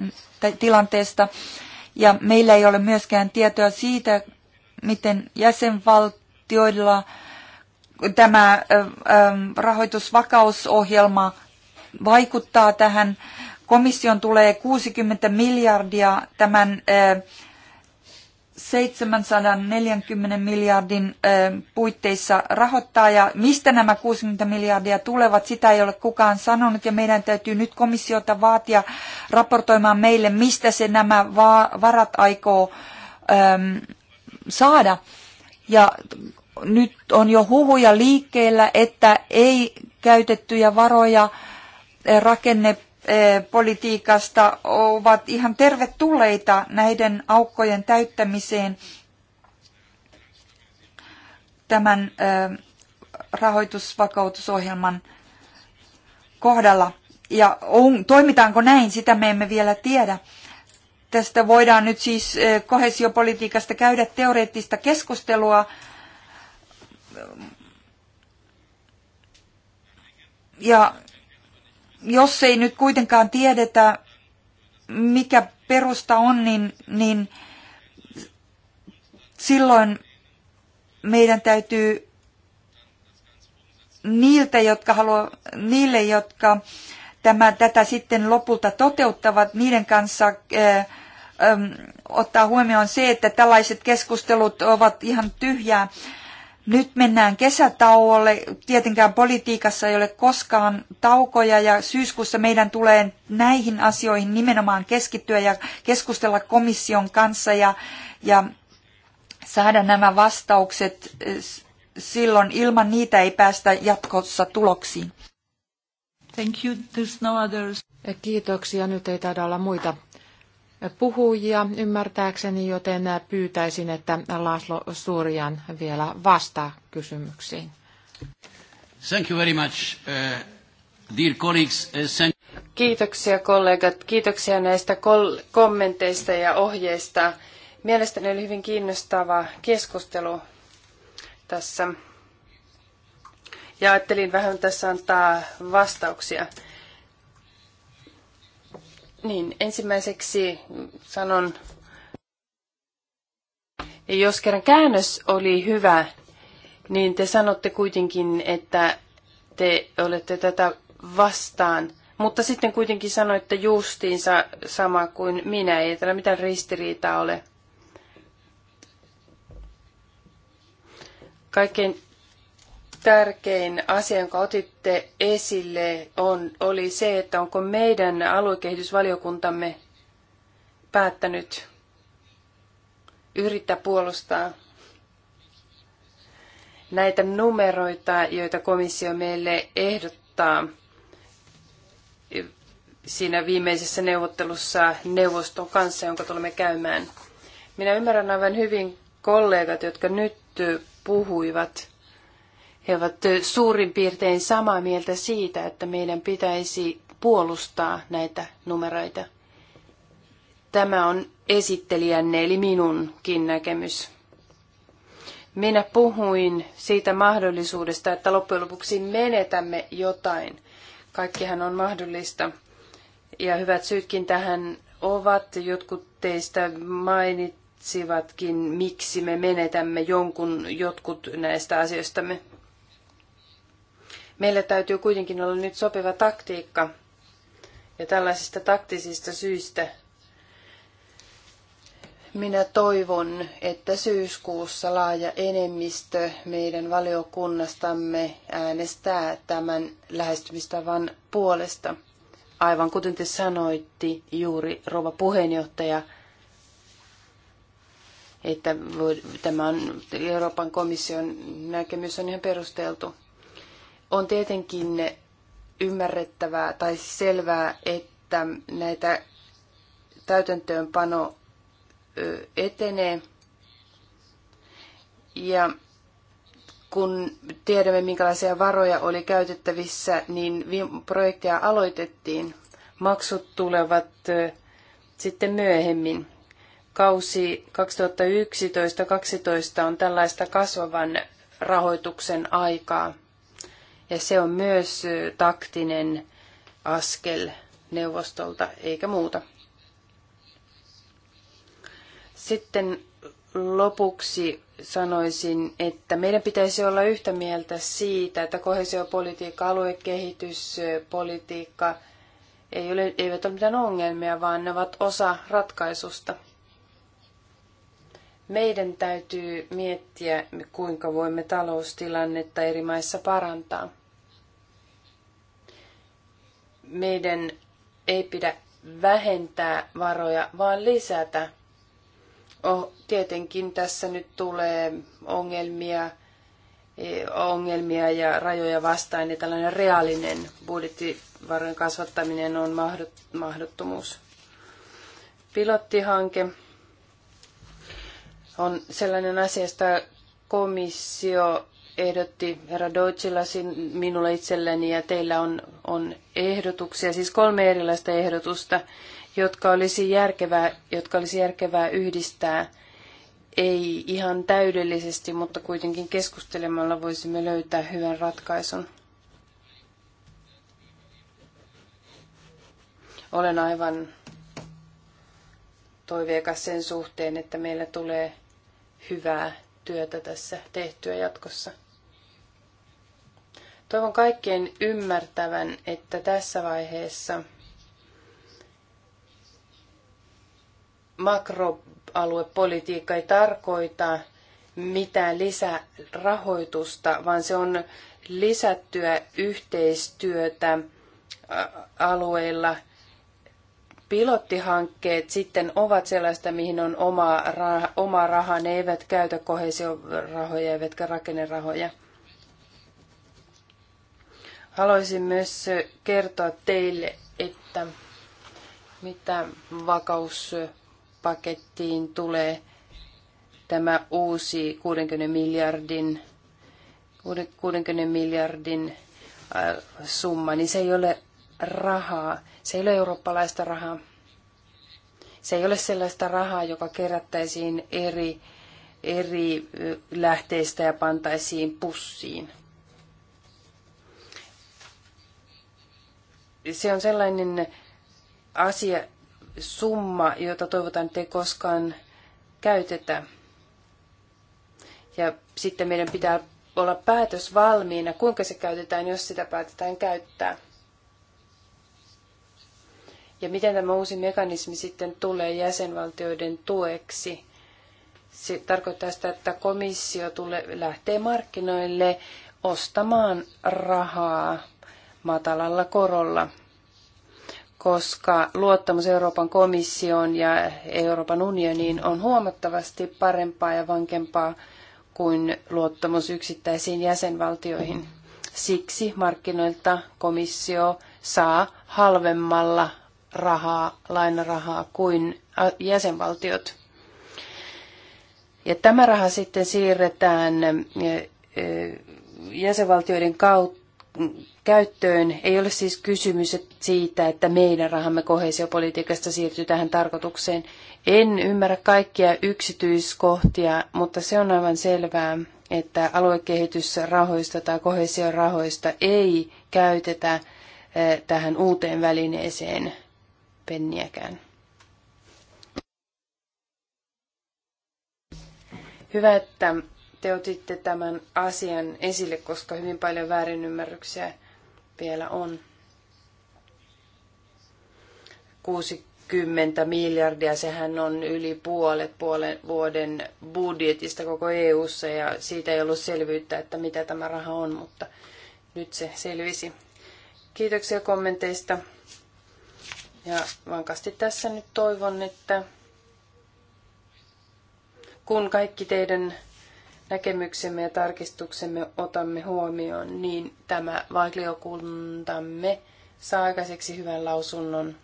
tilanteesta ja meillä ei ole myöskään tietoa siitä, miten jäsenvaltioilla tämä rahoitusvakausohjelma vaikuttaa tähän. Komission tulee 60 miljardia tämän 740 miljardin puitteissa rahoittaa ja mistä nämä 60 miljardia tulevat, sitä ei ole kukaan sanonut ja meidän täytyy nyt komissiota vaatia raportoimaan meille, mistä se nämä varat aikoo saada. Ja nyt on jo huhuja liikkeellä, että ei käytettyjä varoja rakenne Eh, politiikasta ovat ihan tervetulleita näiden aukkojen täyttämiseen tämän eh, rahoitusvakautusohjelman kohdalla. Ja on, toimitaanko näin, sitä me emme vielä tiedä. Tästä voidaan nyt siis eh, kohesiopolitiikasta käydä teoreettista keskustelua. Ja jos ei nyt kuitenkaan tiedetä, mikä perusta on, niin, niin silloin meidän täytyy niiltä, jotka haluaa, niille, jotka tämä, tätä sitten lopulta toteuttavat, niiden kanssa ää, ää, ottaa huomioon se, että tällaiset keskustelut ovat ihan tyhjää nyt mennään kesätauolle. Tietenkään politiikassa ei ole koskaan taukoja ja syyskuussa meidän tulee näihin asioihin nimenomaan keskittyä ja keskustella komission kanssa ja, ja saada nämä vastaukset eh, silloin. Ilman niitä ei päästä jatkossa tuloksiin. Thank you. There's no others. Kiitoksia. Nyt ei taida olla muita puhujia ymmärtääkseni, joten pyytäisin, että Laslo Surjan vielä vastaa kysymyksiin. Thank you very much, uh, dear colleagues. Uh, thank... Kiitoksia kollegat, kiitoksia näistä kommenteista ja ohjeista. Mielestäni oli hyvin kiinnostava keskustelu tässä. Ja ajattelin vähän tässä antaa vastauksia. Niin, ensimmäiseksi sanon, jos kerran käännös oli hyvä, niin te sanotte kuitenkin, että te olette tätä vastaan. Mutta sitten kuitenkin sanoitte justiinsa sama kuin minä, ei täällä mitään ristiriitaa ole. Kaikkein tärkein asia, jonka otitte esille, on, oli se, että onko meidän aluekehitysvaliokuntamme päättänyt yrittää puolustaa näitä numeroita, joita komissio meille ehdottaa siinä viimeisessä neuvottelussa neuvoston kanssa, jonka tulemme käymään. Minä ymmärrän aivan hyvin kollegat, jotka nyt puhuivat he ovat suurin piirtein samaa mieltä siitä, että meidän pitäisi puolustaa näitä numeroita. Tämä on esittelijänne eli minunkin näkemys. Minä puhuin siitä mahdollisuudesta, että loppujen lopuksi menetämme jotain. Kaikkihan on mahdollista. Ja hyvät syytkin tähän ovat. Jotkut teistä mainitsivatkin, miksi me menetämme jonkun jotkut näistä asioistamme. Meillä täytyy kuitenkin olla nyt sopiva taktiikka. Ja tällaisista taktisista syistä minä toivon, että syyskuussa laaja enemmistö meidän valiokunnastamme äänestää tämän lähestymistavan puolesta. Aivan kuten te sanoitte juuri rouva puheenjohtaja, että tämä on Euroopan komission näkemys on ihan perusteltu. On tietenkin ymmärrettävää tai selvää, että näitä täytäntöönpano etenee. Ja kun tiedämme, minkälaisia varoja oli käytettävissä, niin projekteja aloitettiin. Maksut tulevat sitten myöhemmin. Kausi 2011-2012 on tällaista kasvavan rahoituksen aikaa. Ja se on myös taktinen askel neuvostolta, eikä muuta. Sitten lopuksi sanoisin, että meidän pitäisi olla yhtä mieltä siitä, että kohesiopolitiikka, aluekehityspolitiikka ei ole, eivät ole mitään ongelmia, vaan ne ovat osa ratkaisusta. Meidän täytyy miettiä, kuinka voimme taloustilannetta eri maissa parantaa. Meidän ei pidä vähentää varoja, vaan lisätä. Oh, tietenkin tässä nyt tulee ongelmia, e, ongelmia ja rajoja vastaan, niin tällainen reaalinen budjettivarojen kasvattaminen on mahdottomuus. Pilottihanke on sellainen asia, josta komissio ehdotti herra Deutschillasin minulle itselleni ja teillä on, on ehdotuksia, siis kolme erilaista ehdotusta, jotka olisi järkevää, jotka olisi järkevää yhdistää ei ihan täydellisesti, mutta kuitenkin keskustelemalla voisimme löytää hyvän ratkaisun. Olen aivan toiveikas sen suhteen, että meillä tulee hyvää työtä tässä tehtyä jatkossa. Toivon kaikkien ymmärtävän, että tässä vaiheessa makroaluepolitiikka ei tarkoita mitään lisärahoitusta, vaan se on lisättyä yhteistyötä alueilla – Pilottihankkeet sitten ovat sellaista, mihin on oma, ra, oma raha. Ne eivät käytä kohesiorahoja eivätkä rakennerahoja. Haluaisin myös kertoa teille, että mitä vakauspakettiin tulee tämä uusi 60 miljardin, 60 miljardin äh, summa, niin se ei ole rahaa. Se ei ole eurooppalaista rahaa. Se ei ole sellaista rahaa, joka kerättäisiin eri, eri lähteistä ja pantaisiin pussiin. Se on sellainen asia, summa, jota toivotaan, te koskaan käytetä. Ja sitten meidän pitää olla päätös valmiina, kuinka se käytetään, jos sitä päätetään käyttää. Ja miten tämä uusi mekanismi sitten tulee jäsenvaltioiden tueksi? Se tarkoittaa sitä, että komissio tulee, lähtee markkinoille ostamaan rahaa matalalla korolla, koska luottamus Euroopan komissioon ja Euroopan unioniin on huomattavasti parempaa ja vankempaa kuin luottamus yksittäisiin jäsenvaltioihin. Siksi markkinoilta komissio saa halvemmalla rahaa, lainarahaa kuin jäsenvaltiot. Ja tämä raha sitten siirretään jäsenvaltioiden kautta käyttöön. Ei ole siis kysymys siitä, että meidän rahamme kohesiopolitiikasta siirtyy tähän tarkoitukseen. En ymmärrä kaikkia yksityiskohtia, mutta se on aivan selvää, että aluekehitysrahoista tai kohesiorahoista ei käytetä tähän uuteen välineeseen penniäkään. Hyvä, että te otitte tämän asian esille, koska hyvin paljon väärinymmärryksiä vielä on. 60 miljardia, sehän on yli puolet puolen vuoden budjetista koko EU:ssa ja siitä ei ollut selvyyttä, että mitä tämä raha on, mutta nyt se selvisi. Kiitoksia kommenteista. Ja vankasti tässä nyt toivon, että kun kaikki teidän näkemyksemme ja tarkistuksemme otamme huomioon, niin tämä vaikliokuntamme saa aikaiseksi hyvän lausunnon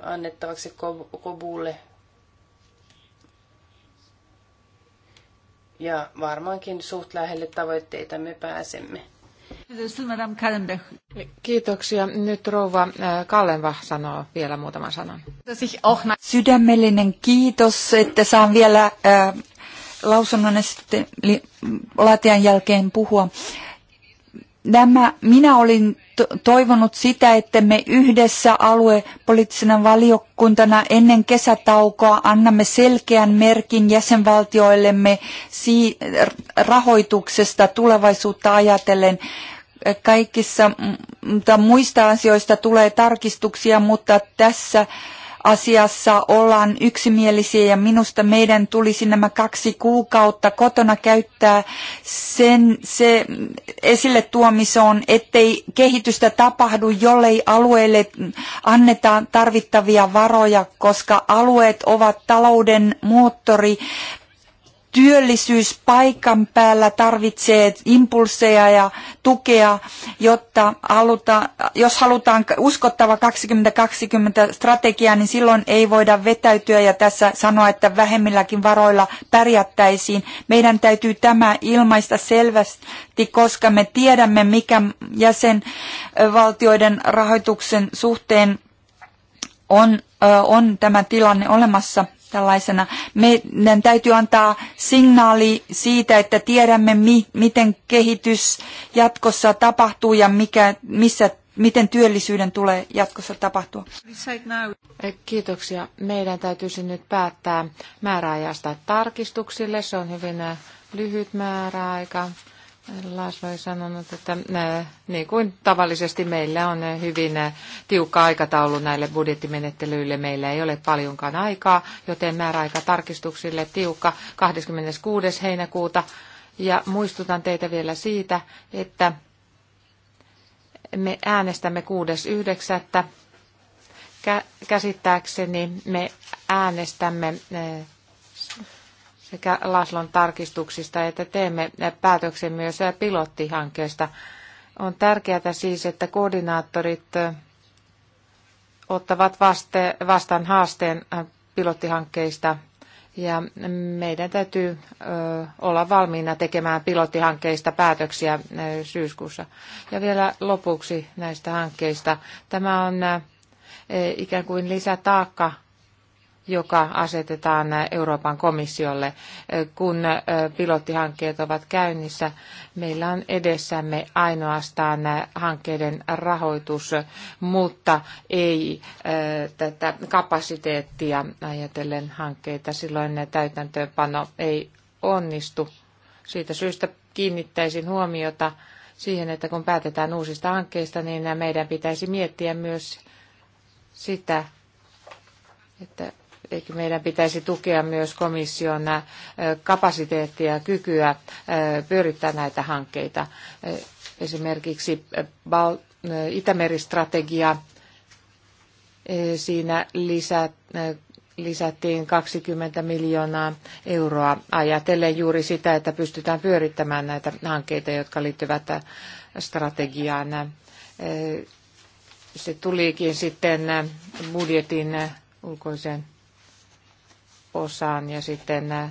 annettavaksi Kobulle. Ja varmaankin suht lähelle tavoitteita me pääsemme. Kiitoksia. Nyt rouva äh, Kallenva sanoo vielä muutaman sanan. Sydämellinen kiitos, että saan vielä äh, lausunnon latian jälkeen puhua. Nämä, minä olin toivonut sitä, että me yhdessä aluepoliittisena valiokuntana ennen kesätaukoa annamme selkeän merkin jäsenvaltioillemme rahoituksesta tulevaisuutta ajatellen. Kaikissa muista asioista tulee tarkistuksia, mutta tässä asiassa ollaan yksimielisiä ja minusta meidän tulisi nämä kaksi kuukautta kotona käyttää sen, se esille tuomisoon, ettei kehitystä tapahdu, jollei alueelle anneta tarvittavia varoja, koska alueet ovat talouden moottori työllisyys paikan päällä tarvitsee impulseja ja tukea, jotta haluta, jos halutaan uskottava 2020 strategia, niin silloin ei voida vetäytyä ja tässä sanoa, että vähemmilläkin varoilla pärjättäisiin. Meidän täytyy tämä ilmaista selvästi, koska me tiedämme, mikä jäsenvaltioiden rahoituksen suhteen on, on tämä tilanne olemassa tällaisena. Meidän täytyy antaa signaali siitä, että tiedämme, mi, miten kehitys jatkossa tapahtuu ja mikä, missä, miten työllisyyden tulee jatkossa tapahtua. Kiitoksia. Meidän täytyisi nyt päättää määräajasta tarkistuksille. Se on hyvin lyhyt määräaika. Lars voi sanonut, että niin kuin tavallisesti meillä on hyvin tiukka aikataulu näille budjettimenettelyille. Meillä ei ole paljonkaan aikaa, joten määräaika tarkistuksille tiukka 26. heinäkuuta. Ja muistutan teitä vielä siitä, että me äänestämme 6.9. Käsittääkseni me äänestämme sekä Laslon tarkistuksista, että teemme päätöksen myös pilottihankkeesta. On tärkeää siis, että koordinaattorit ottavat vaste, vastaan haasteen pilottihankkeista ja meidän täytyy olla valmiina tekemään pilottihankkeista päätöksiä syyskuussa. Ja vielä lopuksi näistä hankkeista. Tämä on ikään kuin lisätaakka joka asetetaan Euroopan komissiolle, kun pilottihankkeet ovat käynnissä. Meillä on edessämme ainoastaan hankkeiden rahoitus, mutta ei tätä kapasiteettia ajatellen hankkeita. Silloin täytäntöönpano ei onnistu. Siitä syystä kiinnittäisin huomiota siihen, että kun päätetään uusista hankkeista, niin meidän pitäisi miettiä myös sitä, että Eikö meidän pitäisi tukea myös komission kapasiteettia ja kykyä pyörittää näitä hankkeita? Esimerkiksi Itämeristrategia, siinä lisät, lisättiin 20 miljoonaa euroa ajatellen juuri sitä, että pystytään pyörittämään näitä hankkeita, jotka liittyvät strategiaan. Se tulikin sitten budjetin ulkoiseen osaan ja sitten äh,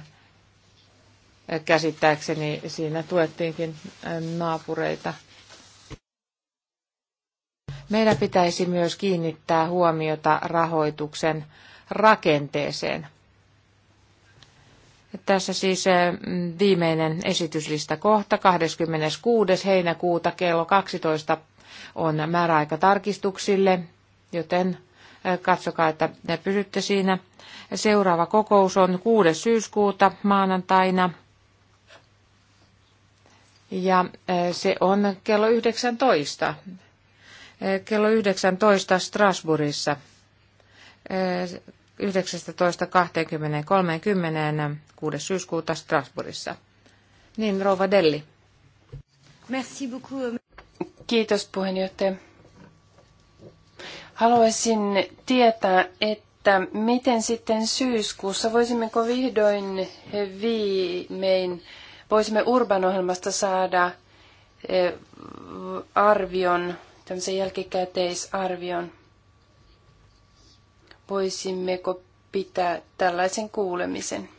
käsittääkseni siinä tuettiinkin äh, naapureita. Meidän pitäisi myös kiinnittää huomiota rahoituksen rakenteeseen. Tässä siis äh, viimeinen esityslista kohta 26. heinäkuuta kello 12 on määräaika tarkistuksille, joten Katsokaa, että pysytte siinä. Seuraava kokous on 6. syyskuuta maanantaina. Ja se on kello 19. Kello 19 Strasbourgissa. 19.20.30. 6. syyskuuta Strasbourgissa. Niin, Rova Delli. Merci beaucoup. Kiitos puheenjohtaja. Haluaisin tietää, että miten sitten syyskuussa voisimmeko vihdoin viimein, voisimme Urban-ohjelmasta saada eh, arvion, tämmöisen jälkikäteisarvion. Voisimmeko pitää tällaisen kuulemisen?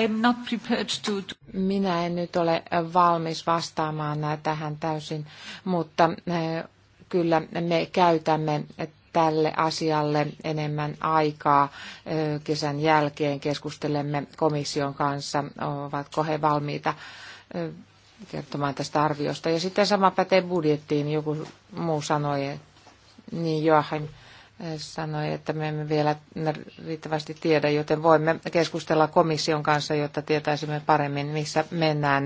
I am not prepared to... Minä en nyt ole valmis vastaamaan tähän täysin, mutta eh, kyllä me käytämme tälle asialle enemmän aikaa kesän jälkeen. Keskustelemme komission kanssa, ovatko he valmiita kertomaan tästä arviosta. Ja sitten sama pätee budjettiin, joku muu sanoi, niin Joachim sanoi, että me emme vielä riittävästi tiedä, joten voimme keskustella komission kanssa, jotta tietäisimme paremmin, missä mennään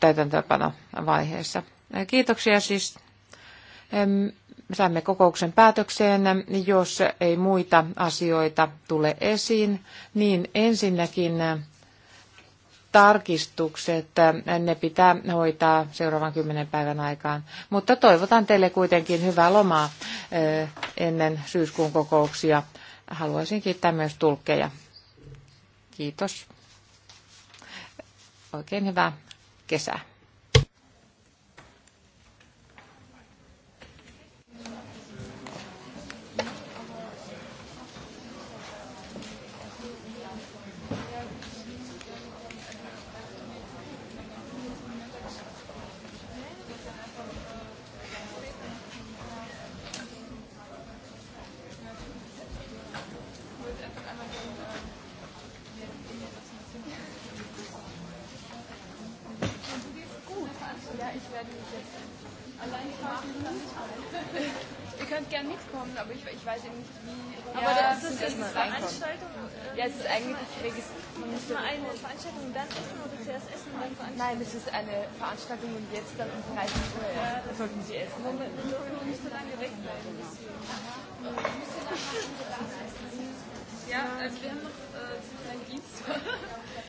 täytäntöönpanovaiheessa. vaiheessa Kiitoksia siis. Saimme kokouksen päätökseen, jos ei muita asioita tule esiin, niin ensinnäkin tarkistukset, ne pitää hoitaa seuraavan kymmenen päivän aikaan. Mutta toivotan teille kuitenkin hyvää lomaa ennen syyskuun kokouksia. Haluaisin kiittää myös tulkkeja. Kiitos. Oikein hyvää kesää. Veranstaltung und jetzt dann um 13 Uhr. Ja, das sollten Sie essen. Moment, wir dürfen nicht so lange wegbleiben. Aha.